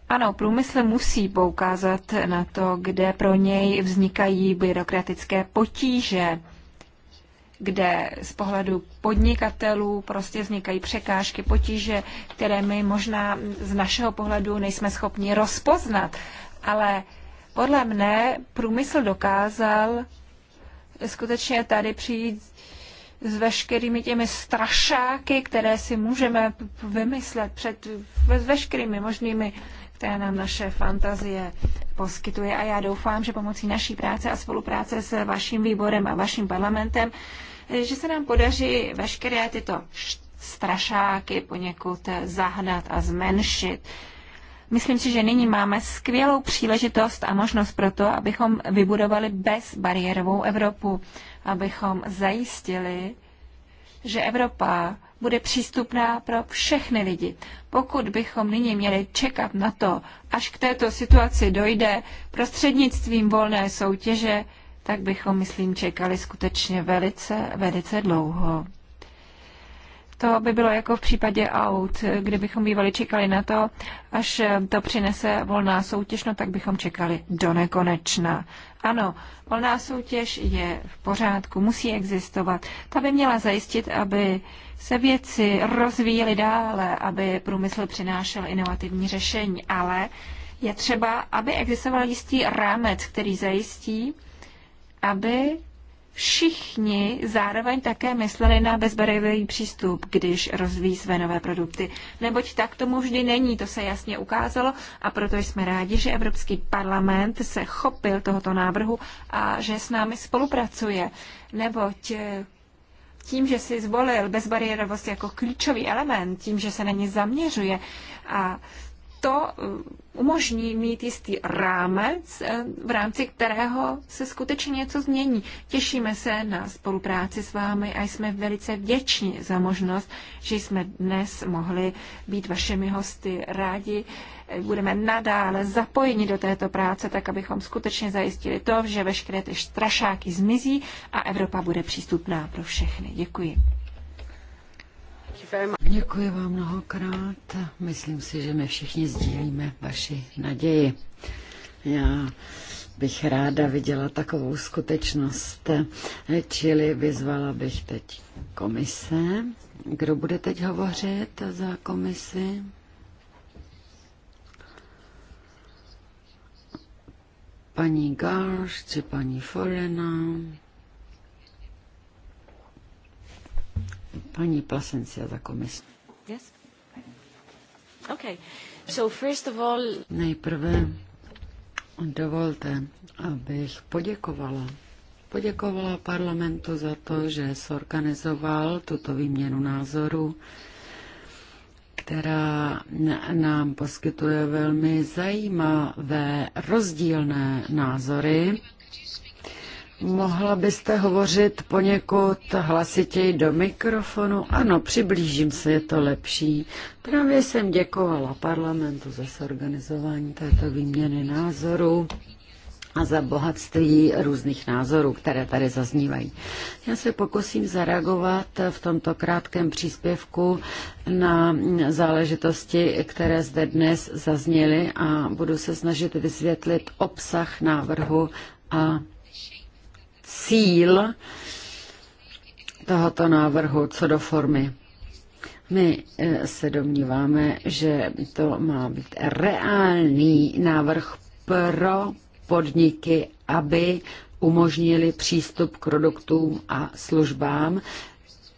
Ano, průmysl musí poukázat na to, kde pro něj vznikají byrokratické potíže, kde z pohledu podnikatelů prostě vznikají překážky, potíže, které my možná z našeho pohledu nejsme schopni rozpoznat, ale podle mne průmysl dokázal skutečně tady přijít s veškerými těmi strašáky, které si můžeme vymyslet před s veškerými možnými, které nám naše fantazie poskytuje. A já doufám, že pomocí naší práce a spolupráce s vaším výborem a vaším parlamentem, že se nám podaří veškeré tyto strašáky poněkud zahnat a zmenšit. Myslím si, že nyní máme skvělou příležitost a možnost pro to, abychom vybudovali bezbariérovou Evropu, abychom zajistili, že Evropa bude přístupná pro všechny lidi. Pokud bychom nyní měli čekat na to, až k této situaci dojde prostřednictvím volné soutěže, tak bychom, myslím, čekali skutečně velice, velice dlouho. To by bylo jako v případě aut, kdybychom bývali čekali na to, až to přinese volná soutěž, no tak bychom čekali do nekonečna. Ano, volná soutěž je v pořádku, musí existovat. Ta by měla zajistit, aby se věci rozvíjely dále, aby průmysl přinášel inovativní řešení, ale je třeba, aby existoval jistý rámec, který zajistí, aby všichni zároveň také mysleli na bezbarevý přístup, když rozvíjí své nové produkty. Neboť tak tomu vždy není, to se jasně ukázalo a proto jsme rádi, že Evropský parlament se chopil tohoto návrhu a že s námi spolupracuje. Neboť eh, tím, že si zvolil bezbariérovost jako klíčový element, tím, že se na ně zaměřuje a to eh, umožní mít jistý rámec, eh, v rámci kterého se skutečně něco změní. Těšíme se na spolupráci s vámi a jsme velice vděční za možnost, že jsme dnes mohli být vašimi hosty. Rádi eh, budeme nadále zapojeni do této práce, tak abychom skutečně zajistili to, že veškeré ty strašáky zmizí a Evropa bude přístupná pro všechny. Děkuji. Děkuji vám mnohokrát. Myslím si, že my všichni sdílíme vaši naději. Já bych ráda viděla takovou skutečnost, čili vyzvala bych teď komise. Kdo bude teď hovořit za komisi? Paní Garš či paní Forena? Paní Plasencia za komisu. Yes? Okay. So first of all... Nejprve dovolte, abych poděkovala poděkovala parlamentu za to, že sorganizoval tuto výměnu názoru, která nám poskytuje velmi zajímavé rozdílné názory. Mohla byste hovořit poněkud hlasitěji do mikrofonu? Ano, přiblížím se, je to lepší. Právě jsem děkovala parlamentu za zorganizování této výměny názorů a za bohatství různých názorů, které tady zaznívají. Já se pokusím zareagovat v tomto krátkém příspěvku na záležitosti, které zde dnes zazněly a budu se snažit vysvětlit obsah návrhu a cíl tohoto návrhu co do formy. My eh, se domníváme, že to má být reálný návrh pro podniky, aby umožnili přístup k produktům a službám,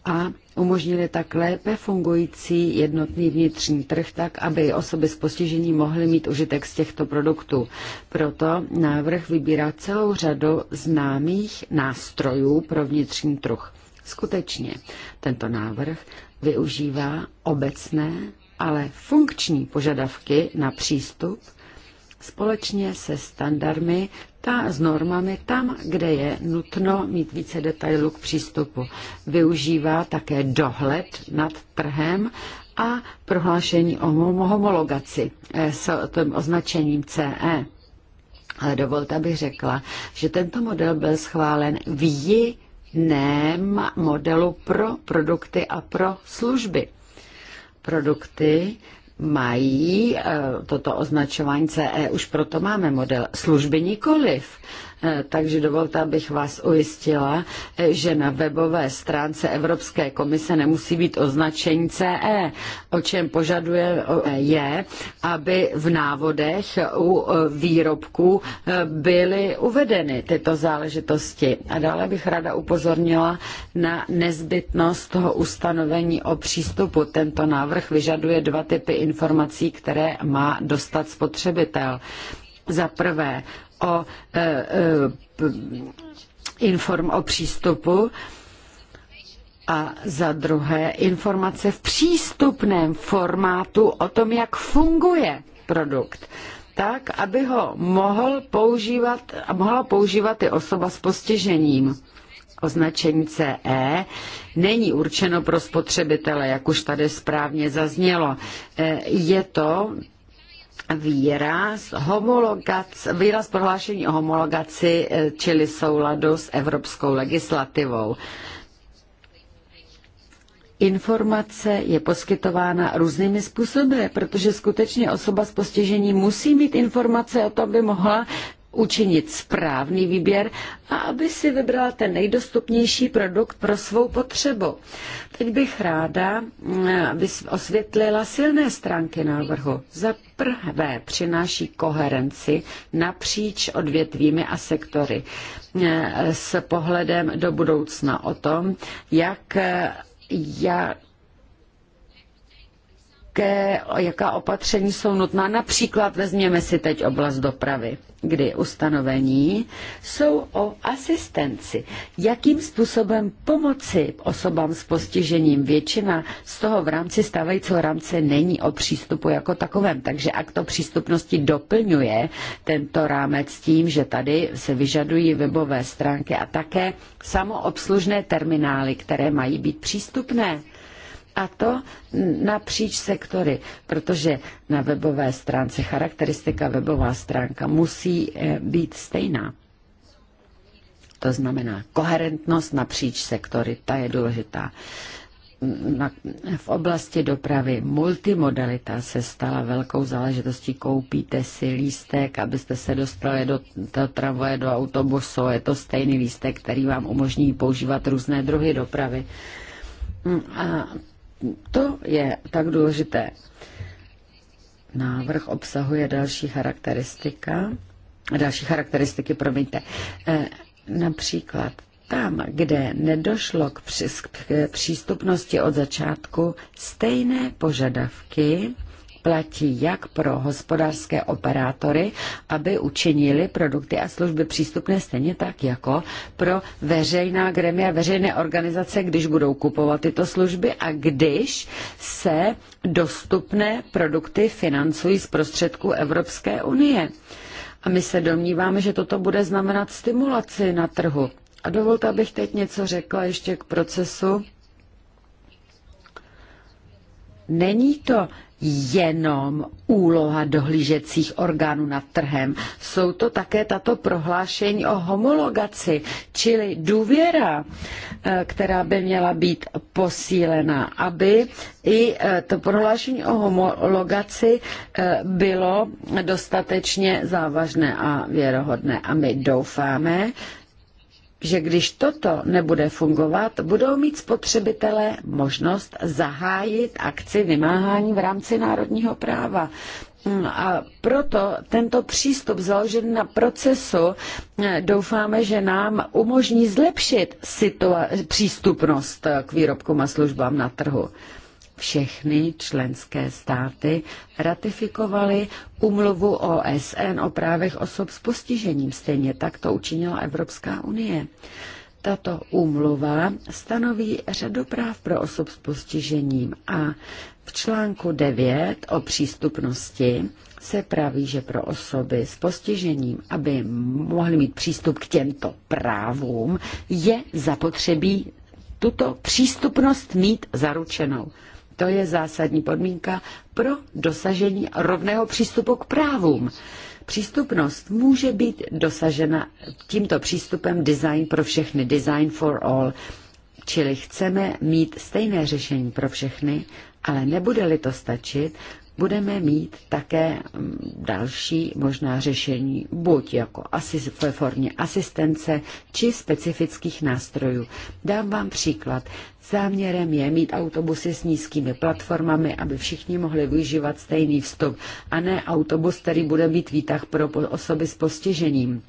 a umožnili tak lépe fungující jednotný vnitřní trh tak, aby osoby s postižením mohly mít užitek z těchto produktů. Proto návrh vybírá celou řadu známých nástrojů pro vnitřní trh. Skutečně tento návrh využívá obecné, ale funkční požadavky na přístup společně se standardy, ta, s normami tam, kde je nutno mít více detailů k přístupu. Využívá také dohled nad trhem a prohlášení o homologaci eh, s tím označením CE. Ale dovolte, abych řekla, že tento model byl schválen v jiném modelu pro produkty a pro služby. Produkty mají eh, toto označování CE, už proto máme model služby nikoliv. Eh, takže dovolte, abych vás ujistila, eh, že na webové stránce Evropské komise nemusí být označení CE. O čem požaduje eh, je, aby v návodech u výrobků byly uvedeny tyto záležitosti. A dále bych ráda upozornila na nezbytnost toho ustanovení o přístupu. Tento návrh vyžaduje dva typy informací, které má dostat spotřebitel. Za prvé, o, e, e, inform, o přístupu a za druhé informace v přístupném formátu o tom, jak funguje produkt tak, aby ho mohl používat, mohla používat i osoba s postižením. Označení CE není určeno pro spotřebitele, jak už tady správně zaznělo. E, je to výraz, homologac, výraz prohlášení o homologaci, eh, čili souladu s evropskou legislativou. Informace je poskytována různými způsoby, protože skutečně osoba s postižením musí mít informace o tom, by mohla učinit správný výběr a aby si vybrala ten nejdostupnější produkt pro svou potřebu. Teď bych ráda mm, aby osvětlila silné stránky návrhu. Za prvé přináší koherenci napříč odvětvími a sektory mm, s pohledem do budoucna o tom, jak, jak jaké, jaká opatření jsou nutná. Například vezměme si teď oblast dopravy, kdy ustanovení jsou o asistenci. Jakým způsobem pomoci osobám s postižením? Většina z toho v rámci stávajícího rámce není o přístupu jako takovém, takže akt o přístupnosti doplňuje tento rámec tím, že tady se vyžadují webové stránky a také samoobslužné terminály, které mají být přístupné a to napříč sektory, protože na webové stránce charakteristika webová stránka musí eh, být stejná. To znamená koherentnost napříč sektory, ta je důležitá. Mm, na, v oblasti dopravy multimodalita se stala velkou záležitostí. Koupíte si lístek, abyste se dostali do, do tramvaje, do autobusu. Je to stejný lístek, který vám umožní používat různé druhy dopravy. Mm, a to je tak důležité. Návrh obsahuje další charakteristika, další charakteristiky, promiňte, e, například tam, kde nedošlo k, přístupnosti od začátku, stejné požadavky platí jak pro hospodářské operátory, aby učinili produkty a služby přístupné stejně tak jako pro veřejná gremia, veřejné organizace, když budou kupovat tyto služby a když se dostupné produkty financují z prostředků Evropské unie. A my se domníváme, že toto bude znamenat stimulaci na trhu. A dovolte, abych teď něco řekla ještě k procesu. Není to jenom úloha dohlížecích orgánů nad trhem. Jsou to také tato prohlášení o homologaci, čili důvěra, eh, která by měla být posílena, aby i eh, to prohlášení o homologaci eh, bylo dostatečně závažné a věrohodné. A my doufáme, že když toto nebude fungovat, budou mít spotřebitelé možnost zahájit akci vymáhání v rámci národního práva. Hmm, a proto tento přístup založen na procesu eh, doufáme, že nám umožní zlepšit přístupnost k výrobkům a službám na trhu všechny členské státy ratifikovaly umluvu OSN o právech osob s postižením. Stejně tak to učinila Evropská unie. Tato úmluva stanoví řadu práv pro osob s postižením a v článku 9 o přístupnosti se praví, že pro osoby s postižením, aby mohly mít přístup k těmto právům, je zapotřebí tuto přístupnost mít zaručenou. To je zásadní podmínka pro dosažení rovného přístupu k právům. Přístupnost může být dosažena tímto přístupem design pro všechny, design for all. Čili chceme mít stejné řešení pro všechny, ale nebude-li to stačit, budeme mít také mm, další možná řešení, buď jako asis, ve formě asistence či specifických nástrojů. Dám vám příklad. Záměrem je mít autobusy s nízkými platformami, aby všichni mohli využívat stejný vstup, a ne autobus, který bude mít výtah pro osoby s postižením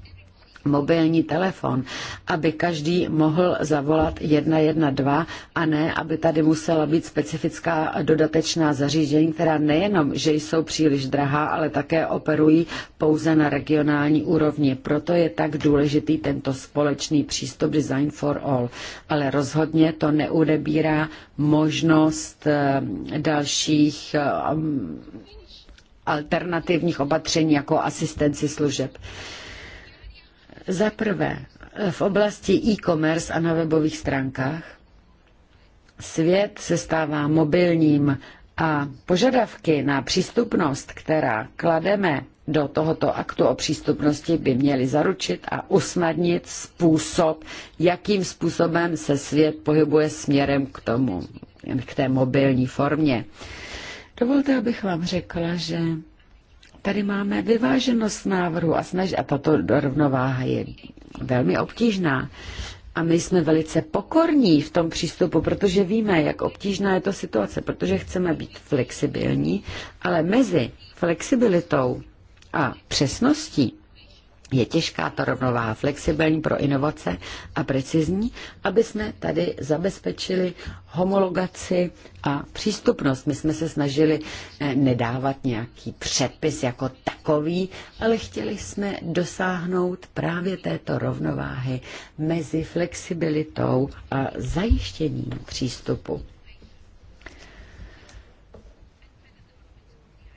mobilní telefon, aby každý mohl zavolat 112 a ne, aby tady musela být specifická dodatečná zařízení, která nejenom, že jsou příliš drahá, ale také operují pouze na regionální úrovni. Proto je tak důležitý tento společný přístup Design for All. Ale rozhodně to neudebírá možnost eh, dalších eh, alternativních opatření jako asistenci služeb. Za prvé, v oblasti e-commerce a na webových stránkách svět se stává mobilním a požadavky na přístupnost, která klademe do tohoto aktu o přístupnosti, by měly zaručit a usnadnit způsob, jakým způsobem se svět pohybuje směrem k tomu, k té mobilní formě. Dovolte, abych vám řekla, že tady máme vyváženost návrhu a, snaž, a tato rovnováha je velmi obtížná. A my jsme velice pokorní v tom přístupu, protože víme, jak obtížná je to situace, protože chceme být flexibilní, ale mezi flexibilitou a přesností je těžká ta rovnováha, flexibilní pro inovace a precizní, aby jsme tady zabezpečili homologaci a přístupnost. My jsme se snažili eh, nedávat nějaký předpis jako takový, ale chtěli jsme dosáhnout právě této rovnováhy mezi flexibilitou a zajištěním přístupu.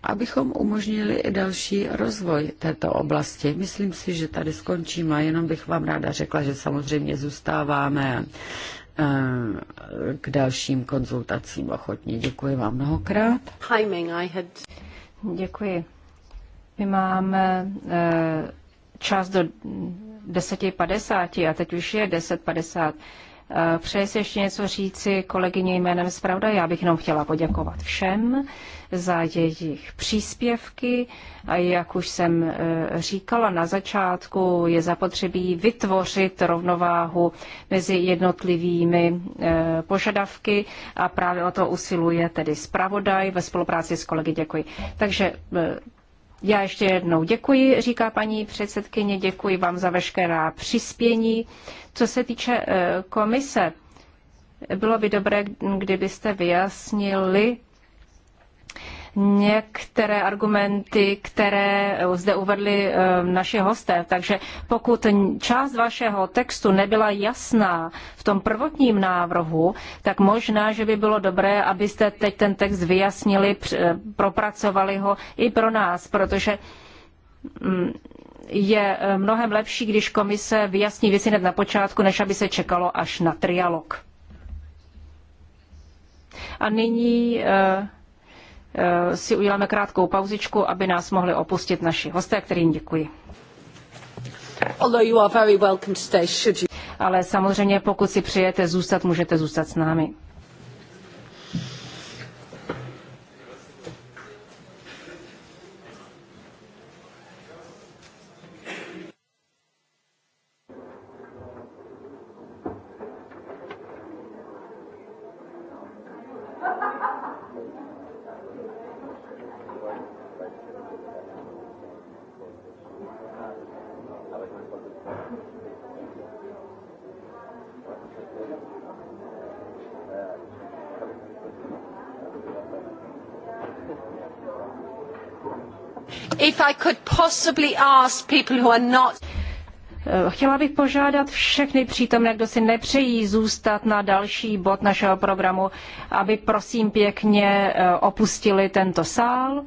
abychom umožnili i další rozvoj této oblasti. Myslím si, že tady skončím a jenom bych vám ráda řekla, že samozřejmě zůstáváme eh, k dalším konzultacím ochotně. Děkuji vám mnohokrát. Ming, I had... Děkuji. My máme eh, čas do 10.50 a teď už je 10.50. Eh, přeje si ještě něco říci kolegyně jménem Spravda? Já bych jenom chtěla poděkovat všem za jejich příspěvky a jak už jsem eh, říkala na začátku, je zapotřebí vytvořit rovnováhu mezi jednotlivými eh, požadavky a právě o to usiluje tedy zpravodaj ve spolupráci s kolegy. Děkuji. Takže já ještě jednou děkuji, říká paní předsedkyně, děkuji vám za veškerá přispění. Co se týče eh, komise, bylo by dobré, kdybyste vyjasnili některé argumenty, které eh, zde uvedli eh, naši hosté. Takže pokud část vašeho textu nebyla jasná v tom prvotním návrhu, tak možná, že by bylo dobré, abyste teď ten text vyjasnili, propracovali ho i pro nás, protože mm, je eh, mnohem lepší, když komise vyjasní věci hned na počátku, než aby se čekalo až na trialog. A nyní Eh, si uděláme krátkou pauzičku, aby nás mohli opustit naši hosté, kterým děkuji. Ale samozřejmě, pokud si přijete zůstat, můžete zůstat s námi. possibly ask people who are not Chtěla bych požádat všechny přítomné, kdo si nepřejí zůstat na další bod našeho programu, aby prosím pěkně eh, opustili tento sál,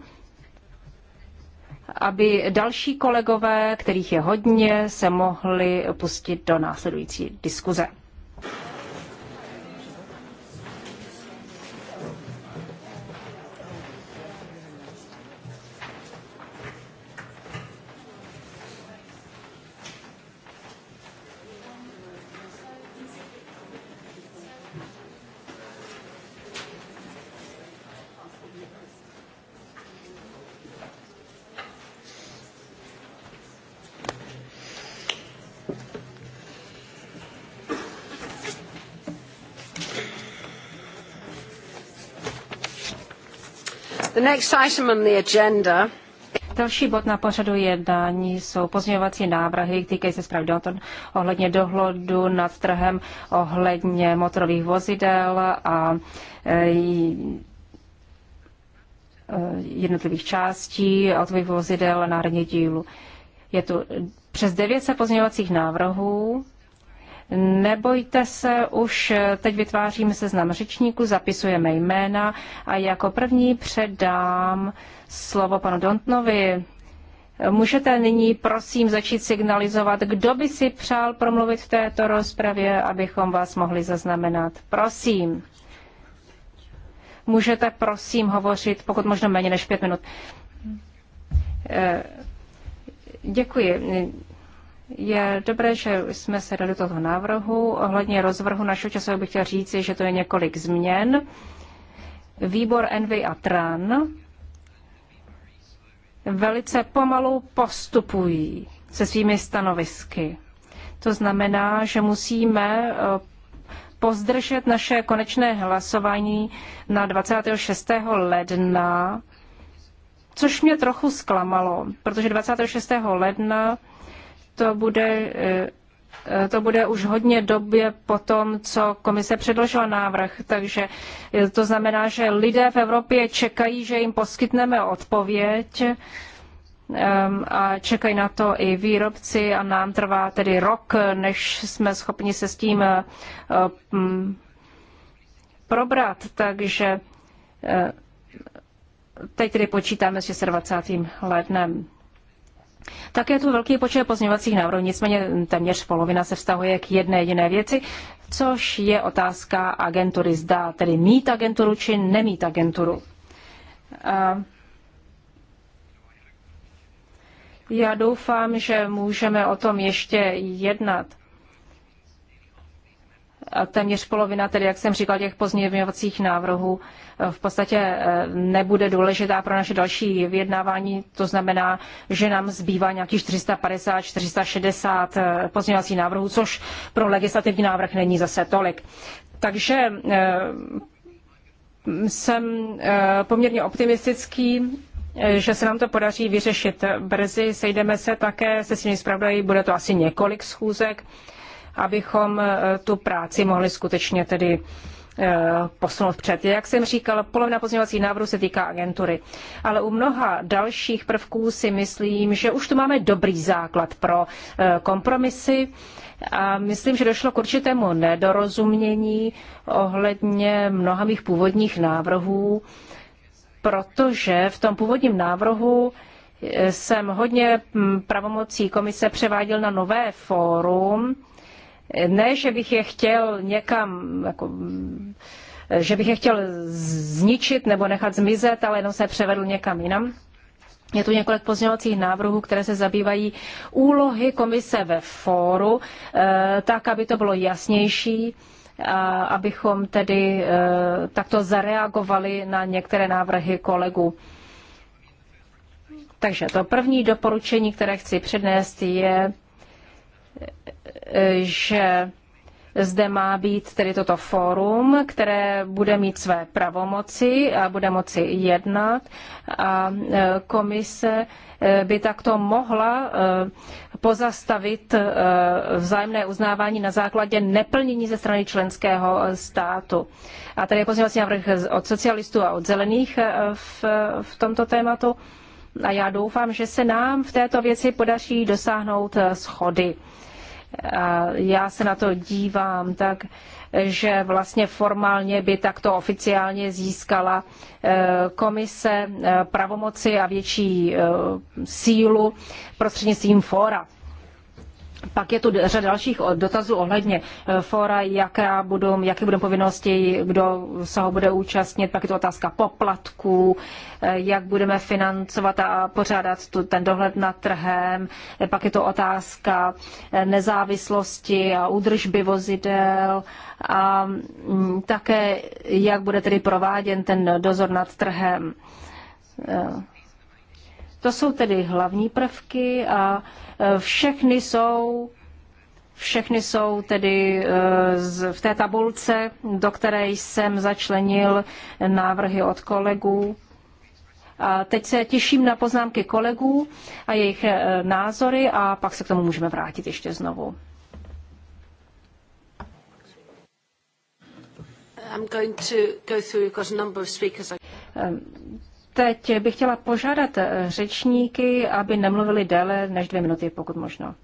aby další kolegové, kterých je hodně, se mohli pustit do následující diskuze. Next item on the agenda. Další bod na pořadu jednání jsou pozměňovací návrhy, týkají se zprávy Dalton ohledně dohledu nad trhem, ohledně motorových vozidel a e, e, jednotlivých částí autových vozidel a národních dílů. Je tu přes 900 pozměňovacích návrhů, Nebojte se, už teď vytváříme seznam řečníků, zapisujeme jména a jako první předám slovo panu Dontnovi. Můžete nyní prosím začít signalizovat, kdo by si přál promluvit v této rozpravě, abychom vás mohli zaznamenat. Prosím. Můžete prosím hovořit, pokud možno méně než pět minut. Eh, děkuji. Je dobré, že jsme se dali toho návrhu. Ohledně rozvrhu našeho času bych chtěl říci, že to je několik změn. Výbor Envy a Tran velice pomalu postupují se svými stanovisky. To znamená, že musíme eh, pozdržet naše konečné hlasování na 26. ledna, což mě trochu zklamalo, protože 26. ledna to bude, eh, to bude už hodně době po tom, co komise předložila návrh. Takže eh, to znamená, že lidé v Evropě čekají, že jim poskytneme odpověď ehm, a čekají na to i výrobci a nám trvá tedy rok, než jsme schopni se s tím eh, mm, probrat. Takže teď tedy počítáme s 26. lednem. Také je tu velký počet pozměňovacích návrhů, nicméně téměř polovina se vztahuje k jedné jediné věci, což je otázka agentury. Zda tedy mít agenturu či nemít agenturu. A já doufám, že můžeme o tom ještě jednat téměř polovina, tedy jak jsem říkal, těch pozměňovacích návrhů eh, v podstatě eh, nebude důležitá pro naše další vyjednávání. To znamená, že nám zbývá nějakých 450, 460 eh, pozměňovacích návrhů, což pro legislativní návrh není zase tolik. Takže jsem poměrně optimistický, že se nám to podaří vyřešit brzy. Sejdeme se také se svými zpravodaji, bude to asi několik schůzek abychom e, tu práci mohli skutečně tedy e, posunout před. Jak jsem říkal, polovina pozměňovací návrhu se týká agentury. Ale u mnoha dalších prvků si myslím, že už tu máme dobrý základ pro e, kompromisy. A myslím, že došlo k určitému nedorozumění ohledně mnoha mých původních návrhů, protože v tom původním návrhu jsem hodně pravomocí komise převáděl na nové fórum, ne, že bych je chtěl někam, jako, že bych je chtěl zničit nebo nechat zmizet, ale jenom se převedl někam jinam. Je tu několik pozměňovacích návrhů, které se zabývají úlohy komise ve fóru, eh, tak, aby to bylo jasnější, a abychom tedy eh, takto zareagovali na některé návrhy kolegů. Takže to první doporučení, které chci přednést, je že zde má být tedy toto fórum, které bude mít své pravomoci a bude moci jednat a e, komise e, by takto mohla e, pozastavit vzájemné uznávání na základě neplnění ze strany členského státu. A tady je pozměňovací návrh od socialistů a od zelených v, v tomto tématu a já doufám, že se nám v této věci podaří dosáhnout eh, schody. Já se na to dívám tak, že vlastně formálně by takto oficiálně získala eh, komise eh, pravomoci a větší sílu prostřednictvím fóra. Pak je tu řada dalších dotazů ohledně eh, fora, jaká budou, jaké budou povinnosti, kdo se ho bude účastnit, pak je to otázka poplatků, eh, jak budeme financovat a pořádat tu, ten dohled nad trhem, eh, pak je to otázka nezávislosti a údržby vozidel a mm, také jak bude tedy prováděn ten dozor nad trhem to jsou tedy hlavní prvky a e, všechny jsou všechny jsou tedy e, v té tabulce, do které jsem začlenil návrhy od kolegů. A teď se těším na poznámky kolegů a jejich e, názory a pak se k tomu můžeme vrátit ještě znovu. Teď bych chtěla požádat eh, řečníky, aby nemluvili déle než dvě minuty, pokud možno.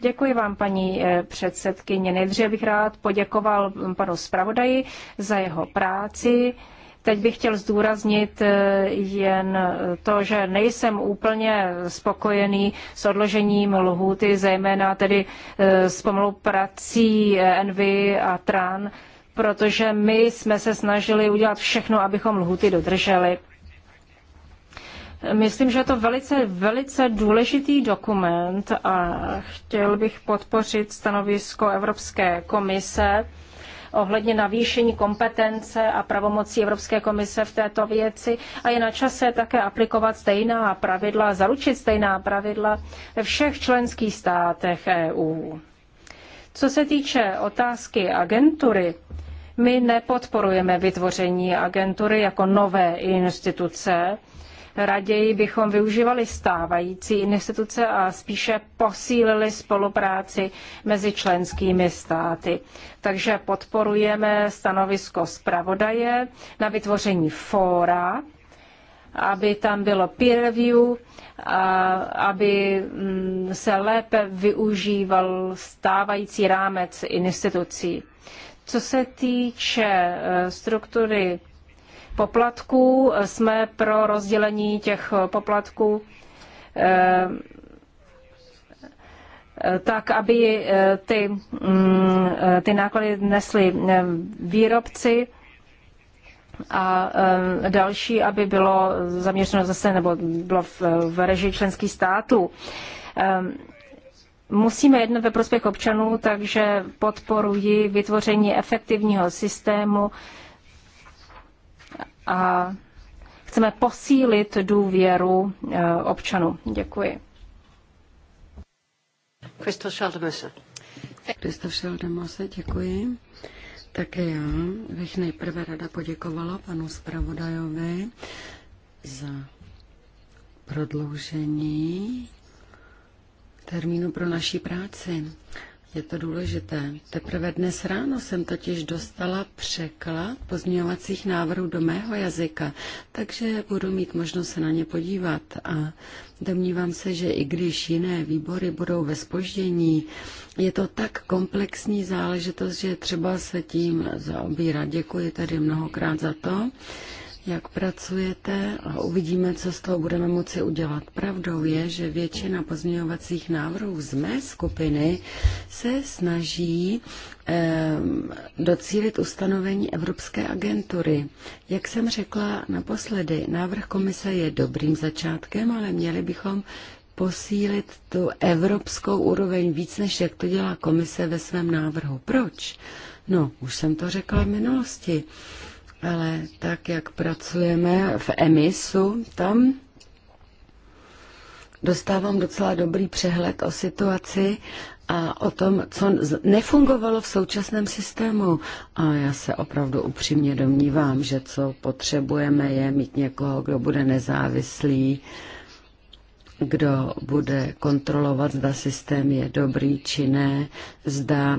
Děkuji vám, paní eh, předsedkyně. Nejdříve bych rád poděkoval mm, panu zpravodaji za jeho práci. Teď bych chtěl zdůraznit eh, jen to, že nejsem úplně spokojený s odložením lhůty, zejména tedy s pomalou prací Envy a Tran, protože my jsme se snažili udělat všechno, abychom lhuty dodrželi. Myslím, že je to velice, velice důležitý dokument a chtěl bych podpořit stanovisko Evropské komise ohledně navýšení kompetence a pravomocí Evropské komise v této věci a je na čase také aplikovat stejná pravidla, zaručit stejná pravidla ve všech členských státech EU. Co se týče otázky agentury, my nepodporujeme vytvoření agentury jako nové instituce, Raději bychom využívali stávající instituce a spíše posílili spolupráci mezi členskými státy. Takže podporujeme stanovisko zpravodaje na vytvoření fóra, aby tam bylo peer review, aby mm, se lépe využíval stávající rámec institucí. Co se týče eh, struktury poplatků. Jsme pro rozdělení těch poplatků eh, tak, aby eh, ty, mm, ty náklady nesly eh, výrobci a další, aby bylo zaměřeno zase nebo bylo v, v režii členských států. Musíme jednat ve prospěch občanů, takže podporuji vytvoření efektivního systému, a chceme posílit důvěru eh, občanů. Děkuji. Kristof Schaldemose. děkuji. Také já bych nejprve rada poděkovala panu zpravodajovi za prodloužení termínu pro naší práci. Je to důležité. Teprve dnes ráno jsem totiž dostala překlad pozměňovacích návrhů do mého jazyka, takže budu mít možnost se na ně podívat a domnívám se, že i když jiné výbory budou ve spoždění, je to tak komplexní záležitost, že třeba se tím zaobírat. Děkuji tedy mnohokrát za to jak pracujete a uvidíme, co z toho budeme moci udělat. Pravdou je, že většina pozměňovacích návrhů z mé skupiny se snaží eh, docílit ustanovení Evropské agentury. Jak jsem řekla naposledy, návrh komise je dobrým začátkem, ale měli bychom posílit tu evropskou úroveň víc, než jak to dělá komise ve svém návrhu. Proč? No, už jsem to řekla v minulosti. Eh, ale tak, jak pracujeme v EMISu, tam dostávám docela dobrý přehled o situaci a o tom, co nefungovalo v současném systému. A já se opravdu upřímně domnívám, že co potřebujeme je mít někoho, kdo bude nezávislý, kdo bude kontrolovat, zda systém je dobrý či ne, zda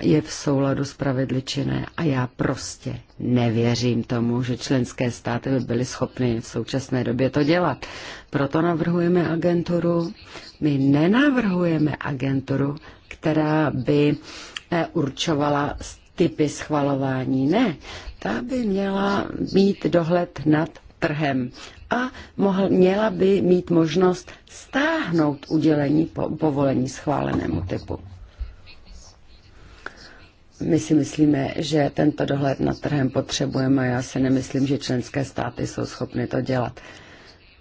je v souladu s pravidly či ne. A já prostě nevěřím tomu, že členské státy by byly schopny v současné době to dělat. Proto navrhujeme agenturu. My nenavrhujeme agenturu, která by eh, určovala typy schvalování. Ne, ta by měla mít dohled nad trhem a mohl, měla by mít možnost stáhnout udělení po, povolení schválenému typu. My si myslíme, že tento dohled nad trhem potřebujeme a já si nemyslím, že členské státy jsou schopny to dělat.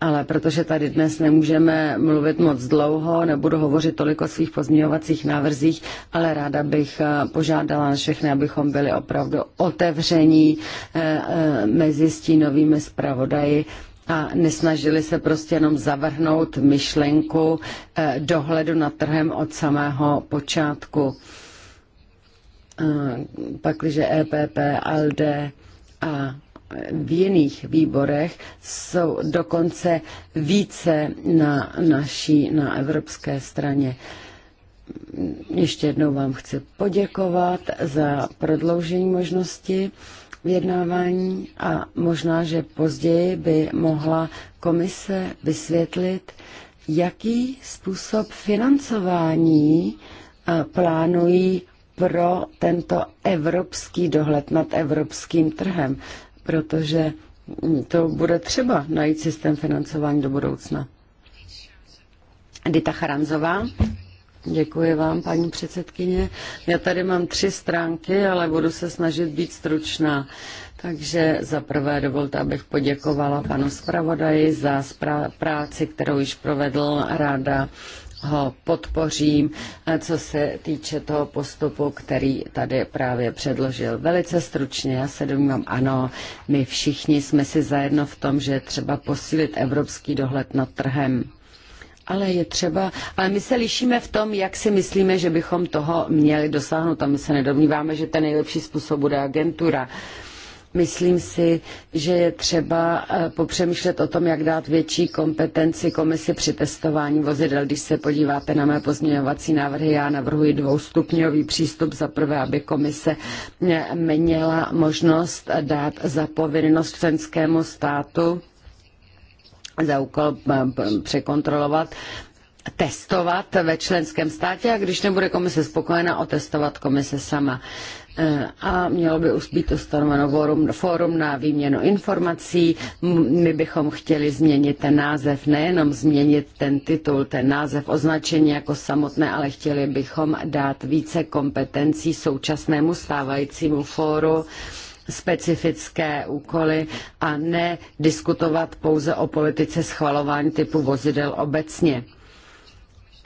Ale protože tady dnes nemůžeme mluvit moc dlouho, nebudu hovořit tolik o svých pozměňovacích návrzích, ale ráda bych eh, požádala na všechny, abychom byli opravdu otevření eh, eh, mezi stínovými zpravodaji a nesnažili se prostě jenom zavrhnout myšlenku eh, dohledu nad trhem od samého počátku. Eh, pakliže EPP, ALDE a v jiných výborech jsou dokonce více na naší, na evropské straně. Ještě jednou vám chci poděkovat za prodloužení možnosti vyjednávání a možná, že později by mohla komise vysvětlit, jaký způsob financování eh, plánují pro tento evropský dohled nad evropským trhem, protože to bude třeba najít systém financování do budoucna. Dita Charanzová. Děkuji vám, paní předsedkyně. Já tady mám tři stránky, ale budu se snažit být stručná. Takže za prvé dovolte, abych poděkovala panu zpravodaji za práci, kterou již provedl ráda ho podpořím, co se týče toho postupu, který tady právě předložil. Velice stručně, já se domnívám, ano, my všichni jsme si zajedno v tom, že třeba posílit evropský dohled nad trhem ale je třeba, ale my se lišíme v tom, jak si myslíme, že bychom toho měli dosáhnout a my se nedomníváme, že ten nejlepší způsob bude agentura. Myslím si, že je třeba eh, popřemýšlet o tom, jak dát větší kompetenci komisi při testování vozidel. Když se podíváte na mé pozměňovací návrhy, já navrhuji dvoustupňový přístup. Za prvé, aby komise eh, měla možnost dát povinnost členskému státu za úkol eh, překontrolovat, testovat ve členském státě a když nebude komise spokojena, otestovat komise sama. Eh, a mělo by být ustanoveno fórum, fórum na výměnu informací. My bychom chtěli změnit ten název, nejenom změnit ten titul, ten název označení jako samotné, ale chtěli bychom dát více kompetencí současnému stávajícímu fóru specifické úkoly a ne diskutovat pouze o politice schvalování typu vozidel obecně.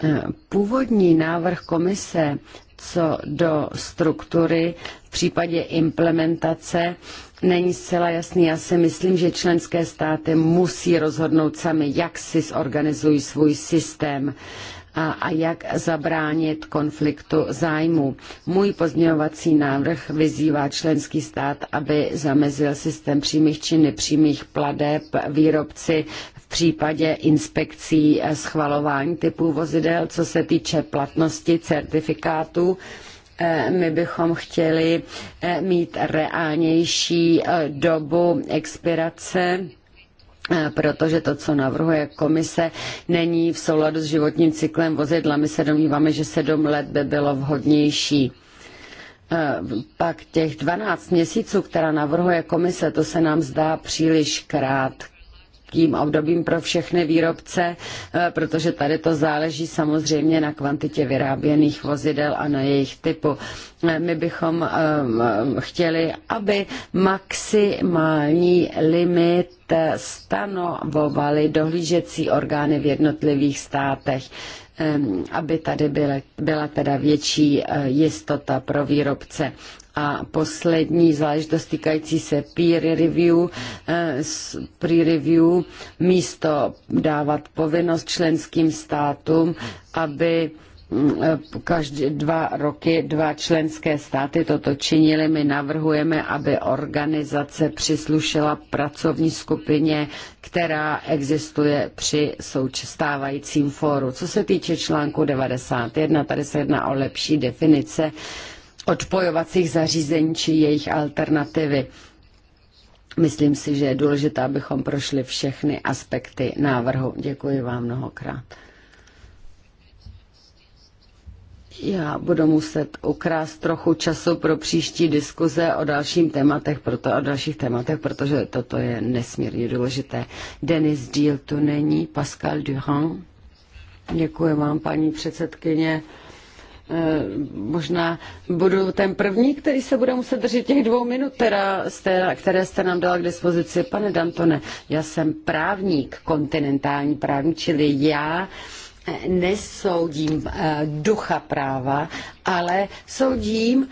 Eh, původní návrh komise co do struktury v případě implementace není zcela jasný. Já si myslím, že členské státy musí rozhodnout sami, jak si zorganizují svůj systém a, a jak zabránit konfliktu zájmu. Můj pozměňovací návrh vyzývá členský stát, aby zamezil systém přímých či nepřímých pladeb výrobci v případě inspekcí schvalování typů vozidel, co se týče platnosti certifikátů e, my bychom chtěli e, mít reálnější e, dobu expirace Eh, protože to, co navrhuje komise, není v souladu s životním cyklem vozidla. My se domníváme, že sedm let by bylo vhodnější. Eh, pak těch 12 měsíců, která navrhuje komise, to se nám zdá příliš krátké krátkým obdobím pro všechny výrobce, eh, protože tady to záleží samozřejmě na kvantitě vyráběných vozidel a na jejich typu. Eh, my bychom eh, chtěli, aby maximální limit stanovovaly dohlížecí orgány v jednotlivých státech aby tady byla, byla teda větší jistota pro výrobce. A poslední záležitost týkající se peer review, eh, pre review místo dávat povinnost členským státům, aby mm, eh, každé dva roky dva členské státy toto činili. My navrhujeme, aby organizace přislušela pracovní skupině, která existuje při součastávajícím fóru. Co se týče článku 91, tady se jedná o lepší definice odpojovacích zařízení či jejich alternativy. Myslím si, že je důležité, abychom prošli všechny aspekty návrhu. Děkuji vám mnohokrát. Já budu muset ukrást trochu času pro příští diskuze o dalším tématech, proto, o dalších tématech, protože toto je nesmírně důležité. Denis Díl tu není, Pascal Durand. Děkuji vám, paní předsedkyně. Eh, možná budu ten první, který se bude muset držet těch dvou minut, která jste, které jste nám dala k dispozici. Pane Dantone, já jsem právník, kontinentální právník, čili já eh, nesoudím eh, ducha práva, ale soudím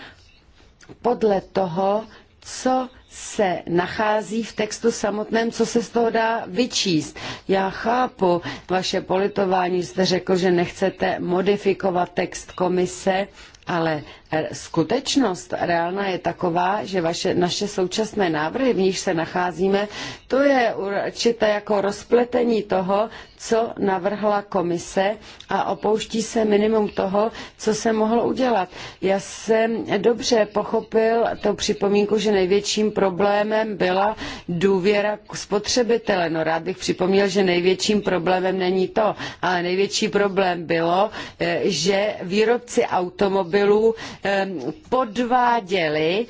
podle toho, co se nachází v textu samotném, co se z toho dá vyčíst. Já chápu vaše politování, jste řekl, že nechcete modifikovat text komise, ale Eh, skutečnost reálná je taková, že vaše, naše současné návrhy, v níž se nacházíme, to je určité jako rozpletení toho, co navrhla komise a opouští se minimum toho, co se mohlo udělat. Já jsem dobře pochopil to připomínku, že největším problémem byla důvěra k spotřebitele. No rád bych připomněl, že největším problémem není to, ale největší problém bylo, eh, že výrobci automobilů Ehm, podváděli,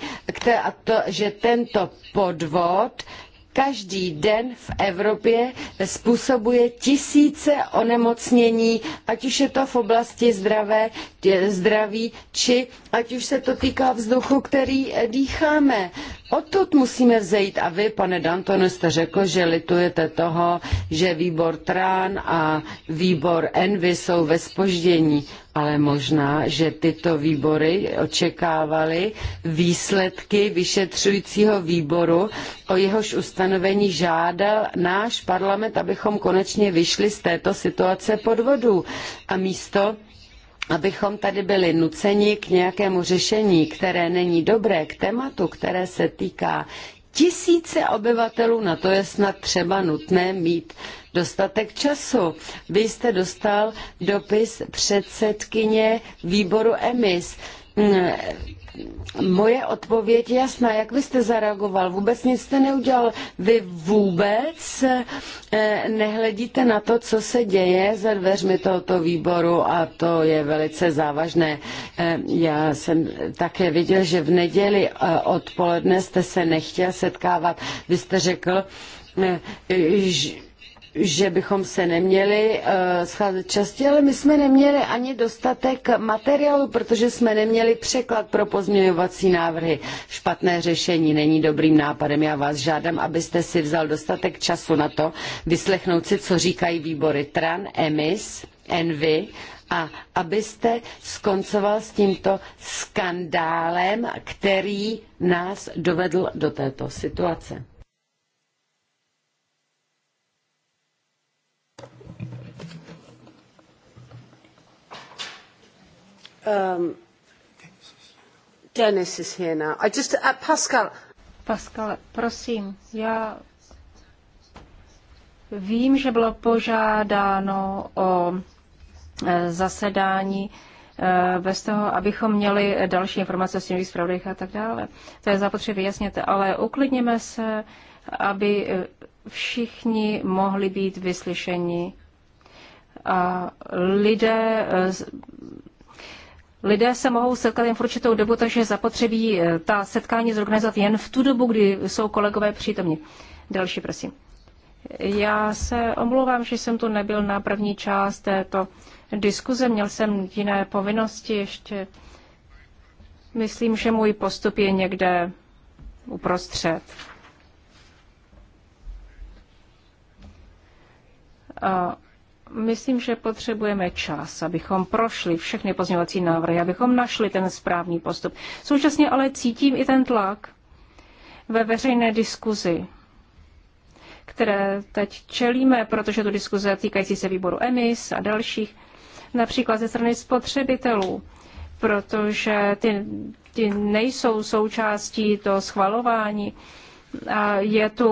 že tento podvod každý den v Evropě způsobuje tisíce onemocnění, ať už je to v oblasti zdravé, zdraví, či ať už se to týká vzduchu, který eh, dýcháme. Odtud musíme vzejít a vy, pane Dantone, jste řekl, že litujete toho, že výbor Trán a výbor Envy jsou ve spoždění, ale možná, že tyto výbory očekávaly výsledky vyšetřujícího výboru, o jehož ustanovení žádal náš parlament, abychom konečně vyšli z této situace podvodů. A místo abychom tady byli nuceni k nějakému řešení, které není dobré, k tématu, které se týká tisíce obyvatelů, na to je snad třeba nutné mít dostatek času. Vy jste dostal dopis předsedkyně výboru EMIS moje odpověď je jasná. Jak vy jste zareagoval? Vůbec nic jste neudělal. Vy vůbec eh, nehledíte na to, co se děje za dveřmi tohoto výboru a to je velice závažné. Eh, já jsem také viděl, že v neděli eh, odpoledne jste se nechtěl setkávat. Vy jste řekl, že že bychom se neměli uh, scházet častěji, ale my jsme neměli ani dostatek materiálu, protože jsme neměli překlad pro pozměňovací návrhy. Špatné řešení není dobrým nápadem. Já vás žádám, abyste si vzal dostatek času na to, vyslechnout si, co říkají výbory TRAN, EMIS, ENVY a abyste skoncoval s tímto skandálem, který nás dovedl do této situace. Um, Dennis is here now. I just, uh, Pascal. Pascal, prosím, já vím, že bylo požádáno o eh, zasedání eh, bez toho, abychom měli další informace o sněmových zpravodajích a tak dále. To je zapotřebí vyjasněte, ale uklidněme se, aby eh, všichni mohli být vyslyšeni. A lidé Lidé se mohou setkat jen v určitou dobu, takže zapotřebí eh, ta setkání zorganizovat jen v tu dobu, kdy jsou kolegové přítomni. Další, prosím. Já se omlouvám, že jsem tu nebyl na první část této diskuze. Měl jsem jiné povinnosti ještě. Myslím, že můj postup je někde uprostřed. A eh, myslím, že potřebujeme čas, abychom prošli všechny pozměňovací návrhy, abychom našli ten správný postup. Současně ale cítím i ten tlak ve veřejné diskuzi, které teď čelíme, protože tu diskuze týkající se výboru EMIS a dalších, například ze strany spotřebitelů, protože ty, ty nejsou součástí toho schvalování je tu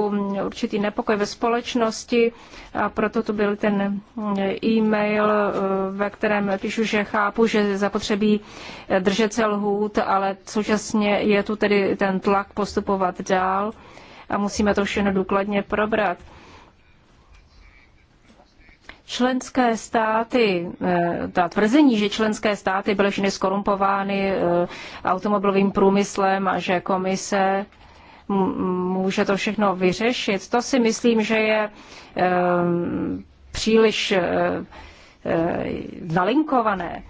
určitý nepokoj ve společnosti a proto tu byl ten e-mail, e, ve kterém píšu, že chápu, že zapotřebí držet se lhůt, ale současně je tu tedy ten tlak postupovat dál a musíme to všechno důkladně probrat. Členské státy, e, ta tvrzení, že členské státy byly všechny skorumpovány e, automobilovým průmyslem a že komise může to všechno vyřešit. To si myslím, že je eh, příliš eh, eh, nalinkované.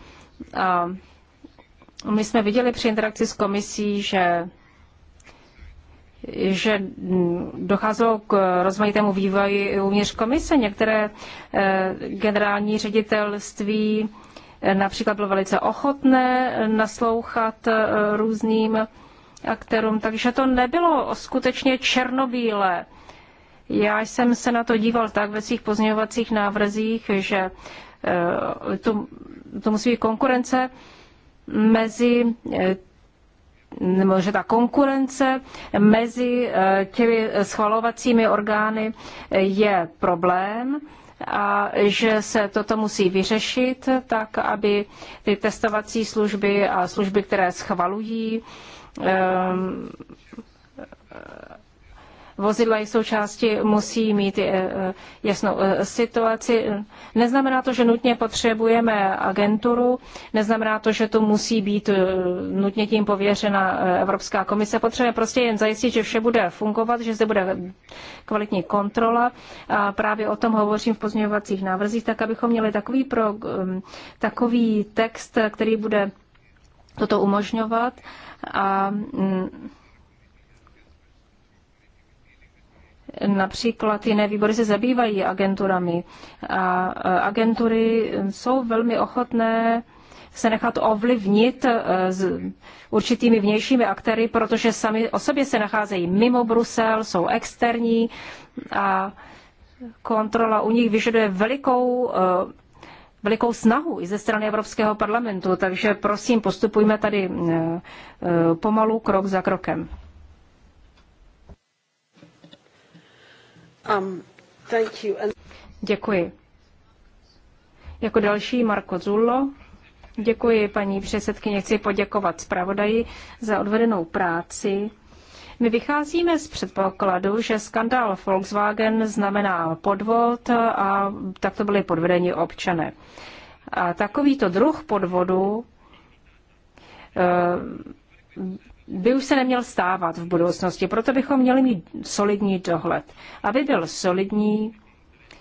A my jsme viděli při interakci s komisí, že že docházelo k rozmanitému vývoji uvnitř komise. Některé generální ředitelství například bylo velice ochotné naslouchat různým aktérům, takže to nebylo skutečně černobílé. Já jsem se na to díval tak ve svých pozměňovacích návrzích, že eh, to, to musí být konkurence mezi eh, nebo že ta konkurence mezi eh, těmi schvalovacími orgány je problém a že se toto musí vyřešit tak, aby ty testovací služby a služby, které schvalují, Ehm, vozidla i součásti musí mít eh, eh, jasnou eh, situaci. Neznamená to, že nutně potřebujeme agenturu, neznamená to, že to musí být nutně tím pověřena Evropská komise. Potřebujeme prostě jen zajistit, že vše bude fungovat, že zde bude kvalitní kontrola. A právě o tom hovořím v pozměňovacích návrzích, tak abychom měli takový, pro, takový text, který bude toto umožňovat a mm, Například jiné výbory se zabývají agenturami a e, agentury jsou velmi ochotné se nechat ovlivnit e, s určitými vnějšími aktéry, protože sami o sobě se nacházejí mimo Brusel, jsou externí a kontrola u nich vyžaduje velikou e, velikou snahu i ze strany Evropského parlamentu, takže prosím, postupujme tady eh, eh, pomalu krok za krokem. Um, thank you. And... Děkuji. Jako další Marko Zullo. Děkuji, paní předsedkyni, Chci poděkovat zpravodaji za odvedenou práci my vycházíme z předpokladu, že skandál Volkswagen znamená podvod a takto byly podvedeni občané. A takovýto druh podvodu eh, by už se neměl stávat v budoucnosti, proto bychom měli mít solidní dohled. Aby byl solidní,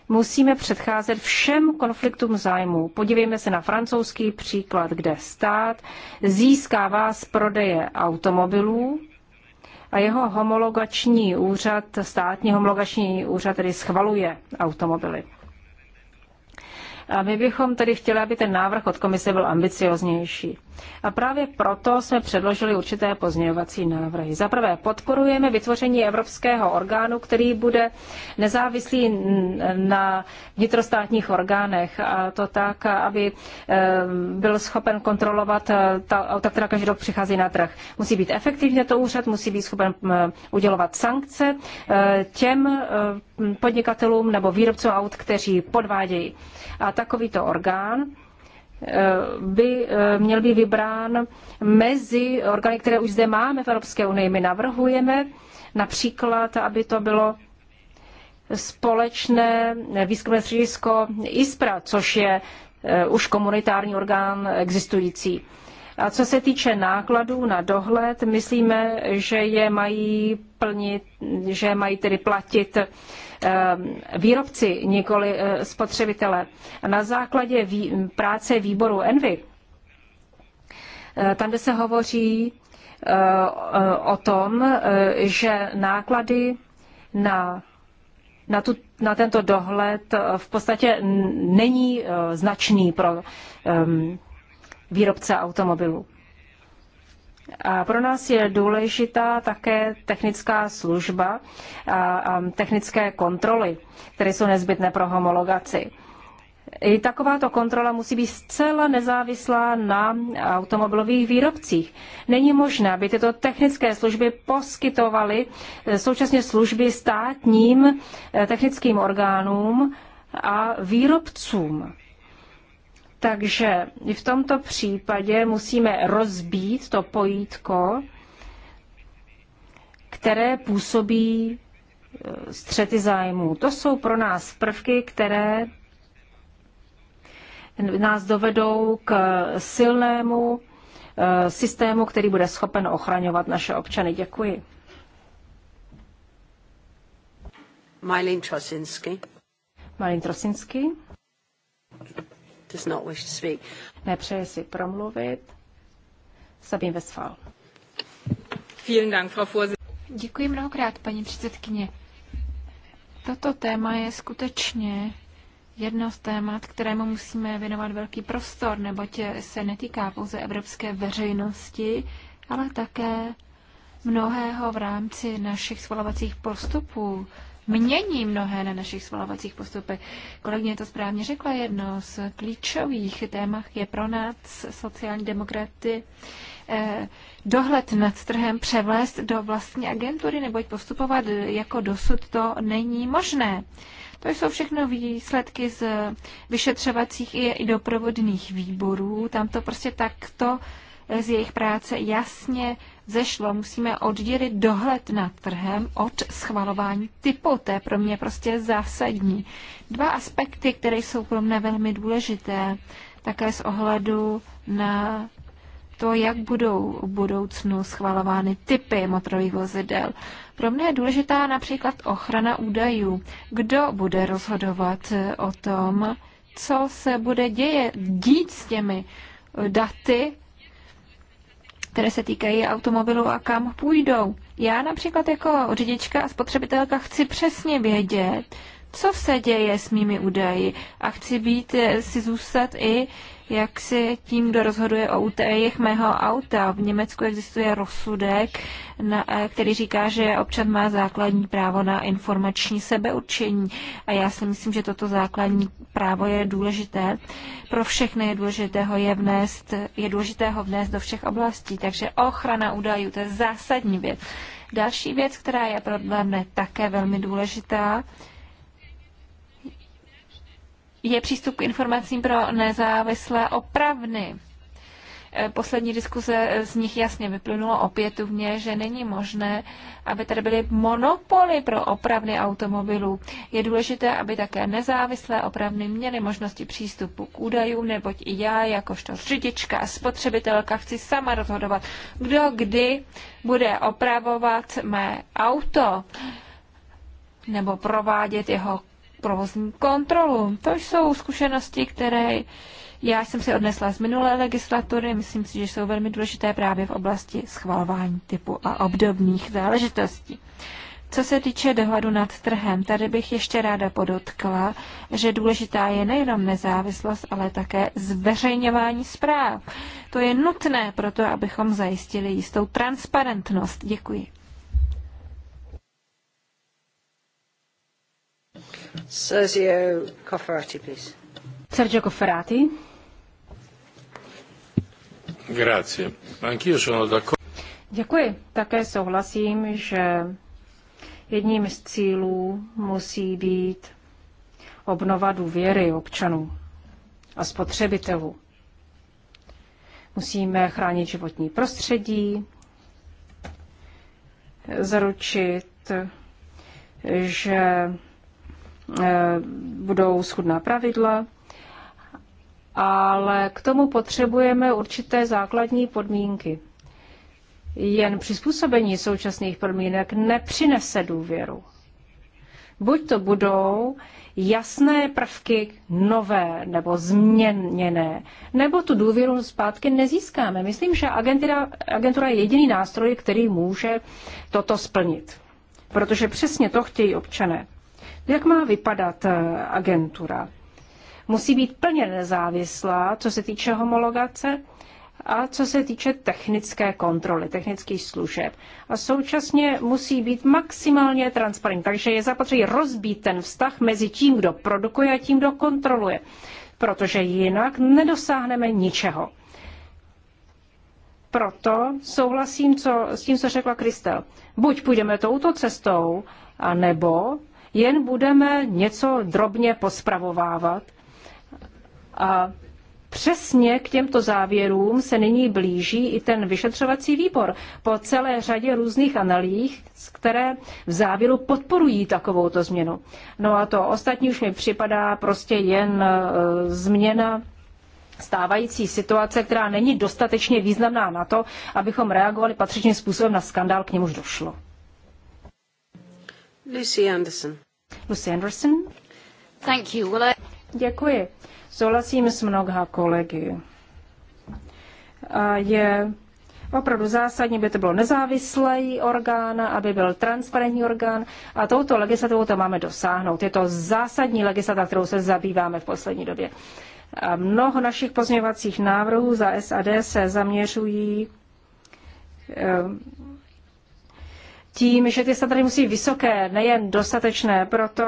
musíme předcházet všem konfliktům zájmů. Podívejme se na francouzský příklad, kde stát získává z prodeje automobilů a jeho homologační úřad, státní homologační úřad, tedy schvaluje automobily. A my bychom tedy chtěli, aby ten návrh od komise byl ambicioznější. A právě proto jsme předložili určité pozměňovací návrhy. Za prvé, podporujeme vytvoření evropského orgánu, který bude nezávislý na vnitrostátních orgánech. A to tak, aby eh, byl schopen kontrolovat eh, ta auta, která každý rok přichází na trh. Musí být efektivně to úřad, musí být schopen eh, udělovat sankce těm podnikatelům nebo výrobcům aut, kteří podvádějí. A takovýto orgán Eh, by eh, měl být vybrán mezi orgány, které už zde máme v Evropské unii. My navrhujeme například, aby to bylo společné výzkumné středisko ISPRA, což je eh, už komunitární orgán existující. A co se týče nákladů na dohled, myslíme, že je mají plnit, že mají tedy platit Ehm, výrobci, nikoli eh, spotřebitele. Na základě práce výboru Envy, eh, tam, kde se hovoří eh, o tom, že náklady na, na, tu, na tento dohled v podstatě není značný pro ehm, výrobce automobilů pro nás je důležitá také technická služba a technické kontroly, které jsou nezbytné pro homologaci. I takováto kontrola musí být zcela nezávislá na automobilových výrobcích. Není možné, aby tyto technické služby poskytovaly eh, současně služby státním eh, technickým orgánům a výrobcům. Takže i v tomto případě musíme rozbít to pojítko, které působí e, střety zájmů. To jsou pro nás prvky, které nás dovedou k silnému e, systému, který bude schopen ochraňovat naše občany. Děkuji. Malin Trosinsky. Malin Trosinsky does not wish to speak. Nepřeje si promluvit. Sabine Westphal. Vielen Dank, Frau Děkuji mnohokrát, paní předsedkyně. Toto téma je skutečně jedno z témat, kterému musíme věnovat velký prostor, neboť se netýká pouze evropské veřejnosti, ale také mnohého v rámci našich svolovacích postupů mění mnohé na našich svalovacích postupech. Kolegyně to správně řekla, jedno z klíčových témat je pro nás sociální demokraty eh, dohled nad trhem převést do vlastní agentury, neboť postupovat jako dosud to není možné. To jsou všechno výsledky z vyšetřovacích i doprovodných výborů. Tam to prostě takto z jejich práce jasně zešlo, musíme oddělit dohled nad trhem od schvalování typu. To je pro mě prostě zásadní. Dva aspekty, které jsou pro mě velmi důležité, také z ohledu na to, jak budou v budoucnu schvalovány typy motorových vozidel. Pro mě je důležitá například ochrana údajů. Kdo bude rozhodovat o tom, co se bude děje, dít s těmi daty, které se týkají automobilu a kam půjdou. Já například jako řidička a spotřebitelka chci přesně vědět, co se děje s mými údaji a chci být, eh, si zůstat i jak si tím, kdo rozhoduje o útajích mého auta. V Německu existuje rozsudek, na, eh, který říká, že občan má základní právo na informační sebeurčení. A já si myslím, že toto základní právo je důležité. Pro všechny je důležité ho je vnést, je důležité ho vnést do všech oblastí. Takže ochrana údajů, to je zásadní věc. Další věc, která je pro mě také velmi důležitá, je přístup k informacím pro nezávislé opravny. E, poslední diskuze z nich jasně vyplynulo opětovně, že není možné, aby tady byly monopoly pro opravny automobilů. Je důležité, aby také nezávislé opravny měly možnosti přístupu k údajům, neboť i já, jakožto řidička a spotřebitelka, chci sama rozhodovat, kdo kdy bude opravovat mé auto nebo provádět jeho provozní kontrolu. To jsou zkušenosti, které já jsem si odnesla z minulé legislatury. Myslím si, že jsou velmi důležité právě v oblasti schvalování typu a obdobných záležitostí. Co se týče dohledu nad trhem, tady bych ještě ráda podotkla, že důležitá je nejenom nezávislost, ale také zveřejňování zpráv. To je nutné proto, abychom zajistili jistou transparentnost. Děkuji. Sergio Cofferati, please. Sergio Cofferati. Grazie. Anch'io sono d'accordo. Děkuji. Také souhlasím, že jedním z cílů musí být obnova důvěry občanů a spotřebitelů. Musíme chránit životní prostředí, zaručit, že Eh, budou schudná pravidla, ale k tomu potřebujeme určité základní podmínky. Jen přizpůsobení současných podmínek nepřinese důvěru. Buď to budou jasné prvky nové nebo změněné, nebo tu důvěru zpátky nezískáme. Myslím, že agentura, agentura je jediný nástroj, který může toto splnit. Protože přesně to chtějí občané. Jak má vypadat eh, agentura? Musí být plně nezávislá, co se týče homologace a co se týče technické kontroly, technických služeb. A současně musí být maximálně transparentní. Takže je zapotřebí rozbít ten vztah mezi tím, kdo produkuje a tím, kdo kontroluje. Protože jinak nedosáhneme ničeho. Proto souhlasím co, s tím, co řekla Kristel. Buď půjdeme touto cestou, anebo jen budeme něco drobně pospravovávat. A Přesně k těmto závěrům se nyní blíží i ten vyšetřovací výbor po celé řadě různých analýz, které v závěru podporují takovouto změnu. No a to ostatní už mi připadá prostě jen e, změna stávající situace, která není dostatečně významná na to, abychom reagovali patřičným způsobem na skandál, k němuž došlo. Lucy Anderson. Lucy Anderson. Thank you. Well, I... Děkuji. Souhlasím s mnoha kolegy. A je opravdu zásadní, by to bylo nezávislý orgán, aby byl transparentní orgán a touto legislativou to máme dosáhnout. Je to zásadní legislativa, kterou se zabýváme v poslední době. A mnoho našich pozměňovacích návrhů za SAD se zaměřují tím, že ty standardy musí vysoké, nejen dostatečné. Proto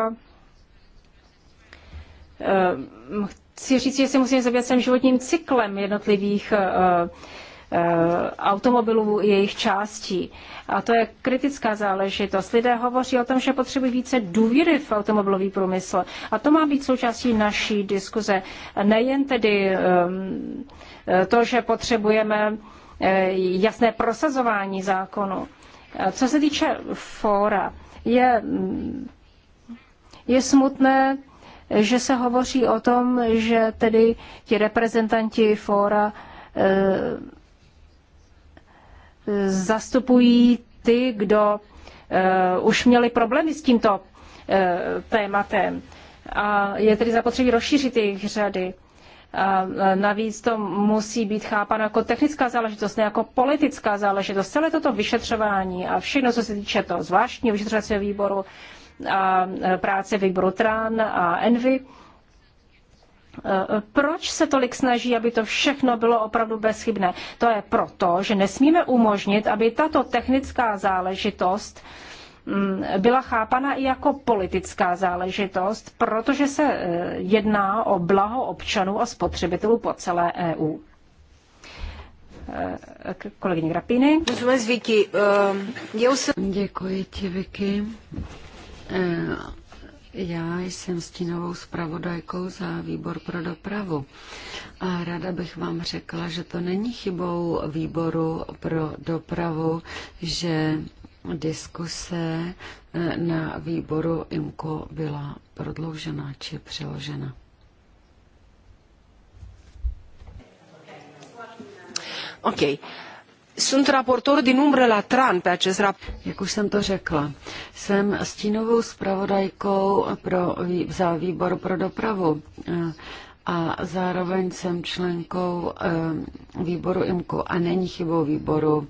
eh, chci říct, že si musíme zabývat svým životním cyklem jednotlivých eh, eh, automobilů jejich částí. A to je kritická záležitost. Lidé hovoří o tom, že potřebují více důvěry v automobilový průmysl. A to má být součástí naší diskuze. Nejen tedy to, že potřebujeme jasné prosazování zákonu. Co se týče fóra, je, je smutné, že se hovoří o tom, že tedy ti reprezentanti fóra e, zastupují ty, kdo e, už měli problémy s tímto e, tématem. A je tedy zapotřebí rozšířit jejich řady navíc to musí být chápáno jako technická záležitost, ne jako politická záležitost. Celé toto vyšetřování a všechno, co se týče toho zvláštního vyšetřovacího výboru a e, práce výboru TRAN a ENVY, e, e, proč se tolik snaží, aby to všechno bylo opravdu bezchybné? To je proto, že nesmíme umožnit, aby tato technická záležitost Mm, byla chápana i jako politická záležitost, protože se eh, jedná o blaho občanů a spotřebitelů po celé EU. Eh, kolegyně Grapiny. Děkuji ti, Vicky. Eh, já jsem stínovou zpravodajkou za výbor pro dopravu a ráda bych vám řekla, že to není chybou výboru pro dopravu, že Diskuse eh, na výboru IMCO byla prodloužena či přeložena. OK. Sunt raportor din umbră la TRAN pe acest rap. Jak už jsem to řekla, jsem stínovou zpravodajkou pro, za výbor pro dopravu eh, a zároveň jsem členkou eh, výboru IMKO a není chybou výboru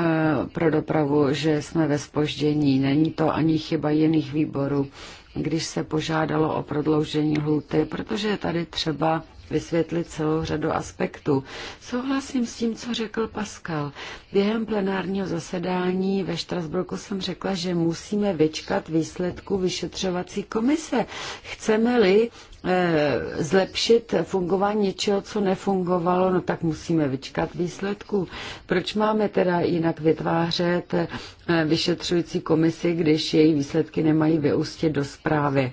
Eh, pro dopravu, že jsme ve spoždění. Není to ani chyba jiných výborů, když se požádalo o prodloužení hluty, protože je tady třeba vysvětlit celou řadu aspektů. Souhlasím s tím, co řekl Pascal. Během plenárního zasedání ve Štrasburku jsem řekla, že musíme vyčkat výsledku vyšetřovací komise. Chceme-li Eh, zlepšit fungování něčeho, co nefungovalo, no tak musíme vyčkat výsledků. Proč máme teda jinak vytvářet eh, vyšetřující komisi, když její výsledky nemají vyústit do zprávy?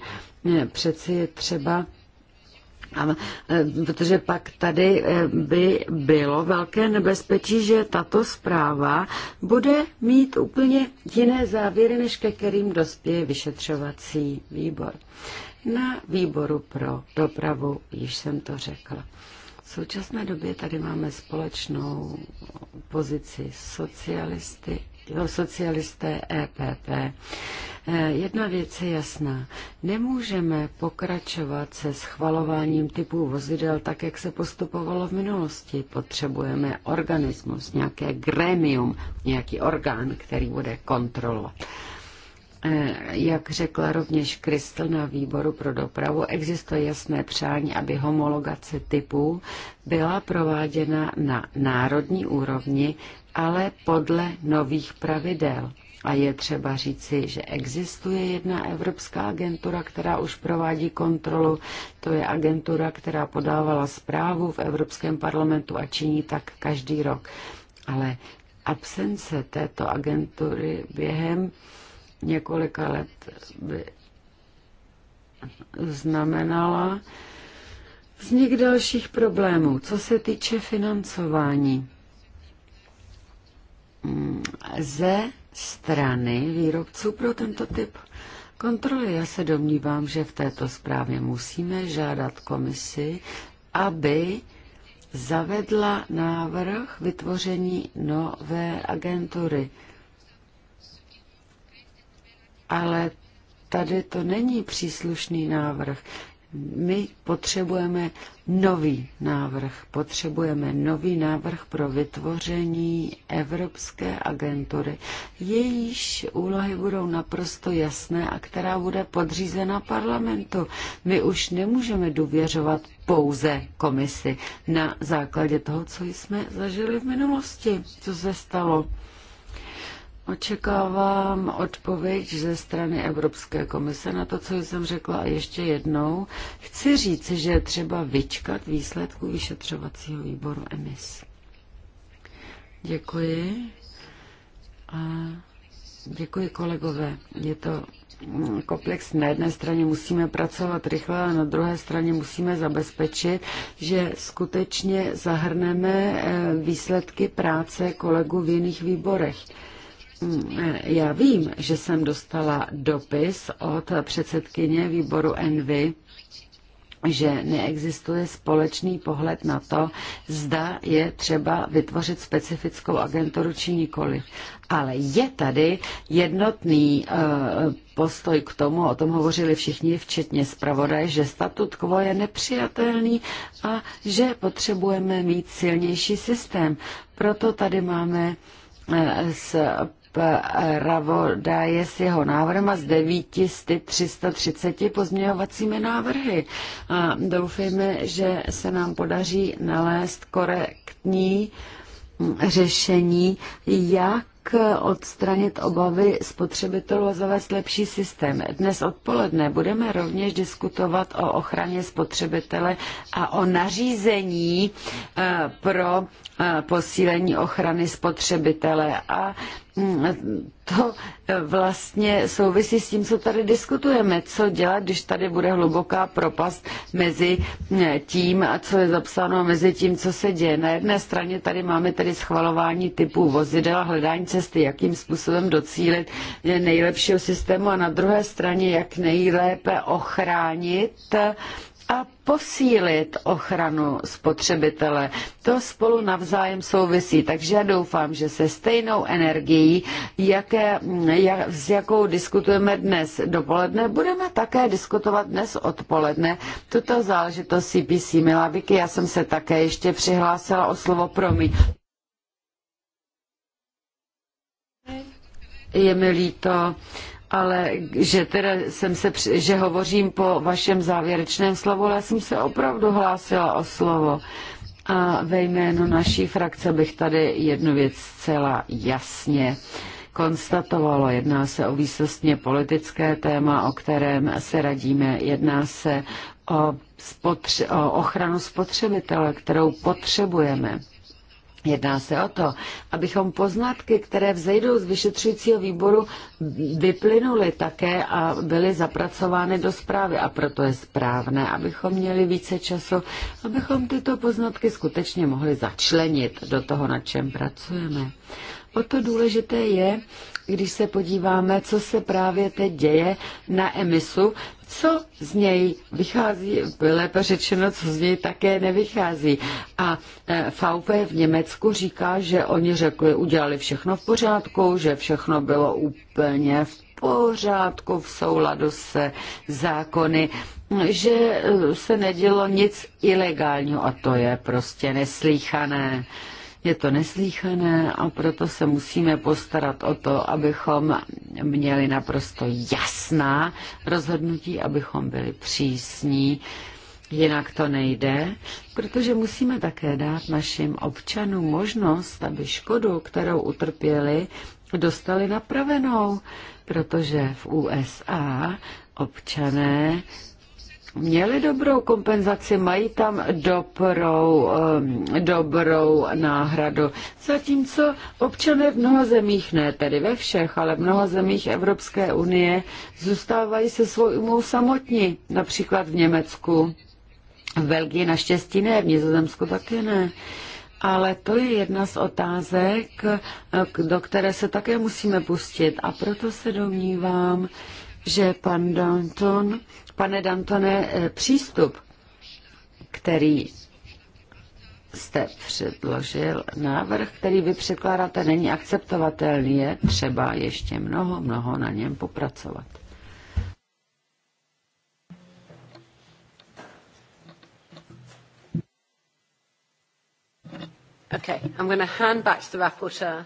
Eh, přeci je třeba a, protože pak tady by bylo velké nebezpečí, že tato zpráva bude mít úplně jiné závěry, než ke kterým dospěje vyšetřovací výbor. Na výboru pro dopravu již jsem to řekla. V současné době tady máme společnou pozici socialisty, jo, no, socialisté EPP. Eh, jedna věc je jasná. Nemůžeme pokračovat se schvalováním typů vozidel tak, jak se postupovalo v minulosti. Potřebujeme organismus, nějaké grémium, nějaký orgán, který bude kontrolovat. Eh, jak řekla rovněž Kristl na výboru pro dopravu, existuje jasné přání, aby homologace typů byla prováděna na národní úrovni, ale podle nových pravidel. A je třeba říci, že existuje jedna evropská agentura, která už provádí kontrolu. To je agentura, která podávala zprávu v Evropském parlamentu a činí tak každý rok. Ale absence této agentury během několika let by znamenala vznik dalších problémů. Co se týče financování, mm, ze strany výrobců pro tento typ kontroly. Já se domnívám, že v této zprávě musíme žádat komisi, aby zavedla návrh vytvoření nové agentury ale tady to není příslušný návrh. My potřebujeme nový návrh. Potřebujeme nový návrh pro vytvoření Evropské agentury. Jejíž úlohy budou naprosto jasné a která bude podřízena parlamentu. My už nemůžeme důvěřovat pouze komisi na základě toho, co jsme zažili v minulosti, co se stalo. Očekávám odpověď ze strany Evropské komise na to, co jsem řekla a ještě jednou. Chci říct, že je třeba vyčkat výsledku vyšetřovacího výboru EMIS. Děkuji. A děkuji kolegové. Je to mm, komplex. Na jedné straně musíme pracovat rychle a na druhé straně musíme zabezpečit, že skutečně zahrneme eh, výsledky práce kolegů v jiných výborech. Já vím, že jsem dostala dopis od předsedkyně výboru Envy, že neexistuje společný pohled na to, zda je třeba vytvořit specifickou agenturu či nikoli. Ale je tady jednotný uh, postoj k tomu, o tom hovořili všichni, včetně zpravodaj, že statut quo je nepřijatelný a že potřebujeme mít silnější systém. Proto tady máme eh, s je s jeho návrhem a z 9330 pozměňovacími návrhy. A doufejme, že se nám podaří nalézt korektní řešení, jak jak odstranit obavy spotřebitelů a zavést lepší systém. Dnes odpoledne budeme rovněž diskutovat o ochraně spotřebitele a o nařízení eh, pro eh, posílení ochrany spotřebitele a to vlastně souvisí s tím, co tady diskutujeme. Co dělat, když tady bude hluboká propast mezi tím, a co je zapsáno, mezi tím, co se děje. Na jedné straně tady máme tedy schvalování typů vozidel a hledání cesty, jakým způsobem docílit nejlepšího systému a na druhé straně, jak nejlépe ochránit a posílit ochranu spotřebitele. To spolu navzájem souvisí, takže já doufám, že se stejnou energií, jaké, jak, s jakou diskutujeme dnes dopoledne, budeme také diskutovat dnes odpoledne tuto záležitost CPC Milaviky. Já jsem se také ještě přihlásila o slovo pro mě. Je mi líto, ale že teda jsem se, že hovořím po vašem závěrečném slovu, ale já jsem se opravdu hlásila o slovo. A ve jménu naší frakce bych tady jednu věc zcela jasně konstatovalo. Jedná se o výsostně politické téma, o kterém se radíme. Jedná se o, spotře- o ochranu spotřebitele, kterou potřebujeme. Jedná se o to, abychom poznatky, které vzejdou z vyšetřujícího výboru, vyplynuly také a byly zapracovány do zprávy. A proto je správné, abychom měli více času, abychom tyto poznatky skutečně mohli začlenit do toho, na čem pracujeme. O to důležité je, když se podíváme, co se právě teď děje na emisu, co z něj vychází, lépe řečeno, co z něj také nevychází. A e, VP v Německu říká, že oni řekli, udělali všechno v pořádku, že všechno bylo úplně v pořádku, v souladu se zákony, že e, se nedělo nic ilegálního a to je prostě neslíchané. Je to neslíchané a proto se musíme postarat o to, abychom měli naprosto jasná rozhodnutí, abychom byli přísní. Jinak to nejde, protože musíme také dát našim občanům možnost, aby škodu, kterou utrpěli, dostali napravenou, protože v USA občané měli dobrou kompenzaci, mají tam dobrou, dobrou náhradu. Zatímco občané v mnoha zemích, ne tedy ve všech, ale v mnoha zemích Evropské unie zůstávají se svou umou samotní, například v Německu. V Belgii naštěstí ne, v Nizozemsku také ne. Ale to je jedna z otázek, do které se také musíme pustit. A proto se domnívám, že pan Danton Pane Dantone, e, přístup, který jste předložil, návrh, který vy překládáte, není akceptovatelný, je třeba ještě mnoho, mnoho na něm popracovat. Okay, I'm going to hand back to the rapporteur.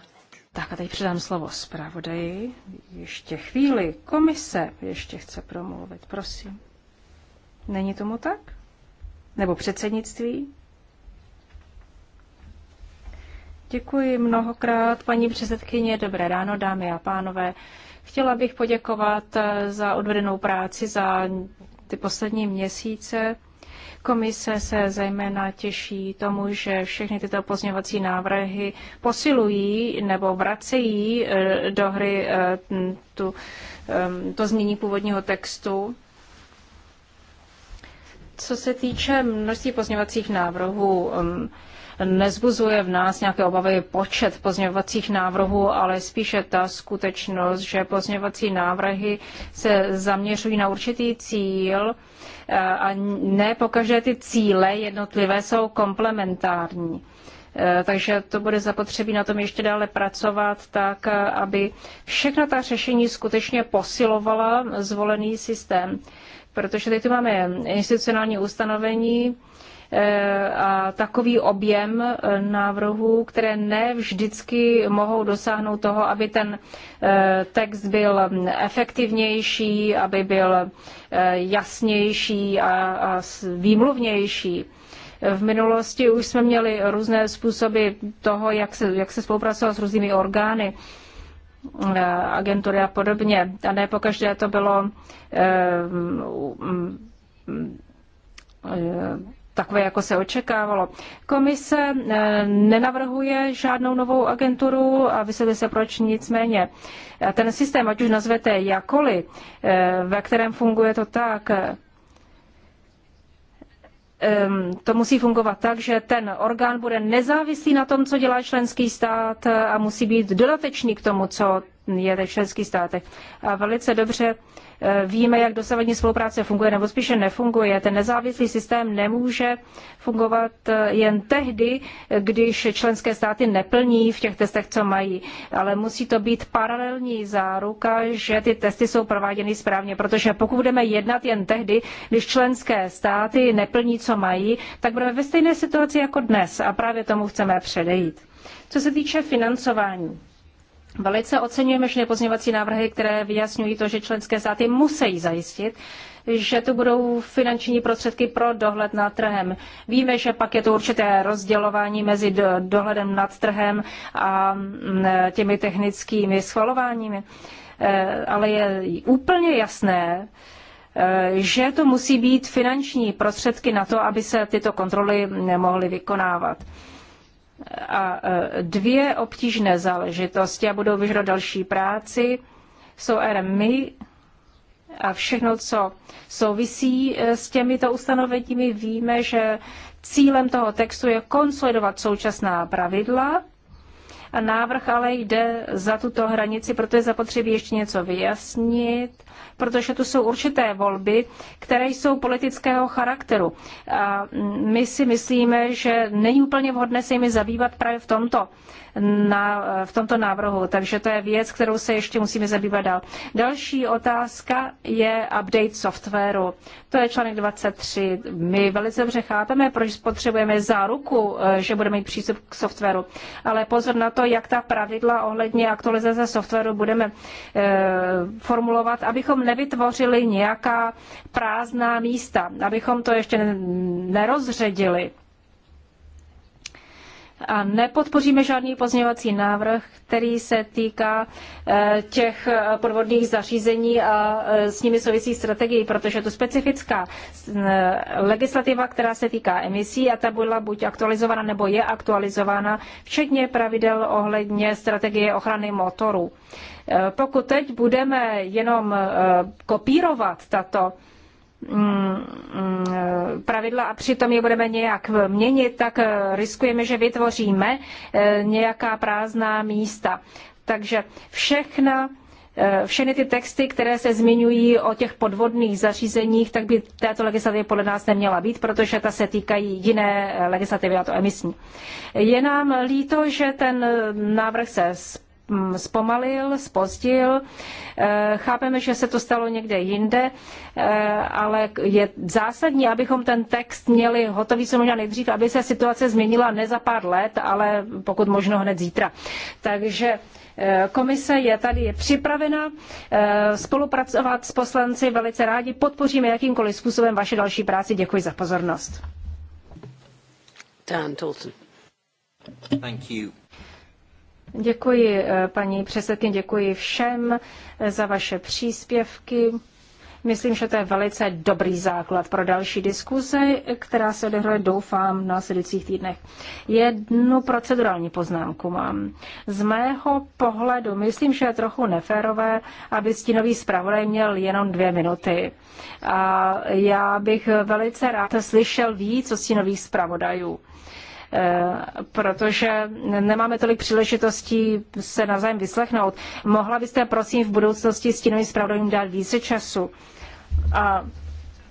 Tak a teď předám slovo zpravodaji. Ještě chvíli. Komise ještě chce promluvit, prosím. Není tomu tak? Nebo předsednictví? Děkuji mnohokrát, paní předsedkyně. Dobré ráno, dámy a pánové. Chtěla bych poděkovat eh, za odvedenou práci za ty poslední měsíce. Komise se zejména těší tomu, že všechny tyto pozměňovací návrhy posilují nebo vracejí eh, do hry eh, tu, to změní původního textu. Co se týče množství pozměňovacích návrhů, nezbuzuje v nás nějaké obavy počet pozměňovacích návrhů, ale spíše ta skutečnost, že pozměňovací návrhy se zaměřují na určitý cíl eh, a ne pokaždé ty cíle jednotlivé jsou komplementární. Eh, takže to bude zapotřebí na tom ještě dále pracovat tak, eh, aby všechna ta řešení skutečně posilovala zvolený systém. Protože teď tu máme institucionální ustanovení, Eh, a takový objem eh, návrhů, které ne vždycky mohou dosáhnout toho, aby ten eh, text byl efektivnější, aby byl jasnější a výmluvnější. V minulosti už jsme měli různé způsoby toho, jak se, jak se spolupracovat s různými orgány agentury a podobně. A ne pokaždé to bylo takové, jako se očekávalo. Komise eh, nenavrhuje žádnou novou agenturu a vysvětlí se proč nicméně. Ten systém, ať už nazvete jakoli, eh, ve kterém funguje to tak, eh, to musí fungovat tak, že ten orgán bude nezávislý na tom, co dělá členský stát a musí být dodatečný k tomu, co je ve členských státech. A velice dobře Víme, jak dosavadní spolupráce funguje nebo spíše nefunguje. Ten nezávislý systém nemůže fungovat eh, jen tehdy, když členské státy neplní v těch testech, co mají, ale musí to být paralelní záruka, že ty testy jsou prováděny správně, protože pokud budeme jednat jen tehdy, když členské státy neplní, co mají, tak budeme ve stejné situaci jako dnes a právě tomu chceme předejít. Co se týče financování, Velice oceňujeme všechny pozměňovací návrhy, které vyjasňují to, že členské státy musí zajistit, že tu budou finanční prostředky pro dohled nad trhem. Víme, že pak je to určité rozdělování mezi dohledem nad trhem a mm, těmi technickými schvalováními, eh, ale je úplně jasné, eh, že to musí být finanční prostředky na to, aby se tyto kontroly mohly vykonávat a e, dvě obtížné záležitosti a budou vyžadovat další práci, jsou RMI a všechno, co souvisí e, s těmito ustanoveními, víme, že cílem toho textu je konsolidovat současná pravidla a návrh ale jde za tuto hranici, proto je zapotřebí ještě něco vyjasnit protože tu jsou určité volby, které jsou politického charakteru. A my si myslíme, že není úplně vhodné se jimi zabývat právě v tomto, na, v tomto návrhu, takže to je věc, kterou se ještě musíme zabývat dál. Další otázka je update softwaru. To je článek 23. My velice dobře chápeme, proč potřebujeme záruku, eh, že budeme mít přístup k softwaru, ale pozor na to, jak ta pravidla ohledně aktualizace softwaru budeme e, formulovat, aby abychom nevytvořili nějaká prázdná místa, abychom to ještě nerozředili a nepodpoříme žádný pozměňovací návrh, který se týká eh, těch eh, podvodných zařízení a eh, s nimi souvisí strategií, protože to specifická legislativa, která se týká emisí a ta byla buď aktualizována nebo je aktualizována, včetně pravidel ohledně strategie ochrany motorů. Pokud teď budeme jenom kopírovat tato Mm, mm, pravidla a přitom je budeme nějak měnit, tak eh, riskujeme, že vytvoříme eh, nějaká prázdná místa. Takže všechna eh, všechny ty texty, které se zmiňují o těch podvodných zařízeních, tak by této legislativy podle nás neměla být, protože ta se týkají jiné legislativy, a to emisní. Je nám líto, že ten návrh se Mm, zpomalil, spozdil. Eh, chápeme, že se to stalo někde jinde, eh, ale je zásadní, abychom ten text měli hotový co možná nejdřív, aby se situace změnila ne za pár let, ale pokud možno hned zítra. Takže eh, Komise je tady je připravena spolupracovat s poslanci. Velice rádi podpoříme jakýmkoliv způsobem vaši další práci. Děkuji za pozornost. Dan Thank you. Děkuji eh, paní předsedkyně, děkuji všem eh, za vaše příspěvky. Myslím, že to je velice dobrý základ pro další diskuze, která se odehraje, doufám, v následujících týdnech. Jednu procedurální poznámku mám. Z mého pohledu myslím, že je trochu neférové, aby stínový zpravodaj měl jenom dvě minuty. A já bych velice rád slyšel víc o stínových zpravodajů. Eh, protože nemáme tolik příležitostí se navzájem vyslechnout. Mohla byste prosím v budoucnosti tím zpravodajům dát více času? A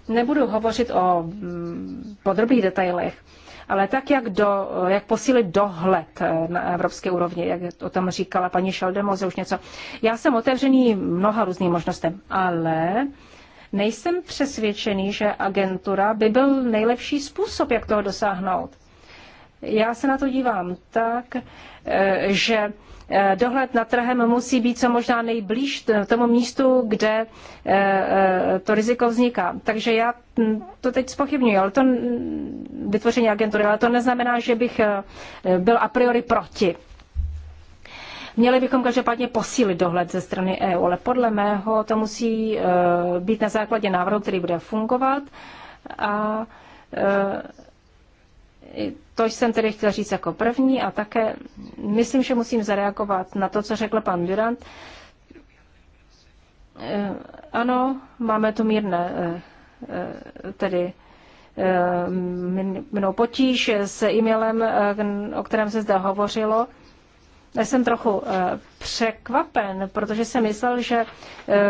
nebudu hovořit o mm, podrobných detailech, ale tak, jak, do, jak posílit dohled eh, na evropské úrovni, jak o tom říkala paní Šeldemoze už něco. Já jsem otevřený mnoha různým možnostem, ale nejsem přesvědčený, že agentura by byl nejlepší způsob, jak toho dosáhnout. Já se na to dívám tak, eh, že eh, dohled nad trhem musí být co možná nejblíž tomu místu, kde eh, to riziko vzniká. Takže já to teď spochybnuju, ale to vytvoření agentury, ale to neznamená, že bych byl a priori proti. Měli bychom každopádně posílit dohled ze strany EU, ale podle mého to musí být na základě návrhu, který bude fungovat. A, to jsem tedy chtěl říct jako první a také myslím, že musím zareagovat na to, co řekl pan Durant. Eh, ano, máme tu mírné eh, eh, tedy mnou potíž s e-mailem, o kterém se zde hovořilo. Já jsem trochu překvapen, protože jsem myslel, že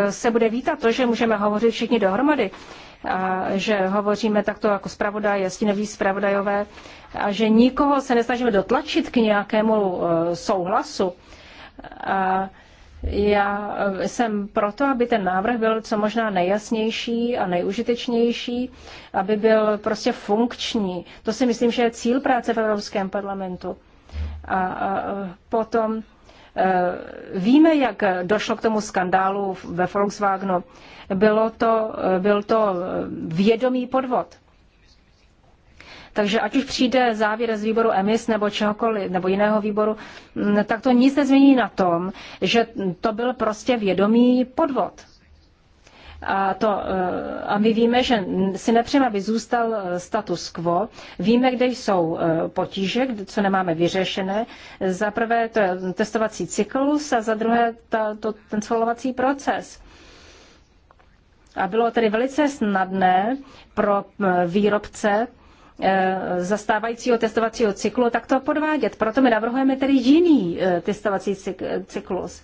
se bude vítat to, že můžeme hovořit všichni dohromady že hovoříme takto jako zpravodaje, stínoví zpravodajové a že nikoho se nesnažíme dotlačit k nějakému uh, souhlasu. A já jsem proto, aby ten návrh byl co možná nejjasnější a nejužitečnější, aby byl prostě funkční. To si myslím, že je cíl práce v Evropském parlamentu. A, a potom Eh, víme, jak došlo k tomu skandálu ve Volkswagenu. Bylo to, eh, byl to eh, vědomý podvod. Takže ať už přijde závěr z výboru EMIS nebo čehokoliv, nebo jiného výboru, mm, tak to nic nezmění na tom, že to byl prostě vědomý podvod. A, to, eh, a my víme, že si nepřejeme, aby zůstal eh, status quo. Víme, kde jsou eh, potíže, co nemáme vyřešené. Za prvé to je testovací cyklus a za druhé ta, to, ten schvalovací proces. A bylo tedy velice snadné pro výrobce zastávajícího testovacího cyklu, tak to podvádět. Proto my navrhujeme tedy jiný testovací cyklus.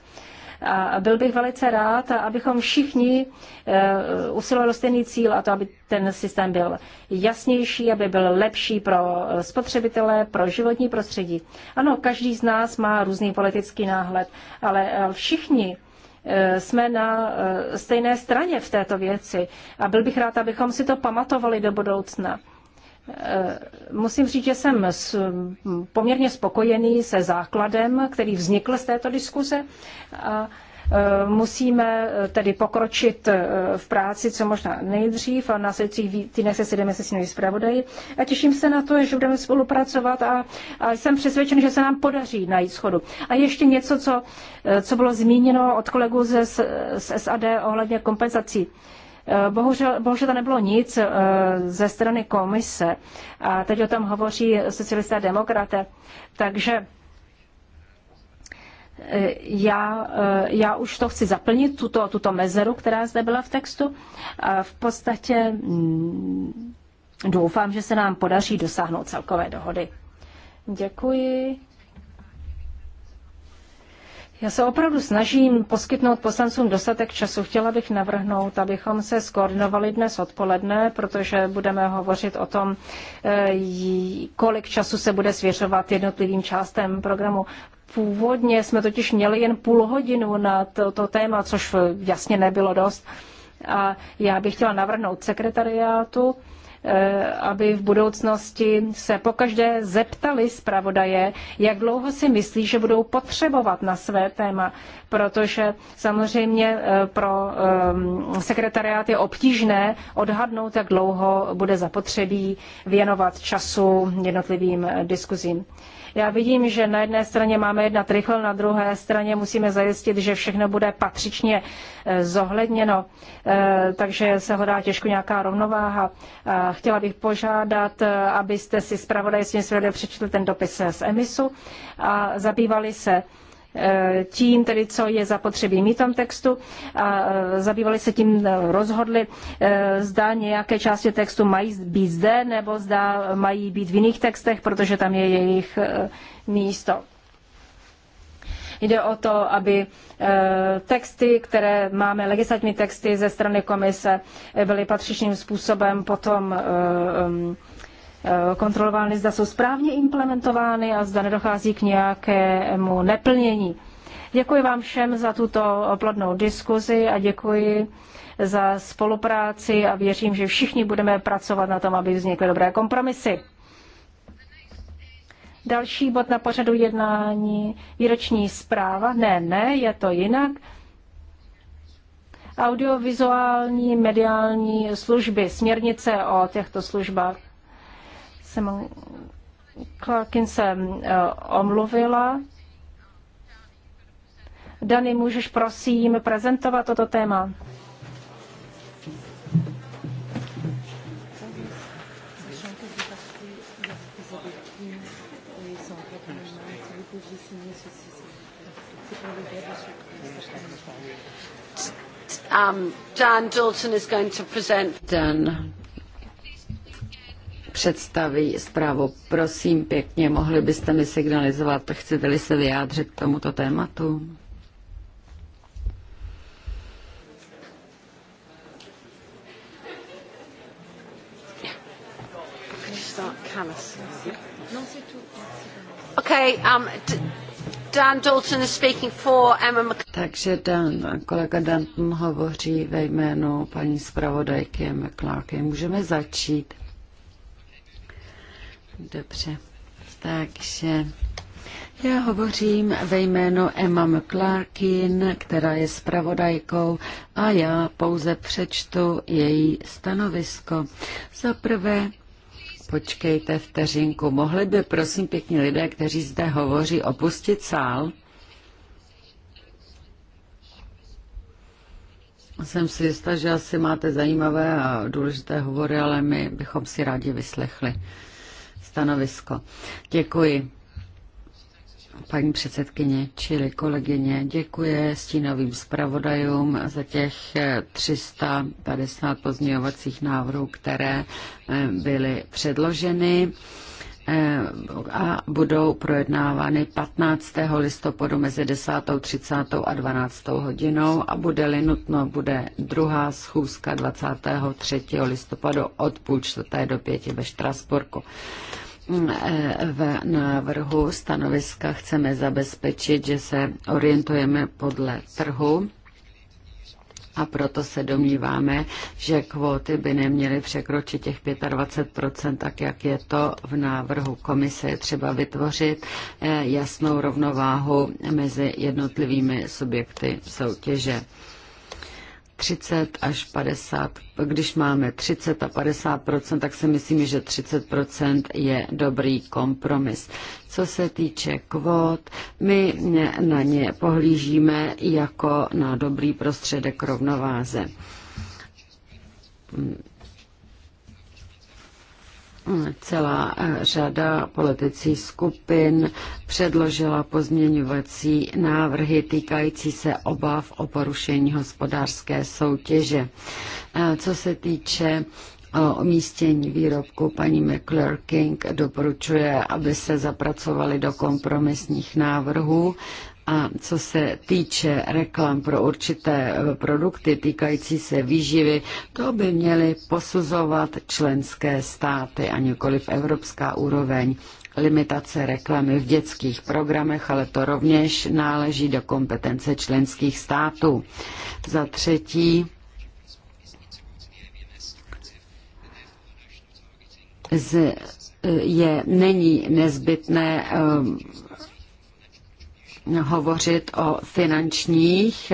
A byl bych velice rád, abychom všichni eh, usilovali o stejný cíl a to, aby ten systém byl jasnější, aby byl lepší pro eh, spotřebitele, pro životní prostředí. Ano, každý z nás má různý politický náhled, ale eh, všichni jsme na stejné straně v této věci a byl bych rád, abychom si to pamatovali do budoucna. Eh, musím říct, že jsem poměrně spokojený se základem, který vznikl z této diskuze. A eh, musíme eh, tedy pokročit v práci co možná nejdřív a následujících týdnech se sedeme se svými zpravodaji. A těším se na to, že budeme spolupracovat a, a jsem přesvědčen, že se nám podaří najít schodu. A ještě něco, co, co bylo zmíněno od kolegů ze, z SAD ohledně kompenzací. Uh, Eh, bohužel, bohužel to nebylo nic eh, ze strany komise. A teď o tom hovoří socialisté a demokraté. Takže eh, já, já už to chci zaplnit, tuto, tuto mezeru, která zde byla v textu. A v podstatě mm, doufám, že se nám podaří dosáhnout celkové dohody. Děkuji. Já se opravdu snažím poskytnout poslancům dostatek času. Chtěla bych navrhnout, abychom se skoordinovali dnes odpoledne, protože budeme hovořit o tom, eh, kolik času se bude svěřovat jednotlivým částem programu. Původně jsme totiž měli jen půl hodinu na to, to téma, což jasně nebylo dost. A já bych chtěla navrhnout sekretariátu, Eh, aby v budoucnosti se pokaždé zeptali zpravodaje, jak dlouho si myslí, že budou potřebovat na své téma, protože samozřejmě eh, pro eh, sekretariát je obtížné odhadnout, jak dlouho bude zapotřebí věnovat času jednotlivým diskuzím. Já vidím, že na jedné straně máme jednat rychle, na druhé straně musíme zajistit, že všechno bude patřičně e, zohledněno, e, takže se hledá těžko nějaká rovnováha. E, chtěla bych požádat, abyste si zpravodajství svědě přečetli ten dopis z emisu a zabývali se tím, tedy co je zapotřebí mít tam textu a zabývali se tím, e, rozhodli, e, zda nějaké části textu mají být zde nebo zda mají být v jiných textech, protože tam je jejich e, místo. Jde o to, aby texty, které máme, legislativní texty ze strany komise, byly patřičným způsobem potom Eh, kontrolovány, zda jsou správně implementovány a zda nedochází k nějakému neplnění. Děkuji vám všem za tuto plodnou diskuzi a děkuji za spolupráci a věřím, že všichni budeme pracovat na tom, aby vznikly dobré kompromisy. Další bod na pořadu jednání, výroční zpráva. Ne, ne, je to jinak. Audiovizuální mediální služby, směrnice o těchto službách jsem Clarkin se eh, omluvila. Dany, můžeš prosím prezentovat toto téma? Um, Dan Dalton is going to present. Dan představí zprávu. Prosím pěkně, mohli byste mi signalizovat, chcete-li se vyjádřit k tomuto tématu? Okay, um, Dan Dalton is speaking for Emma Mc... Takže Dan, kolega Dalton hovoří ve jménu paní zpravodajky Emma Můžeme začít. Dobře. Takže já hovořím ve jménu Emma McClarkin, která je zpravodajkou a já pouze přečtu její stanovisko. Za prvé, počkejte vteřinku, mohli by prosím pěkně lidé, kteří zde hovoří, opustit sál? Jsem si jistá, že asi máte zajímavé a důležité hovory, ale my bychom si rádi vyslechli stanovisko. Děkuji. Paní předsedkyně, čili kolegyně, děkuje stínovým zpravodajům za těch 350 eh, pozměňovacích návrhů, které eh, byly předloženy eh, a budou projednávány 15. listopadu mezi 10. 30. a 12. hodinou a bude-li nutno, bude druhá schůzka 23. listopadu od půl čtvrté do pěti ve Štrasburku. Mm, eh, v návrhu stanoviska chceme zabezpečit, že se orientujeme podle trhu a proto se domníváme, že kvóty by neměly překročit těch 25 tak jak je to v návrhu komise. Je třeba vytvořit eh, jasnou rovnováhu mezi jednotlivými subjekty soutěže. 30 až 50, když máme 30 a 50 tak si myslím, že 30 je dobrý kompromis. Co se týče kvót, my na ně pohlížíme jako na dobrý prostředek rovnováze celá eh, řada politických skupin předložila pozměňovací návrhy týkající se obav o porušení hospodářské soutěže. Eh, co se týče o eh, umístění výrobku paní King doporučuje, aby se zapracovali do kompromisních návrhů a co se týče reklam pro určité eh, produkty týkající se výživy, to by měly posuzovat členské státy a nikoliv evropská úroveň. Limitace reklamy v dětských programech, ale to rovněž náleží do kompetence členských států. Za třetí, z, eh, je, není nezbytné um, hovořit o finančních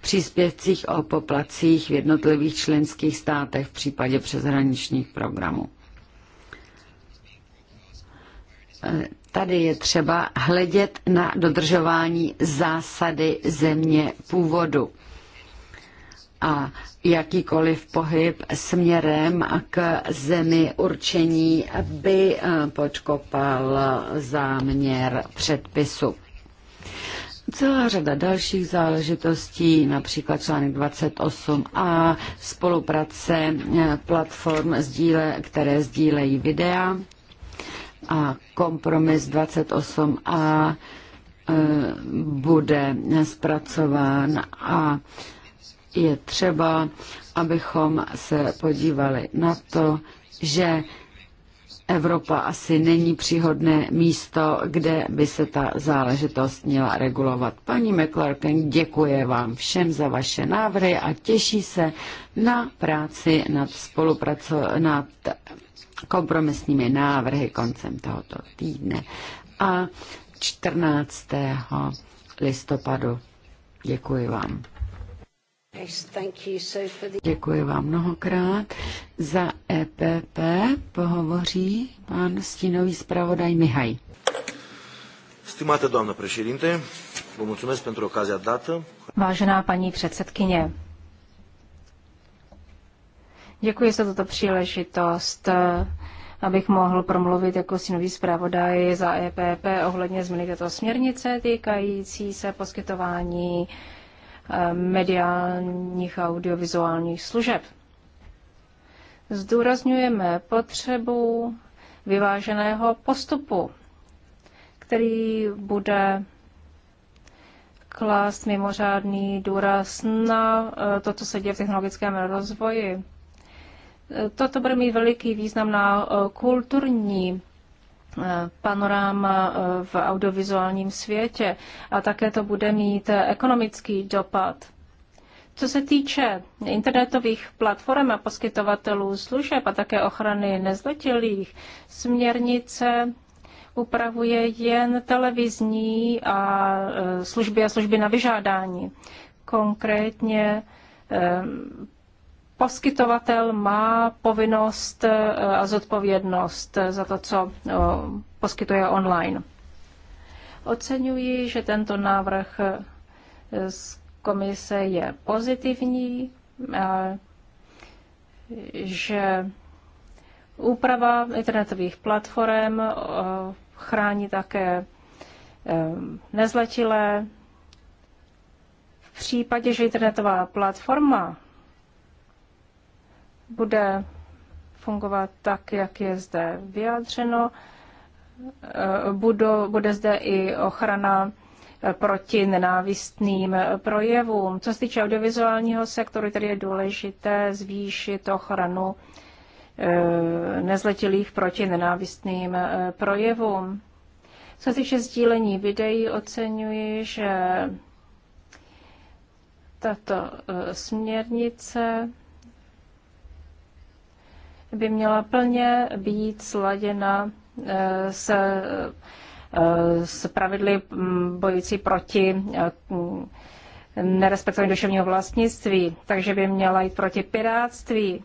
příspěvcích o poplacích v jednotlivých členských státech v případě přeshraničních programů. Tady je třeba hledět na dodržování zásady země původu a jakýkoliv pohyb směrem k zemi určení by eh, podkopal eh, záměr předpisu. Celá řada dalších záležitostí, například článek 28 a spolupráce eh, platform, sdíle, které sdílejí videa a kompromis 28a eh, bude zpracován a je třeba, abychom se podívali na to, že Evropa asi není příhodné místo, kde by se ta záležitost měla regulovat. Paní McClarken, děkuje vám všem za vaše návrhy a těší se na práci nad, spolupraco- nad kompromisními návrhy koncem tohoto týdne a 14. listopadu. Děkuji vám. Děkuji vám mnohokrát. Za EPP pohovoří pan stínový zpravodaj Mihaj. Stimate doamnă președinte, vă mulțumesc pentru ocazia dată. Vážená paní předsedkyně, děkuji za tuto příležitost, abych mohl promluvit jako synový zpravodaj za EPP ohledně změny této směrnice týkající se poskytování uh, Eh, mediálních a audiovizuálních služeb. Zdůrazňujeme potřebu vyváženého postupu, který bude klást mimořádný důraz na eh, to, co se děje v technologickém rozvoji. Eh, toto bude mít veliký význam na kulturní Eh, panorama eh, v audiovizuálním světě a také to bude mít eh, ekonomický dopad. Co se týče internetových platform a poskytovatelů služeb a také ochrany nezletilých, směrnice upravuje jen televizní a služby a služby na vyžádání. Konkrétně poskytovatel má povinnost eh, a zodpovědnost za to, co eh, poskytuje online. Oceňuji, že tento návrh eh, z komise je pozitivní, že úprava internetových platform chrání také nezletilé. V případě, že internetová platforma bude fungovat tak, jak je zde vyjádřeno. Eh, budu, bude zde i ochrana eh, proti nenávistným eh, projevům. Co se týče audiovizuálního sektoru, tady je důležité zvýšit ochranu nezletilých proti nenávistným projevům. Co se týče sdílení videí, oceňuji, že tato směrnice by měla plně být sladěna eh, s, eh, s pravidly mm, bojící proti eh, mm, nerespektování duševního vlastnictví, takže by měla jít proti piráctví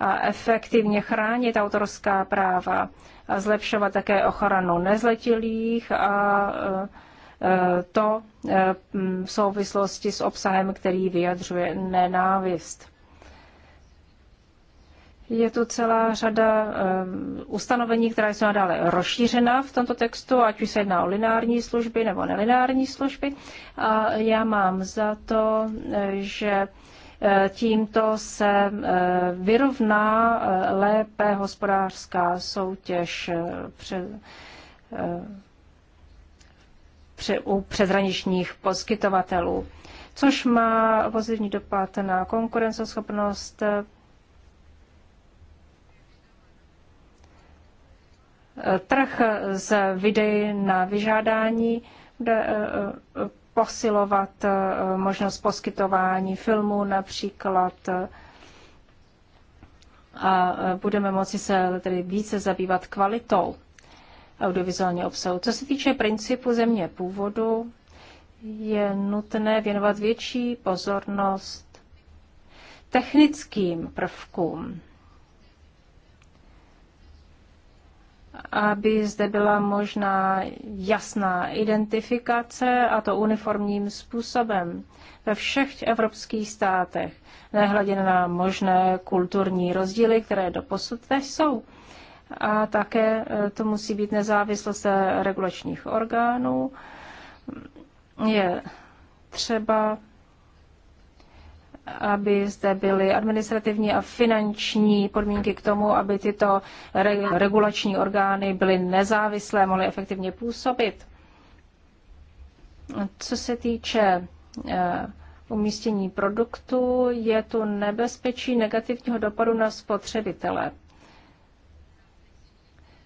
a efektivně chránit autorská práva a zlepšovat také ochranu nezletilých a to mm, v souvislosti s obsahem, který vyjadřuje nenávist. Je tu celá řada um, ustanovení, která jsou nadále rozšířena v tomto textu, ať už se jedná o lineární služby nebo nelineární služby. A já mám za to, eh, že eh, tímto se eh, vyrovná lépe hospodářská soutěž před, před, u přezraničních poskytovatelů, což má pozitivní dopad na konkurenceschopnost Trh z videí na vyžádání bude e, e, posilovat e, možnost poskytování filmů například a budeme moci se tedy více zabývat kvalitou audiovizuálního obsahu. Co se týče principu země původu, je nutné věnovat větší pozornost technickým prvkům aby zde byla možná jasná identifikace a to uniformním způsobem ve všech evropských státech, nehledě na možné kulturní rozdíly, které doposud teď jsou. A také eh, to musí být nezávislost regulačních orgánů. Je třeba aby zde byly administrativní a finanční podmínky k tomu, aby tyto regulační orgány byly nezávislé, mohly efektivně působit. Co se týče eh, umístění produktu, je tu nebezpečí negativního dopadu na spotřebitele.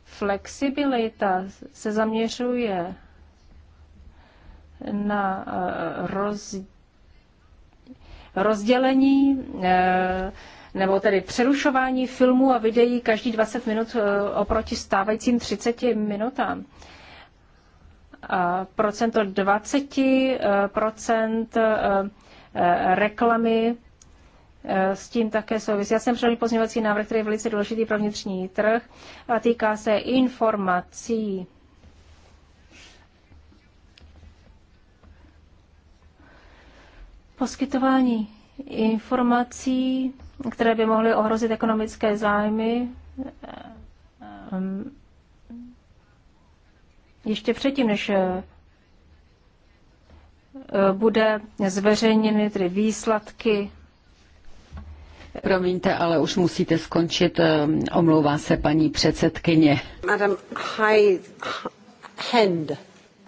Flexibilita se zaměřuje na eh, rozdíl rozdělení eh, nebo tedy přerušování filmů a videí každý 20 minut eh, oproti stávajícím 30 minutám. A procento 20 eh, procent reklamy s tím také souvisí. Já jsem přišel pozměňovací návrh, který je velice důležitý pro vnitřní trh a týká se informací Poskytování informací, které by mohly ohrozit ekonomické zájmy, eh, ještě předtím, než eh, bude zveřejněny tedy výsledky. Promiňte, ale už musíte skončit. Eh, omlouvá se paní předsedkyně. Madam Hyde. Hand.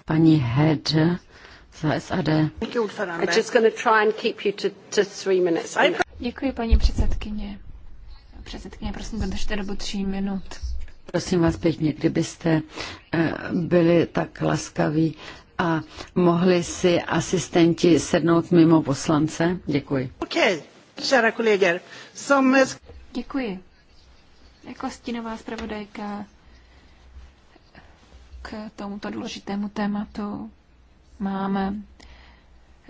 Paní Head za SAD. Děkuji, paní předsedkyně. Předsedkyně, prosím, dodržte dobu tří minut. Prosím vás pěkně, kdybyste eh, byli tak laskaví a mohli si asistenti sednout mimo poslance. Děkuji. Děkuji. Jako stínová zpravodajka k tomuto důležitému tématu Máme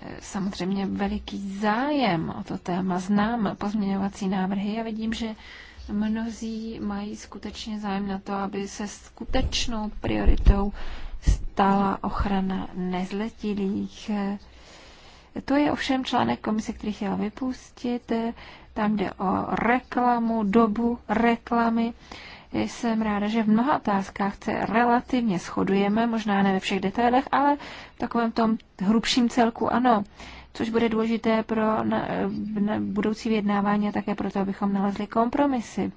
eh, samozřejmě veliký zájem o to téma. Znám pozměňovací návrhy a vidím, že mnozí mají skutečně zájem na to, aby se skutečnou prioritou stala ochrana nezletilých. Eh, to je ovšem článek komise, který chtěla vypustit. Eh, tam jde o reklamu, dobu reklamy. Jsem ráda, že v mnoha otázkách se relativně shodujeme, možná ne ve všech detailech, ale v takovém tom hrubším celku ano, což bude důležité pro na, na budoucí vyjednávání a také proto, abychom nalezli kompromisy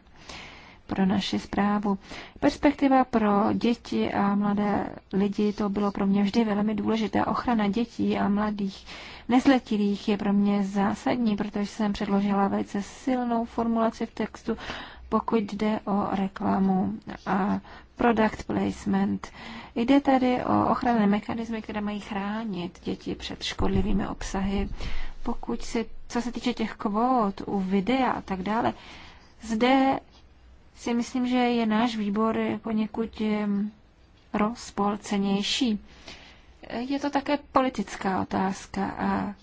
pro naši zprávu. Perspektiva pro děti a mladé lidi, to bylo pro mě vždy velmi důležité. Ochrana dětí a mladých nezletilých je pro mě zásadní, protože jsem předložila velice silnou formulaci v textu pokud jde o reklamu a product placement. Jde tady o ochranné mechanismy, které mají chránit děti před škodlivými obsahy. Pokud si, co se týče těch kvót u videa a tak dále, zde si myslím, že je náš výbor poněkud rozpolcenější. Je to také politická otázka a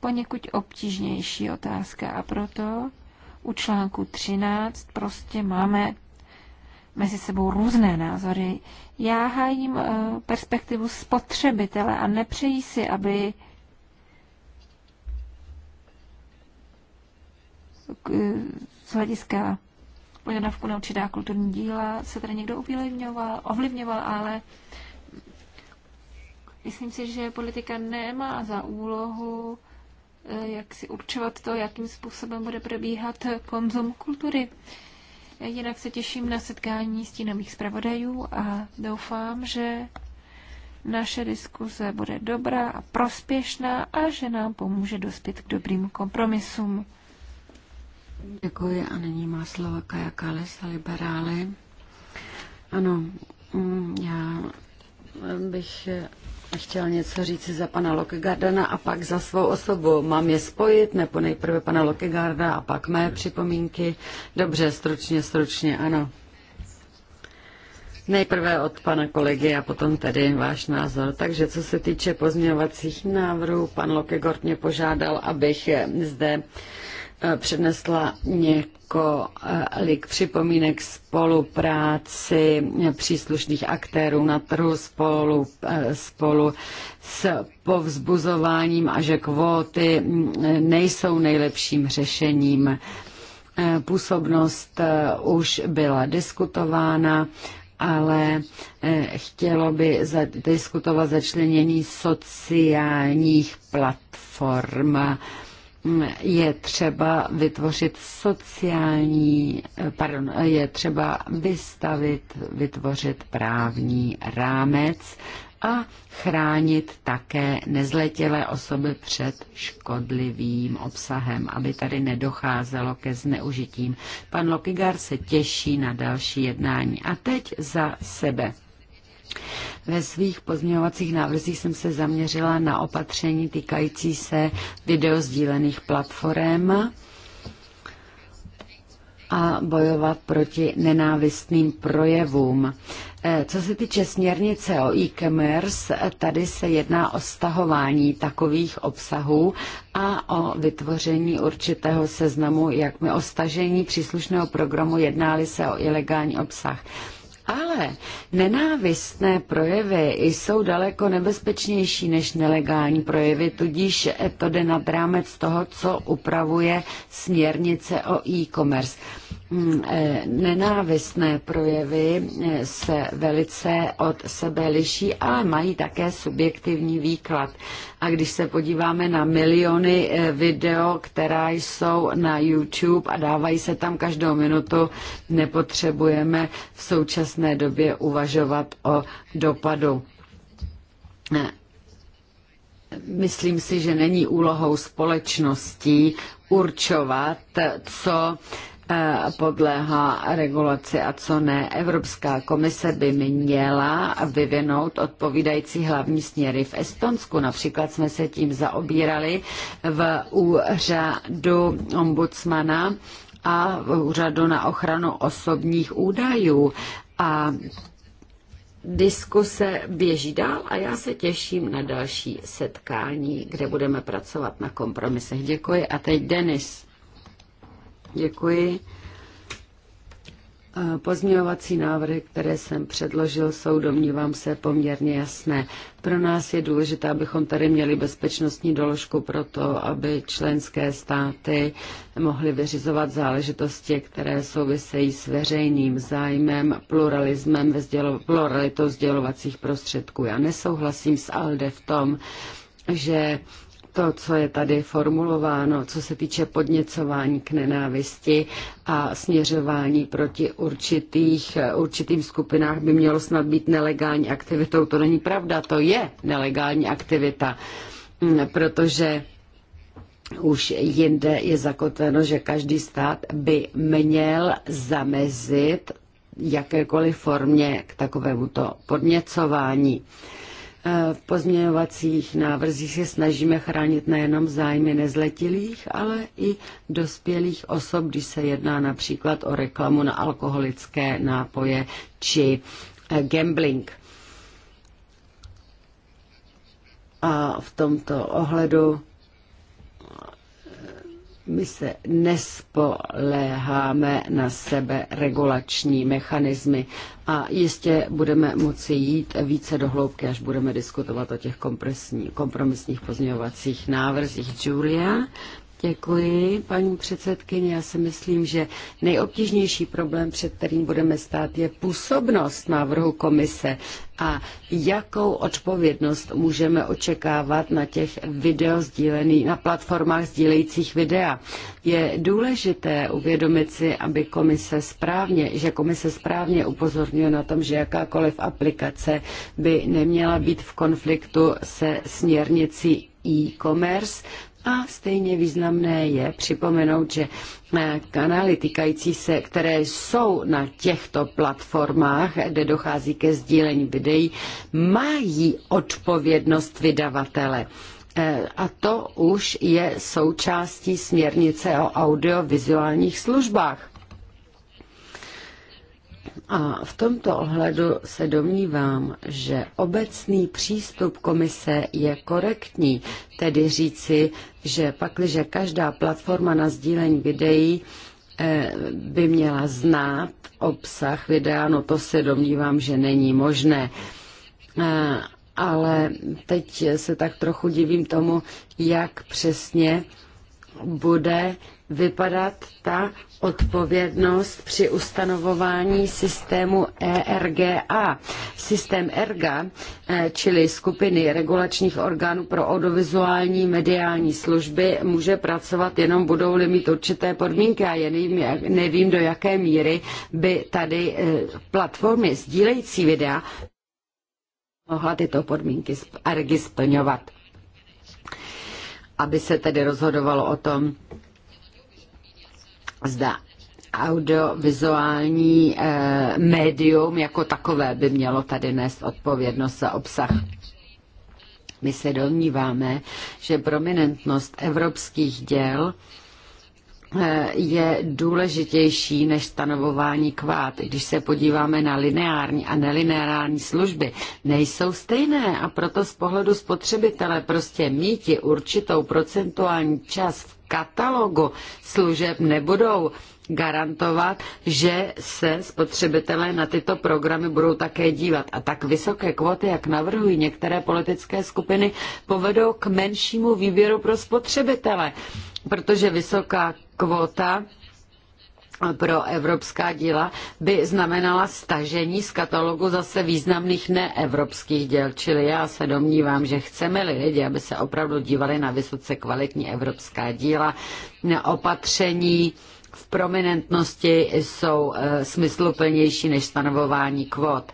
poněkud obtížnější otázka a proto u článku 13 prostě máme mezi sebou různé názory. Já hájím eh, perspektivu spotřebitele a nepřeji si, aby eh, z hlediska požadavku na určitá kulturní díla se tady někdo ovlivňoval, ovlivňoval, ale myslím si, že politika nemá za úlohu Eh, jak si určovat to, jakým způsobem bude probíhat konzum kultury. Jinak se těším na setkání stínových zpravodajů a doufám, že naše diskuze bude dobrá a prospěšná a že nám pomůže dospět k dobrým kompromisům. Děkuji a nyní má slovo Kaja Kales a liberály. Ano, mm, já bych chtěl něco říct za pana Lokegardena a pak za svou osobu. Mám je spojit, nebo nejprve pana Lokegarda a pak mé připomínky? Dobře, stručně, stručně, ano. Nejprve od pana kolegy a potom tedy váš názor. Takže co se týče pozměňovacích návrhů, pan Lokegord mě požádal, abych zde přednesla několik eh, připomínek spolupráci příslušných aktérů na trhu spolu, eh, spolu s povzbuzováním a že kvóty mm, nejsou nejlepším řešením. Eh, působnost už byla diskutována ale chtělo by diskutovat začlenění sociálních platform je třeba vytvořit sociální, pardon, je třeba vystavit, vytvořit právní rámec a chránit také nezletilé osoby před škodlivým obsahem, aby tady nedocházelo ke zneužitím. Pan Lokigar se těší na další jednání. A teď za sebe. Ve svých pozměňovacích návrzích jsem se zaměřila na opatření týkající se videozdílených platform a bojovat proti nenávistným projevům. Eh, co se týče směrnice o e-commerce, eh, tady se jedná o stahování takových obsahů a o vytvoření určitého seznamu, jak mi o stažení příslušného programu jednáli se o ilegální obsah. Ale nenávistné projevy jsou daleko nebezpečnější než nelegální projevy, tudíž to jde nad rámec toho, co upravuje směrnice o e-commerce. Mm, eh, nenávistné projevy eh, se velice od sebe liší, ale mají také subjektivní výklad. A když se podíváme na miliony eh, video, která jsou na YouTube a dávají se tam každou minutu, nepotřebujeme v současné době uvažovat o dopadu. Myslím si, že není úlohou společností určovat, co podléhá regulaci a co ne. Evropská komise by měla vyvinout odpovídající hlavní směry. V Estonsku například jsme se tím zaobírali v úřadu ombudsmana a v úřadu na ochranu osobních údajů. A diskuse běží dál a já se těším na další setkání, kde budeme pracovat na kompromisech. Děkuji a teď Denis. Děkuji. Pozměňovací návrhy, které jsem předložil, jsou, domnívám se, poměrně jasné. Pro nás je důležité, abychom tady měli bezpečnostní doložku pro to, aby členské státy mohly vyřizovat záležitosti, které souvisejí s veřejným zájmem, pluralismem, ve sdělo- pluralitou sdělovacích prostředků. Já nesouhlasím s ALDE v tom, že to, co je tady formulováno, co se týče podněcování k nenávisti a směřování proti určitých, určitým skupinách, by mělo snad být nelegální aktivitou. To není pravda, to je nelegální aktivita, mm, protože už jinde je zakotveno, že každý stát by měl zamezit jakékoliv formě k takovémuto podněcování. Eh, pozměňovacích návrzích se snažíme chránit nejenom zájmy nezletilých, ale i dospělých osob, když se jedná například o reklamu na alkoholické nápoje či eh, gambling. A v tomto ohledu my se nespoléháme na sebe regulační mechanismy a jistě budeme moci jít více do hloubky, až budeme diskutovat o těch kompromisních pozměňovacích návrzích. Julia, Děkuji, paní předsedkyně. Já si myslím, že nejobtížnější problém, před kterým budeme stát, je působnost návrhu komise a jakou odpovědnost můžeme očekávat na těch video sdílených, na platformách sdílejících videa. Je důležité uvědomit si, aby komise správně, že komise správně upozorňuje na tom, že jakákoliv aplikace by neměla být v konfliktu se směrnicí e-commerce, a stejně významné je připomenout, že eh, kanály týkající se, které jsou na těchto platformách, kde dochází ke sdílení videí, mají odpovědnost vydavatele. Eh, a to už je součástí směrnice o audiovizuálních službách. A v tomto ohledu se domnívám, že obecný přístup komise je korektní, tedy říci, že pakliže každá platforma na sdílení videí eh, by měla znát obsah videa, no to se domnívám, že není možné. Eh, ale teď se tak trochu divím tomu, jak přesně bude vypadat ta odpovědnost při ustanovování systému ERGA. Systém ERGA, eh, čili skupiny regulačních orgánů pro audiovizuální mediální služby, může pracovat jenom budou-li mít určité podmínky a nevím, nevím, do jaké míry by tady eh, platformy sdílející videa mohla tyto podmínky ERGY splňovat aby se tedy rozhodovalo o tom, zda audiovizuální eh, médium jako takové by mělo tady nést odpovědnost za obsah. My se domníváme, že prominentnost evropských děl eh, je důležitější než stanovování kvát. Když se podíváme na lineární a nelineární služby, nejsou stejné a proto z pohledu spotřebitele prostě míti určitou procentuální čas v katalogu služeb nebudou garantovat, že se spotřebitelé na tyto programy budou také dívat. A tak vysoké kvóty, jak navrhují některé politické skupiny, povedou k menšímu výběru pro spotřebitele, protože vysoká kvóta pro evropská díla by znamenala stažení z katalogu zase významných neevropských děl. Čili já se domnívám, že chceme-li lidi, aby se opravdu dívali na vysoce kvalitní evropská díla, opatření, v prominentnosti jsou eh, smysluplnější než stanovování kvot.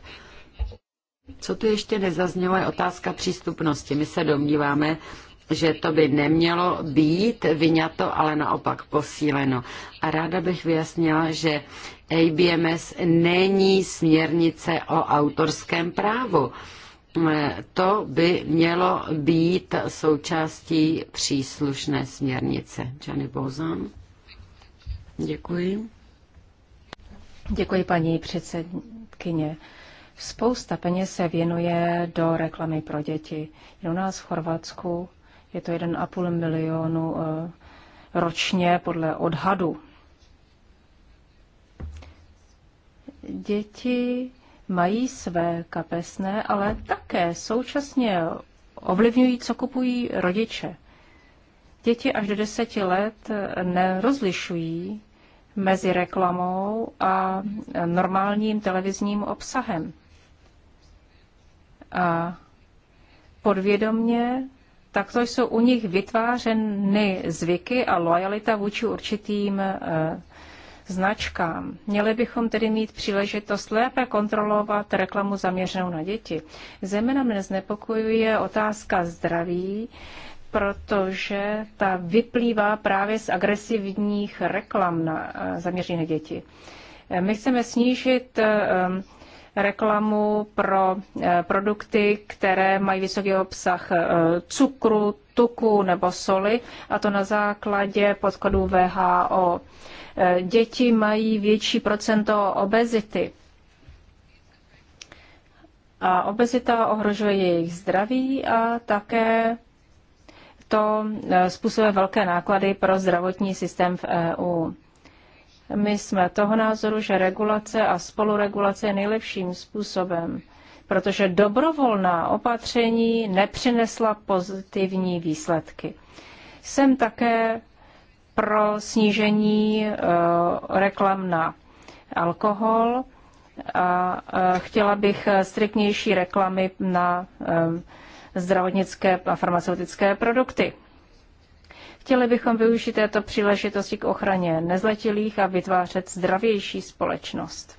Co tu ještě nezaznělo je otázka přístupnosti. My se domníváme, že to by nemělo být vyňato, ale naopak posíleno. A ráda bych vyjasnila, že ABMS není směrnice o autorském právu. Eh, to by mělo být součástí příslušné směrnice. Johnny Bozan. Děkuji. Děkuji, paní předsedkyně. Spousta peněz se věnuje do reklamy pro děti. U nás v Chorvatsku je to 1,5 milionu eh, ročně podle odhadu. Děti mají své kapesné, ale také současně ovlivňují, co kupují rodiče. Děti až do deseti let nerozlišují mezi reklamou a normálním televizním obsahem. A podvědomně takto jsou u nich vytvářeny zvyky a lojalita vůči určitým e, značkám. Měli bychom tedy mít příležitost lépe kontrolovat reklamu zaměřenou na děti. Zeměna mne znepokojuje otázka zdraví, protože ta vyplývá právě z agresivních reklam na eh, zaměřených děti. Eh, my chceme snížit eh, reklamu pro produkty, které mají vysoký obsah cukru, tuku nebo soli, a to na základě podkladů VHO. Děti mají větší procento obezity. A obezita ohrožuje jejich zdraví a také to eh, způsobuje velké náklady pro zdravotní systém v EU. My jsme toho názoru, že regulace a spoluregulace je nejlepším způsobem, protože dobrovolná opatření nepřinesla pozitivní výsledky. Jsem také pro snížení eh, reklam na alkohol a eh, chtěla bych striktnější reklamy na zdravotnické a farmaceutické produkty. Chtěli bychom využít této příležitosti k ochraně nezletilých a vytvářet zdravější společnost.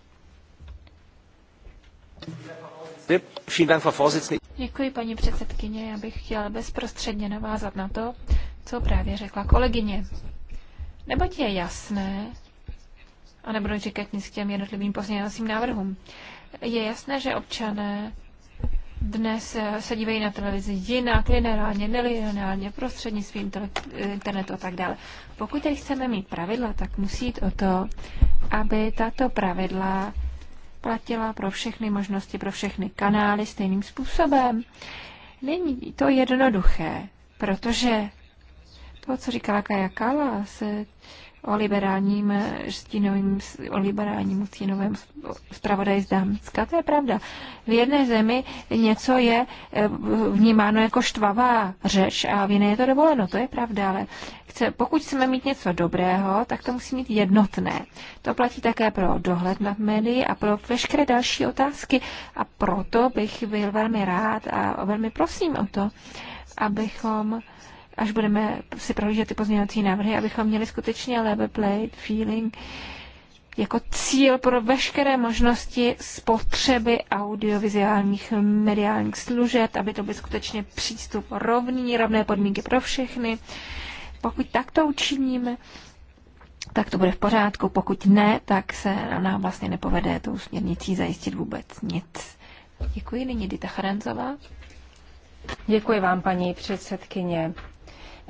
Děkuji, paní předsedkyně. Já bych chtěla bezprostředně navázat na to, co právě řekla kolegyně. Neboť je jasné, a nebudu říkat nic k těm jednotlivým pozměňovacím návrhům, je jasné, že občané dnes eh, se dívají na televizi jinak, lineárně, nelineárně, prostřednictvím eh, internetu a tak dále. Pokud tedy chceme mít pravidla, tak musí jít o to, aby tato pravidla platila pro všechny možnosti, pro všechny kanály stejným způsobem. Není to jednoduché, protože to, co říkala Kaja Kala, se eh, o liberálním stínovým, o liberálním stínovém zpravodaji z Dámska. To je pravda. V jedné zemi něco je eh, vnímáno jako štvavá řeč a v jiné je to dovoleno. To je pravda, ale chce, pokud chceme mít něco dobrého, tak to musí mít jednotné. To platí také pro dohled nad médií a pro veškeré další otázky. A proto bych byl velmi rád a velmi prosím o to, abychom až budeme si prohlížet ty pozměňovací návrhy, abychom měli skutečně level play feeling jako cíl pro veškeré možnosti spotřeby audiovizuálních mediálních služeb, aby to byl skutečně přístup rovný, rovné podmínky pro všechny. Pokud takto učiníme, tak to bude v pořádku. Pokud ne, tak se nám vlastně nepovede tou směrnicí zajistit vůbec nic. Děkuji, nyní Dita Charanzová. Děkuji vám, paní předsedkyně.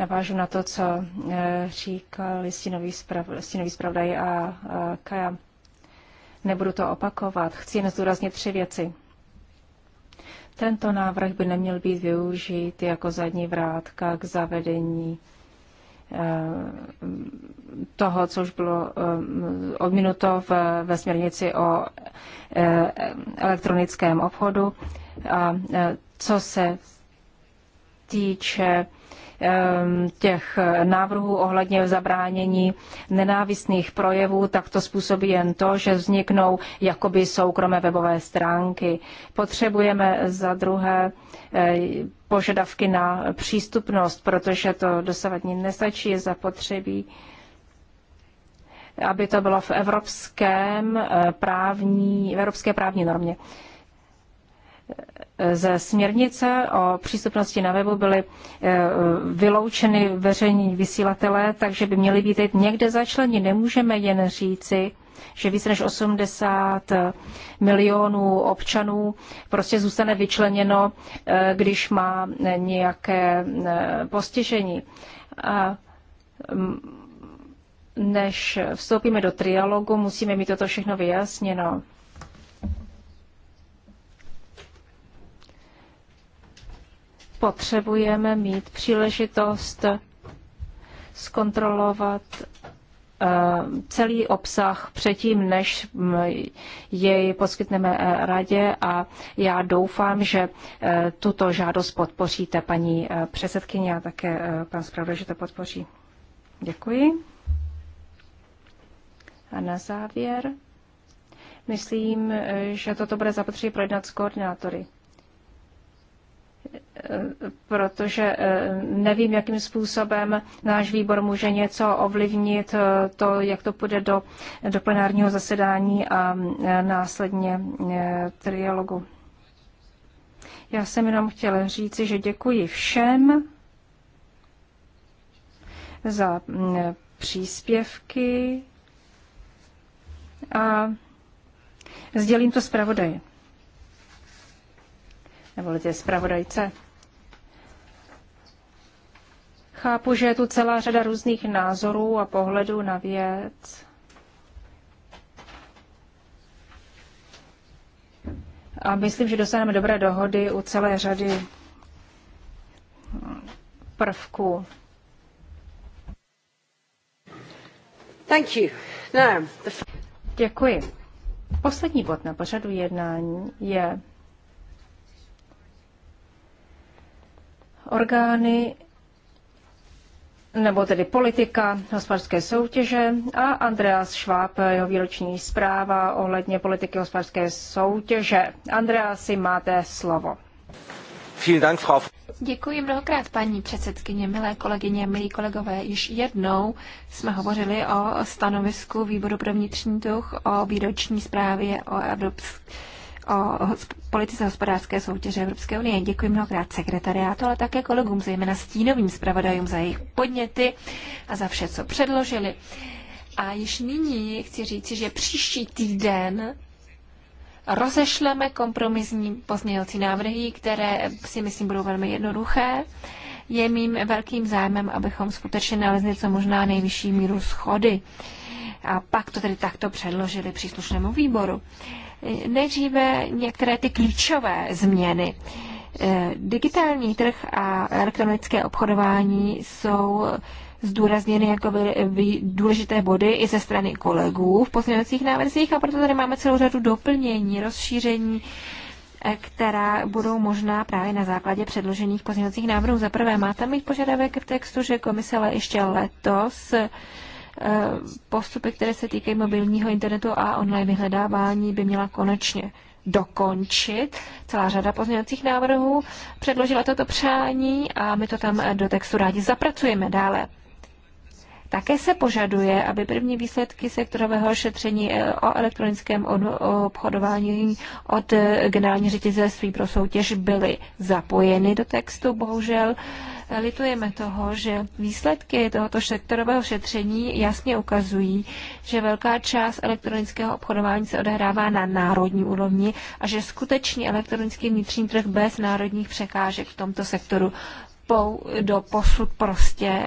Navážu na to, co říkal listinový, sprav, a Kaja. Nebudu to opakovat, chci jen zdůraznit tři věci. Tento návrh by neměl být využit jako zadní vrátka k zavedení eh, toho, co už bylo eh, odminuto ve směrnici o eh, elektronickém obchodu. A co se týče Ehm, těch návrhů ohledně zabránění nenávistných projevů, tak to způsobí jen to, že vzniknou jakoby soukromé webové stránky. Potřebujeme za druhé eh, požadavky na přístupnost, protože to dosavadní nestačí, je zapotřebí aby to bylo v evropském eh, právní, v evropské právní normě ze směrnice o přístupnosti na webu byly eh, vyloučeny veřejní vysílatelé, takže by měly být někde začleni. Nemůžeme jen říci, že více než 80 eh, milionů občanů prostě zůstane vyčleněno, eh, když má nějaké postižení. A mm, než vstoupíme do trialogu, musíme mít toto všechno vyjasněno. potřebujeme mít příležitost zkontrolovat eh, celý obsah předtím, než jej poskytneme eh, radě a já doufám, že eh, tuto žádost podpoříte paní předsedkyně a také pan zpravodaj, že to podpoří. Děkuji. A na závěr, myslím, že toto bude zapotřebí projednat s koordinátory protože eh, nevím, jakým způsobem náš výbor může něco ovlivnit, eh, to, jak to půjde do, do plenárního zasedání a eh, následně trialogu. Já jsem jenom chtěla říci, že děkuji všem za mm, příspěvky a sdělím to zpravodaji nebo tě zpravodajce. Chápu, že je tu celá řada různých názorů a pohledů na věc. A myslím, že dostaneme dobré dohody u celé řady prvků. Thank you. Now, the... Děkuji. Poslední bod na pořadu jednání je orgány nebo tedy politika hospodářské soutěže a Andreas Schwab, jeho výroční zpráva ohledně politiky hospodářské soutěže. Andreasi, máte slovo. Děkuji mnohokrát, paní předsedkyně, milé kolegyně, milí kolegové. Již jednou jsme hovořili o stanovisku výboru pro vnitřní duch o výroční zprávě o Evropské o politice hospodářské soutěže Evropské unie. Děkuji mnohokrát sekretariátu, ale také kolegům, zejména stínovým zpravodajům za jejich podněty a za vše, co předložili. A již nyní chci říci, že příští týden rozešleme kompromisní pozměňovací návrhy, které si myslím budou velmi jednoduché. Je mým velkým zájmem, abychom skutečně nalezli co možná nejvyšší míru schody. A pak to tedy takto předložili příslušnému výboru. Nejdříve některé ty klíčové změny. Eh, digitální trh a elektronické obchodování jsou zdůrazněny jako důležité body i ze strany kolegů v pozměňovacích návrzích a proto tady máme celou řadu doplnění, rozšíření, eh, která budou možná právě na základě předložených pozměňovacích návrhů. Za prvé má tam mít požadavek v textu, že komise ale ještě letos postupy, které se týkají mobilního internetu a online vyhledávání, by měla konečně dokončit. Celá řada pozměňovacích návrhů předložila toto přání a my to tam do textu rádi zapracujeme dále. Také se požaduje, aby první výsledky sektorového šetření eh, o elektronickém obchodování od eh, generální ředitelství pro soutěž byly zapojeny do textu. Bohužel Litujeme toho, že výsledky tohoto sektorového šetření jasně ukazují, že velká část elektronického obchodování se odehrává na národní úrovni a že skutečný elektronický vnitřní trh bez národních překážek v tomto sektoru pou, do posud prostě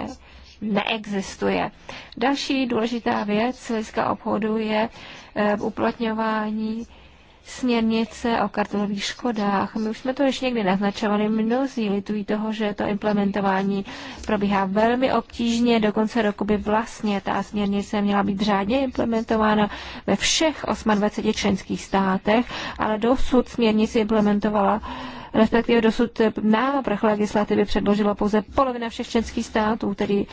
neexistuje. Další důležitá věc z obchodu je eh, uplatňování směrnice o kartelových škodách. My už jsme to ještě někdy naznačovali, mnozí litují toho, že to implementování probíhá velmi obtížně, do konce roku by vlastně ta směrnice měla být řádně implementována ve všech 28 členských státech, ale dosud směrnice implementovala respektive dosud návrh legislativy předložila pouze polovina všech členských států, tedy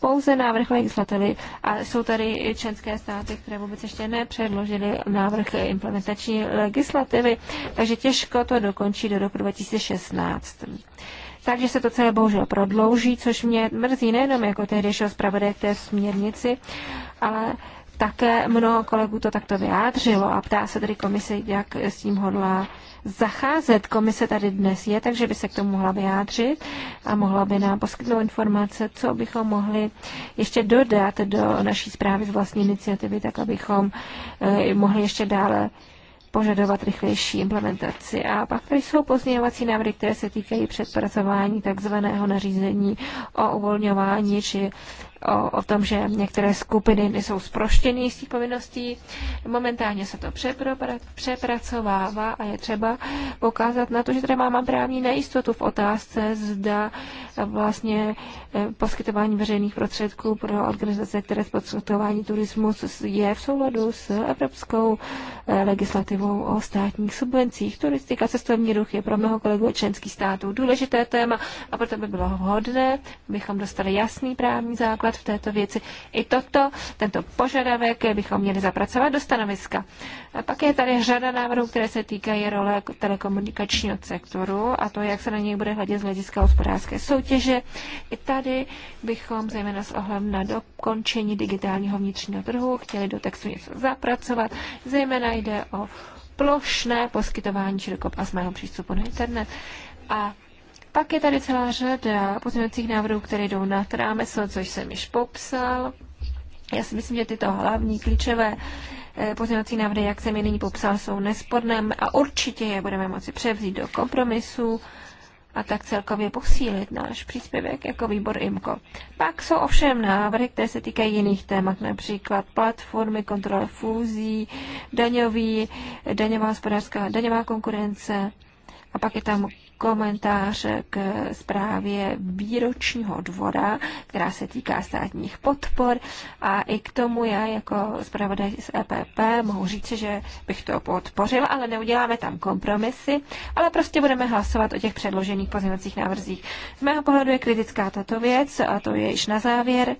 pouze návrh legislativy a jsou tady i členské státy, které vůbec ještě nepředložily návrh implementační legislativy, takže těžko to dokončí do roku 2016. Takže se to celé bohužel prodlouží, což mě mrzí nejenom jako tehdejšího zpravodaje k té směrnici, ale také mnoho kolegů to takto vyjádřilo a ptá se tedy komise, jak s tím hodlá zacházet. Komise tady dnes je, takže by se k tomu mohla vyjádřit a mohla by nám poskytnout informace, co bychom mohli ještě dodat do naší zprávy z vlastní iniciativy, tak abychom eh, mohli ještě dále požadovat rychlejší implementaci. A pak tady jsou pozměňovací návrhy, které se týkají předpracování takzvaného nařízení o uvolňování či o, o tom, že některé skupiny nejsou zproštěny z těch povinností. Momentálně se to přepracovává a je třeba poukázat na to, že tady mám právní nejistotu v otázce, zda vlastně e, poskytování veřejných prostředků pro organizace, které zposkytování turismu je v souladu s evropskou e, legislativou o státních subvencích. Turistika, cestovní ruch je pro mnoho kolegů členských států důležité téma a proto by bylo vhodné, abychom dostali jasný právní základ, v této věci. I toto, tento požadavek bychom měli zapracovat do stanoviska. A pak je tady řada návrhů, které se týkají role telekomunikačního sektoru a to, jak se na něj bude hledět z hlediska hospodářské soutěže. I tady bychom zejména s ohledem na dokončení digitálního vnitřního trhu chtěli do textu něco zapracovat. Zejména jde o plošné poskytování širokopasmého přístupu na internet a pak je tady celá řada pozměňovacích návrhů, které jdou na rámec, což jsem již popsal. Já si myslím, že tyto hlavní klíčové eh, pozměňovací návrhy, jak jsem je nyní popsal, jsou nesporné a určitě je budeme moci převzít do kompromisu a tak celkově posílit náš příspěvek jako výbor Imko. Pak jsou ovšem návrhy, které se týkají jiných témat, například platformy, kontrola fúzí, daňový, daňová hospodářská, daňová konkurence a pak je tam komentář k zprávě výročního dvora, která se týká státních podpor a i k tomu já jako zpravodaj z EPP mohu říct, že bych to podpořil, ale neuděláme tam kompromisy, ale prostě budeme hlasovat o těch předložených pozměňovacích návrzích. Z mého pohledu je kritická tato věc a to je již na závěr.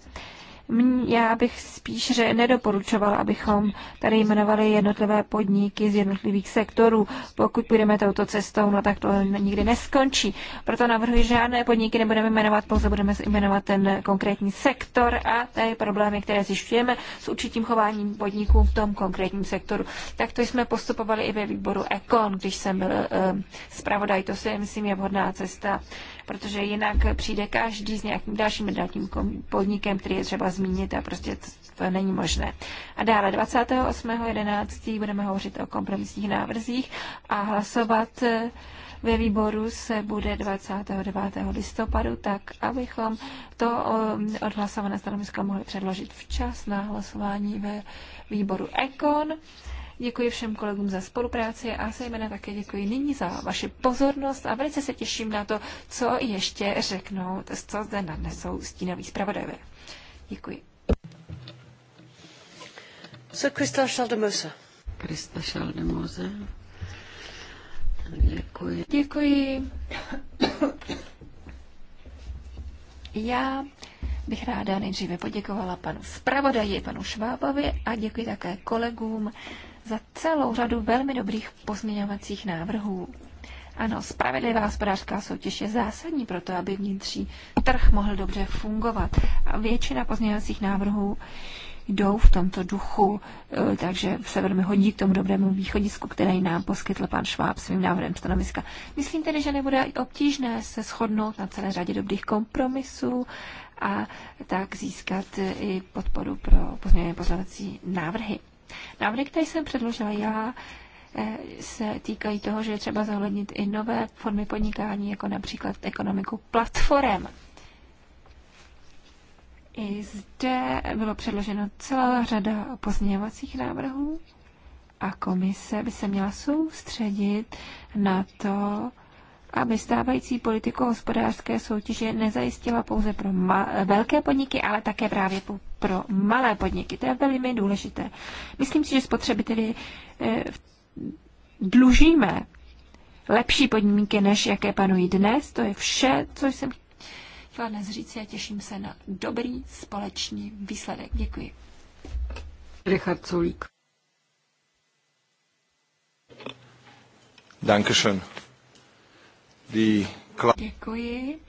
Já bych spíš nedoporučoval, abychom tady jmenovali jednotlivé podniky z jednotlivých sektorů. Pokud půjdeme touto cestou, no tak to nikdy neskončí. Proto navrhuji, že žádné podniky nebudeme jmenovat, pouze budeme jmenovat ten konkrétní sektor a ty problémy, které zjišťujeme s určitým chováním podniků v tom konkrétním sektoru. Tak to jsme postupovali i ve výboru Econ, když jsem byl eh, zpravodaj. To si myslím je vhodná cesta protože jinak přijde každý s nějakým dalším dalším podnikem, který je třeba zmínit a prostě to není možné. A dále 28.11. budeme hovořit o kompromisních návrzích a hlasovat eh, ve výboru se bude 29. listopadu, tak abychom to eh, odhlasované stanovisko mohli předložit včas na hlasování ve výboru EKON. Děkuji všem kolegům za spolupráci a zejména také děkuji nyní za vaši pozornost a velice se těším na to, co ještě řeknou, co zde nadnesou stínoví zpravodajové. Děkuji. So Krista Schaldemose. Krista Schaldemose. Děkuji. Děkuji. Já bych ráda nejdříve poděkovala panu zpravodaji, panu Švábovi a děkuji také kolegům za celou řadu velmi dobrých pozměňovacích návrhů. Ano, spravedlivá hospodářská soutěž je zásadní pro to, aby vnitřní trh mohl dobře fungovat. A většina pozměňovacích návrhů jdou v tomto duchu, eh, takže se velmi hodí k tomu dobrému východisku, který nám poskytl pan Šváb svým návrhem stanoviska. Myslím tedy, že nebude obtížné se shodnout na celé řadě dobrých kompromisů a tak získat i podporu pro pozměňovací návrhy. Návrhy, které jsem předložila já, eh, se týkají toho, že je třeba zohlednit i nové formy podnikání, jako například ekonomiku platform. I zde bylo předloženo celá řada pozměňovacích návrhů a komise by se měla soustředit na to, aby stávající politiku hospodářské soutěže nezajistila pouze pro velké podniky, ale také právě pro malé podniky. To je velmi důležité. Myslím si, že spotřebiteli eh, dlužíme lepší podmínky, než jaké panují dnes. To je vše, co jsem chtěla dnes říct Já těším se na dobrý společný výsledek. Děkuji. Richard Solík. Dankeschön. Die Děkuji.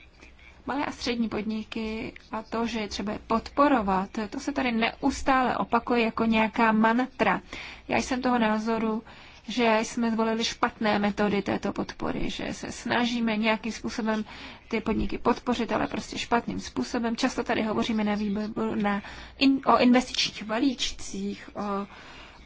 Malé a střední podniky a to, že je třeba podporovat, to se tady neustále opakuje jako nějaká mantra. Já jsem toho názoru, že jsme zvolili špatné metody této podpory, že se snažíme nějakým způsobem ty podniky podpořit, ale prostě špatným způsobem. Často tady hovoříme na výboru na in, o investičních balíčcích, o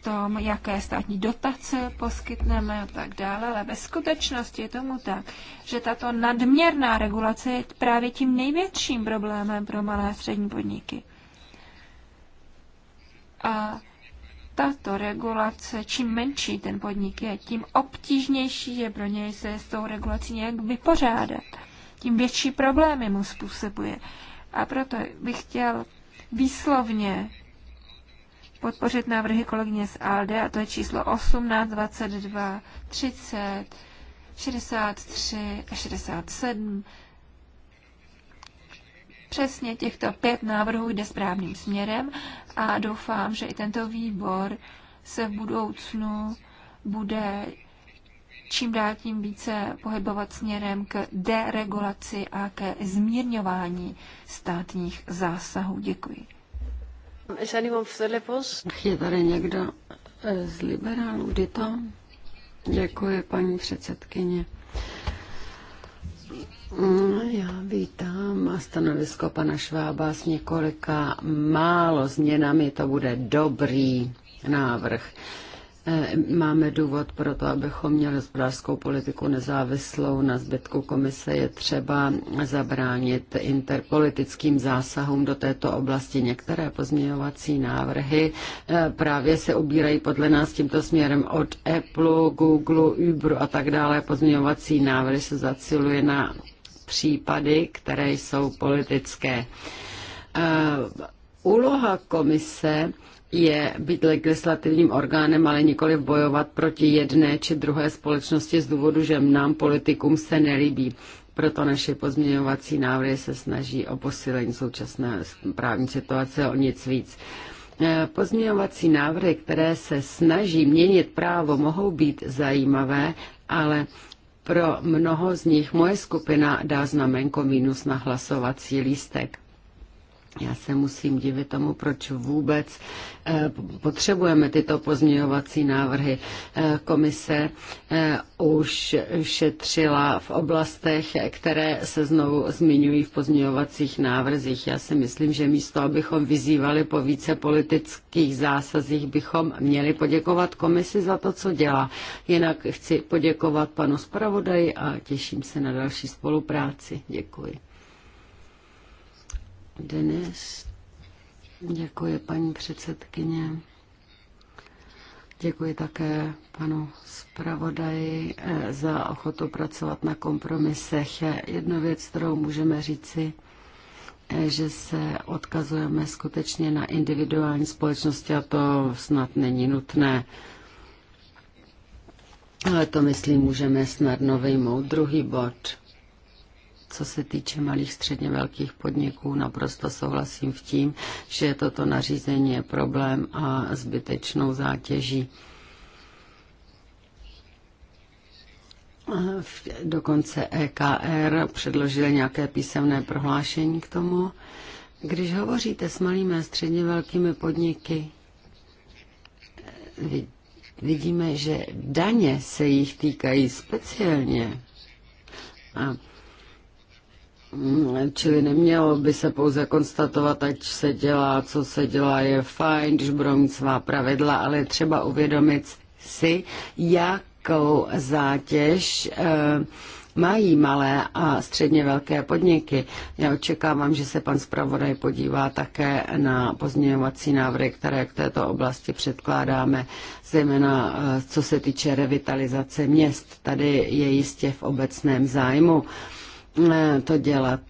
tom, jaké státní dotace poskytneme a tak dále, ale ve skutečnosti je tomu tak, že tato nadměrná regulace je právě tím největším problémem pro malé a střední podniky. A tato regulace, čím menší ten podnik je, tím obtížnější je pro něj se s tou regulací nějak vypořádat. Tím větší problémy mu způsobuje. A proto bych chtěl výslovně podpořit návrhy kolegyně z ALDE, a to je číslo 18, 22, 30, 63 a 67. Přesně těchto pět návrhů jde správným směrem a doufám, že i tento výbor se v budoucnu bude čím dál tím více pohybovat směrem k deregulaci a ke zmírňování státních zásahů. Děkuji. Je tady někdo eh, z liberálů? Kdy to? Děkuji, paní předsedkyně. Mm, já vítám stanovisko pana Švába s několika málo změnami. To bude dobrý návrh. E, máme důvod pro to, abychom měli hospodářskou politiku nezávislou na zbytku komise, je třeba zabránit interpolitickým zásahům do této oblasti. Některé pozměňovací návrhy e, právě se ubírají podle nás tímto směrem od Apple, Google, Uber a tak dále. Pozměňovací návrhy se zaciluje na případy, které jsou politické. E, úloha komise je být legislativním orgánem, ale nikoli bojovat proti jedné či druhé společnosti z důvodu, že nám politikům se nelíbí. Proto naše pozměňovací návrhy se snaží o posílení současné právní situace o nic víc. E, pozměňovací návrhy, které se snaží měnit právo, mohou být zajímavé, ale pro mnoho z nich moje skupina dá znamenko mínus na hlasovací lístek. Já se musím divit tomu, proč vůbec eh, potřebujeme tyto pozměňovací návrhy. Eh, komise eh, už šetřila v oblastech, které se znovu zmiňují v pozměňovacích návrzích. Já si myslím, že místo, abychom vyzývali po více politických zásazích, bychom měli poděkovat komisi za to, co dělá. Jinak chci poděkovat panu zpravodaji a těším se na další spolupráci. Děkuji. Denis. Děkuji, paní předsedkyně. Děkuji také panu zpravodaji eh, za ochotu pracovat na kompromisech. Jednu věc, kterou můžeme říci, eh, že se odkazujeme skutečně na individuální společnosti a to snad není nutné. Ale to, myslím, můžeme snadno vyjmout. Druhý bod. Co se týče malých středně velkých podniků, naprosto souhlasím v tím, že toto nařízení je problém a zbytečnou zátěží. Dokonce EKR předložil nějaké písemné prohlášení k tomu. Když hovoříte s malými a středně velkými podniky, vidíme, že daně se jich týkají speciálně. A Čili nemělo by se pouze konstatovat, ať se dělá, co se dělá, je fajn, když budou mít svá pravidla, ale třeba uvědomit si, jakou zátěž eh, mají malé a středně velké podniky. Já očekávám, že se pan zpravodaj podívá také na pozměňovací návrhy, které k této oblasti předkládáme, zejména eh, co se týče revitalizace měst. Tady je jistě v obecném zájmu Eh, to dělat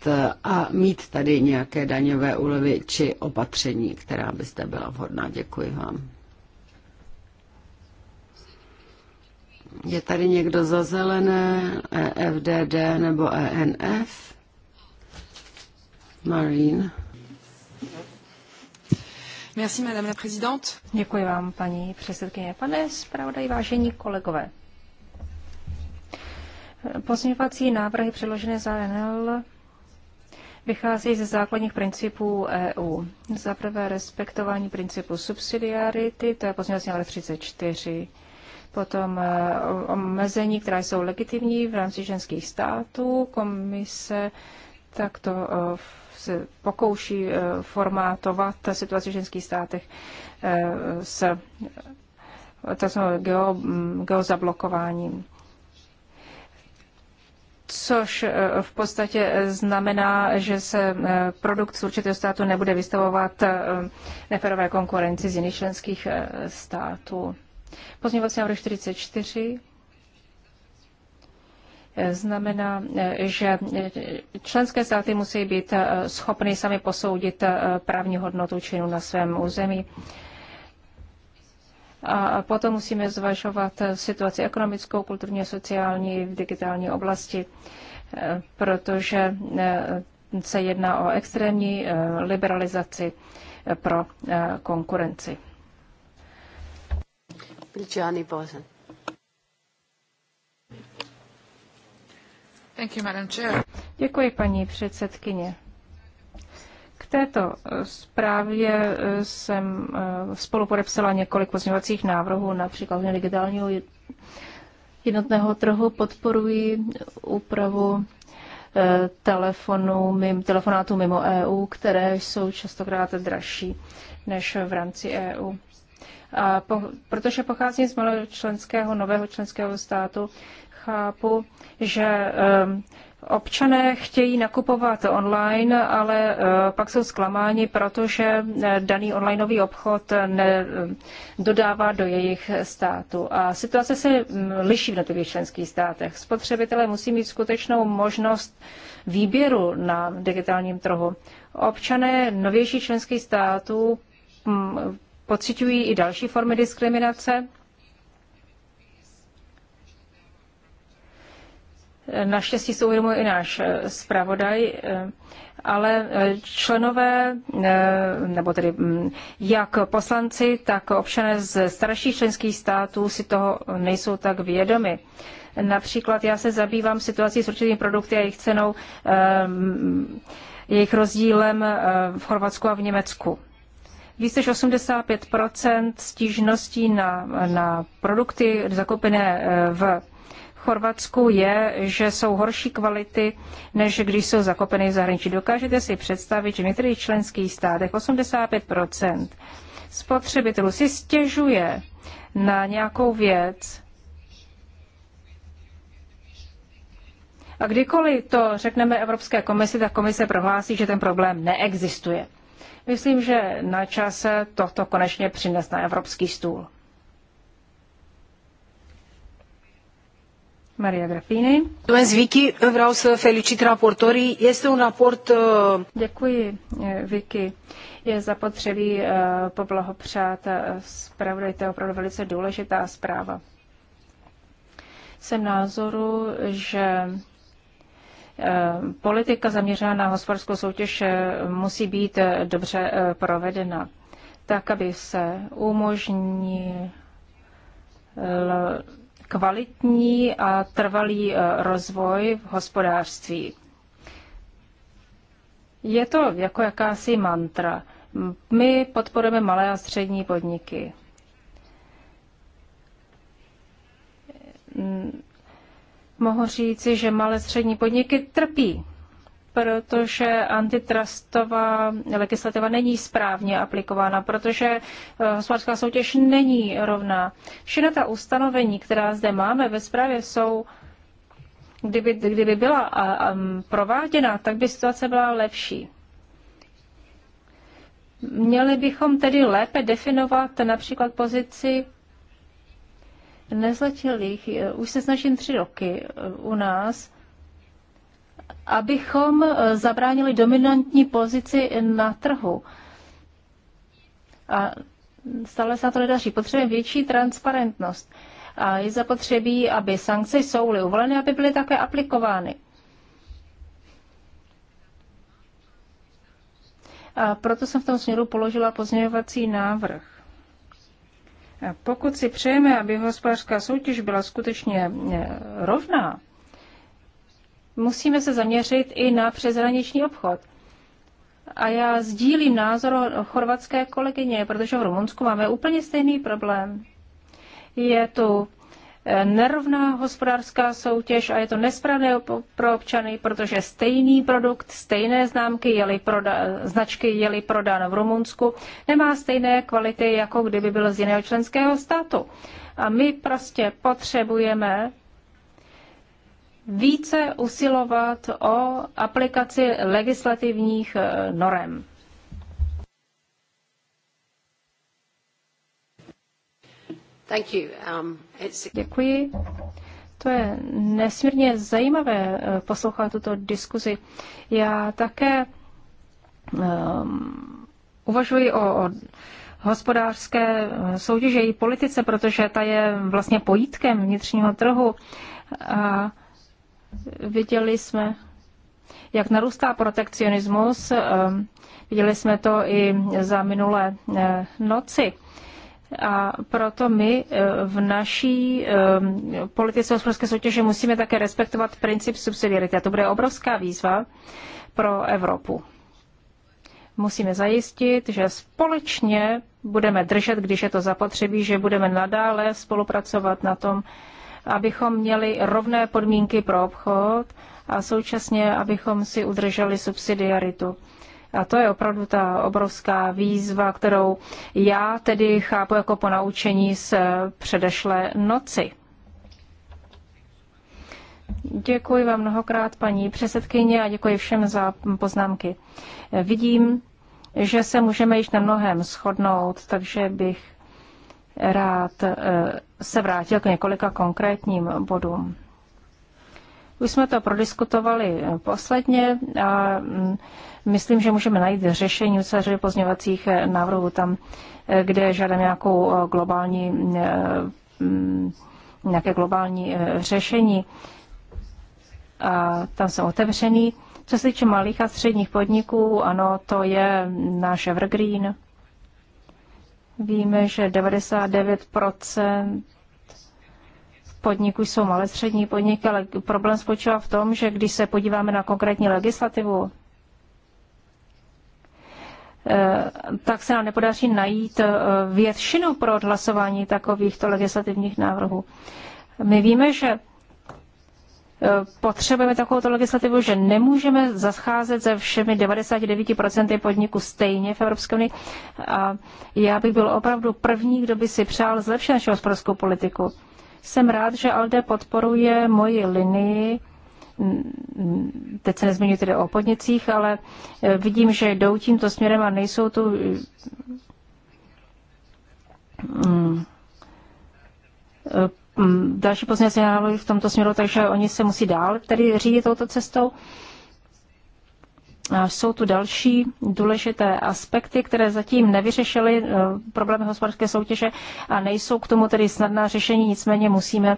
a mít tady nějaké daňové úlevy či opatření, která by zde byla vhodná. Děkuji vám. Je tady někdo za zelené, EFDD nebo ENF? Marine. Merci, madame la présidente. Děkuji vám, paní předsedkyně. Pane zpravodaj, vážení kolegové, Pozměňovací návrhy přiložené za NL vycházejí ze základních principů EU. Za prvé respektování principu subsidiarity, to je pozměňovací návrh 34. Potom e, omezení, která jsou legitimní v rámci ženských států. Komise takto e, se pokouší e, formátovat situaci v ženských státech s takzvaným geo, geozablokováním což eh, v podstatě eh, znamená, že se eh, produkt z určitého státu nebude vystavovat neferové konkurenci z jiných členských států. Pozměňovací návrh 44 znamená, že členské státy musí být schopny sami posoudit právní hodnotu činu na svém území. A potom musíme zvažovat situaci ekonomickou, kulturně, sociální v digitální oblasti, e, protože e, se jedná o extrémní e, liberalizaci pro konkurenci. Děkuji, paní předsedkyně této eh, zprávě eh, jsem eh, spolu podepsala několik pozměňovacích návrhů, například digitálního jednotného trhu podporují úpravu telefonu mimo, telefonátů mimo EU, které jsou častokrát dražší než v rámci EU. A po, protože pocházím z malého členského, nového členského státu, chápu, že um, Občané chtějí nakupovat online, ale eh, pak jsou zklamáni, protože eh, daný onlineový obchod dodává do jejich státu. A situace se mm, liší v jednotlivých členských státech. Spotřebitelé musí mít skutečnou možnost výběru na digitálním trhu. Občané novějších členských států mm, pocitují i další formy diskriminace Naštěstí se uvědomuje i náš eh, zpravodaj, eh, ale eh, členové, nebo tedy mm, jak poslanci, tak občané z starších členských států si toho nejsou tak vědomi. Například já se zabývám situací s určitými produkty a jejich cenou, jejich rozdílem v Chorvatsku a v Německu. Více než 85 stížností na, na produkty zakoupené v Chorvatsku je, že jsou horší kvality, než když jsou zakopeny v zahraničí. Dokážete si představit, že v některých členských státech 85 spotřebitelů si stěžuje na nějakou věc, A kdykoliv to řekneme Evropské komisi, tak komise prohlásí, že ten problém neexistuje. Myslím, že na čase toto konečně přines na evropský stůl. Maria Grafini. Mulțumesc, Vicky. Vreau să felicit raportorii. Este un raport... Uh, Děkuji, eh, Vicky. Je zapotřebí eh, poblahopřát eh, je to je opravdu velice důležitá zpráva. Jsem názoru, že politika zaměřená na hospodářskou soutěž musí být dobře provedena, tak, aby se umožnil kvalitní a trvalý eh, rozvoj v hospodářství. Je to jako jakási mantra. My podporujeme malé a střední podniky. Mohu říci, že malé střední podniky trpí protože antitrustová legislativa není správně aplikována, protože eh, hospodářská soutěž není rovná. Všechna ta ustanovení, která zde máme ve zprávě, jsou kdyby, kdyby byla a, a prováděna, tak by situace byla lepší. Měli bychom tedy lépe definovat například pozici nezletilých. Už se snažím tři roky eh, u nás abychom eh, zabránili dominantní pozici na trhu. A stále se na to nedaří. Potřebujeme větší transparentnost. A je zapotřebí, aby sankce jsou-li uvoleny, aby byly také aplikovány. A proto jsem v tom směru položila pozměňovací návrh. Pokud si přejeme, aby hospodářská soutěž byla skutečně eh, rovná, musíme se zaměřit i na přeshraniční obchod. A já sdílím názor chorvatské kolegyně, protože v Rumunsku máme úplně stejný problém. Je tu e, nerovná hospodářská soutěž a je to nespravné pro občany, protože stejný produkt, stejné známky, jeli proda, značky jeli prodán v Rumunsku, nemá stejné kvality, jako kdyby byl z jiného členského státu. A my prostě potřebujeme více usilovat o aplikaci legislativních eh, norem. Thank you. Um, Děkuji. To je nesmírně zajímavé eh, poslouchat tuto diskuzi. Já také um, uvažuji o, o hospodářské eh, soutěže i politice, protože ta je vlastně pojítkem vnitřního trhu. A Viděli jsme, jak narůstá protekcionismus. Ehm, viděli jsme to i za minulé eh, noci. A proto my eh, v naší ehm, politice hospodářské soutěže musíme také respektovat princip subsidiarity. A to bude obrovská výzva pro Evropu. Musíme zajistit, že společně budeme držet, když je to zapotřebí, že budeme nadále spolupracovat na tom, abychom měli rovné podmínky pro obchod a současně, abychom si udrželi subsidiaritu. A to je opravdu ta obrovská výzva, kterou já tedy chápu jako ponaučení z předešlé noci. Děkuji vám mnohokrát, paní předsedkyně, a děkuji všem za poznámky. Vidím, že se můžeme již na mnohem shodnout, takže bych rád eh, se vrátil k několika konkrétním bodům. Už jsme to prodiskutovali posledně a mm, myslím, že můžeme najít řešení u celé pozměňovacích eh, návrhů tam, eh, kde žádám nějakou eh, globální, mm, nějaké globální řešení. A tam jsem otevřený. Co se týče malých a středních podniků, ano, to je náš evergreen. Víme, že 99 podniků jsou malé střední podniky, ale problém spočívá v tom, že když se podíváme na konkrétní legislativu, eh, tak se nám nepodaří najít eh, většinu pro odhlasování takovýchto legislativních návrhů. My víme, že Eh, potřebujeme takovou legislativu, že nemůžeme zascházet se všemi 99% podniků stejně v Evropské unii. A já bych byl opravdu první, kdo by si přál zlepšit naši hospodářskou politiku. Jsem rád, že ALDE podporuje moji linii, teď se nezmiňuji tedy o podnicích, ale eh, vidím, že jdou tímto směrem a nejsou tu eh, Mm, další pozměňovací návrhy v tomto směru, takže oni se musí dál tedy řídit touto cestou. Jsou tu další důležité aspekty, které zatím nevyřešily eh, problémy hospodářské soutěže a nejsou k tomu tedy snadná řešení, nicméně musíme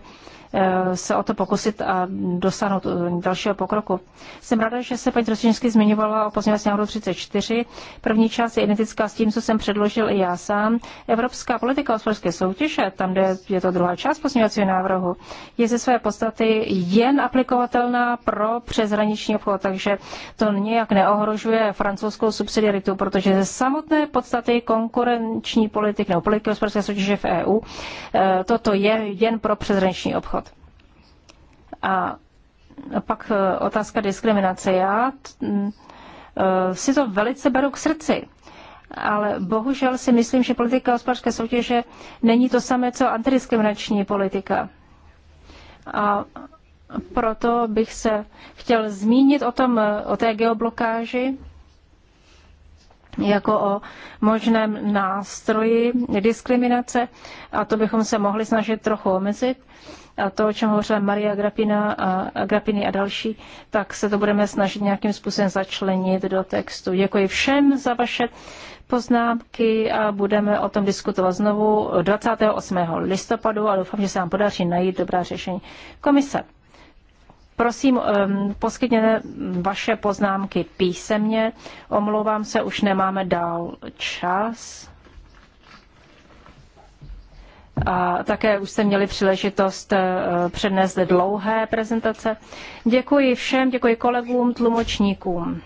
Eh, se o to pokusit a dosáhnout eh, dalšího pokroku. Jsem ráda, že se paní Trostinsky zmiňovala o pozměňovací návrhu 34. První část je identická s tím, co jsem předložil i já sám. Evropská politika hospodářské soutěže, tam, kde je to druhá část pozměňovacího návrhu, je ze své podstaty jen aplikovatelná pro přeshraniční obchod, takže to nějak neohrožuje francouzskou subsidiaritu, protože ze samotné podstaty konkurenční politik nebo politiky hospodářské soutěže v EU eh, toto je jen pro přeshraniční obchod. A pak e, otázka diskriminace. Já mm, e, si to velice beru k srdci, ale bohužel si myslím, že politika hospodářské soutěže není to samé, co antidiskriminační politika. A proto bych se chtěl zmínit o, tom, e, o té geoblokáži jako o možném nástroji diskriminace a to bychom se mohli snažit trochu omezit a to, o čem hovořila Maria Grapina a, Grapiny a další, tak se to budeme snažit nějakým způsobem začlenit do textu. Děkuji všem za vaše poznámky a budeme o tom diskutovat znovu 28. listopadu a doufám, že se vám podaří najít dobrá řešení. Komise, prosím, poskytněte vaše poznámky písemně. Omlouvám se, už nemáme dál čas a také už jste měli příležitost eh, přednést dlouhé prezentace. Děkuji všem, děkuji kolegům, tlumočníkům.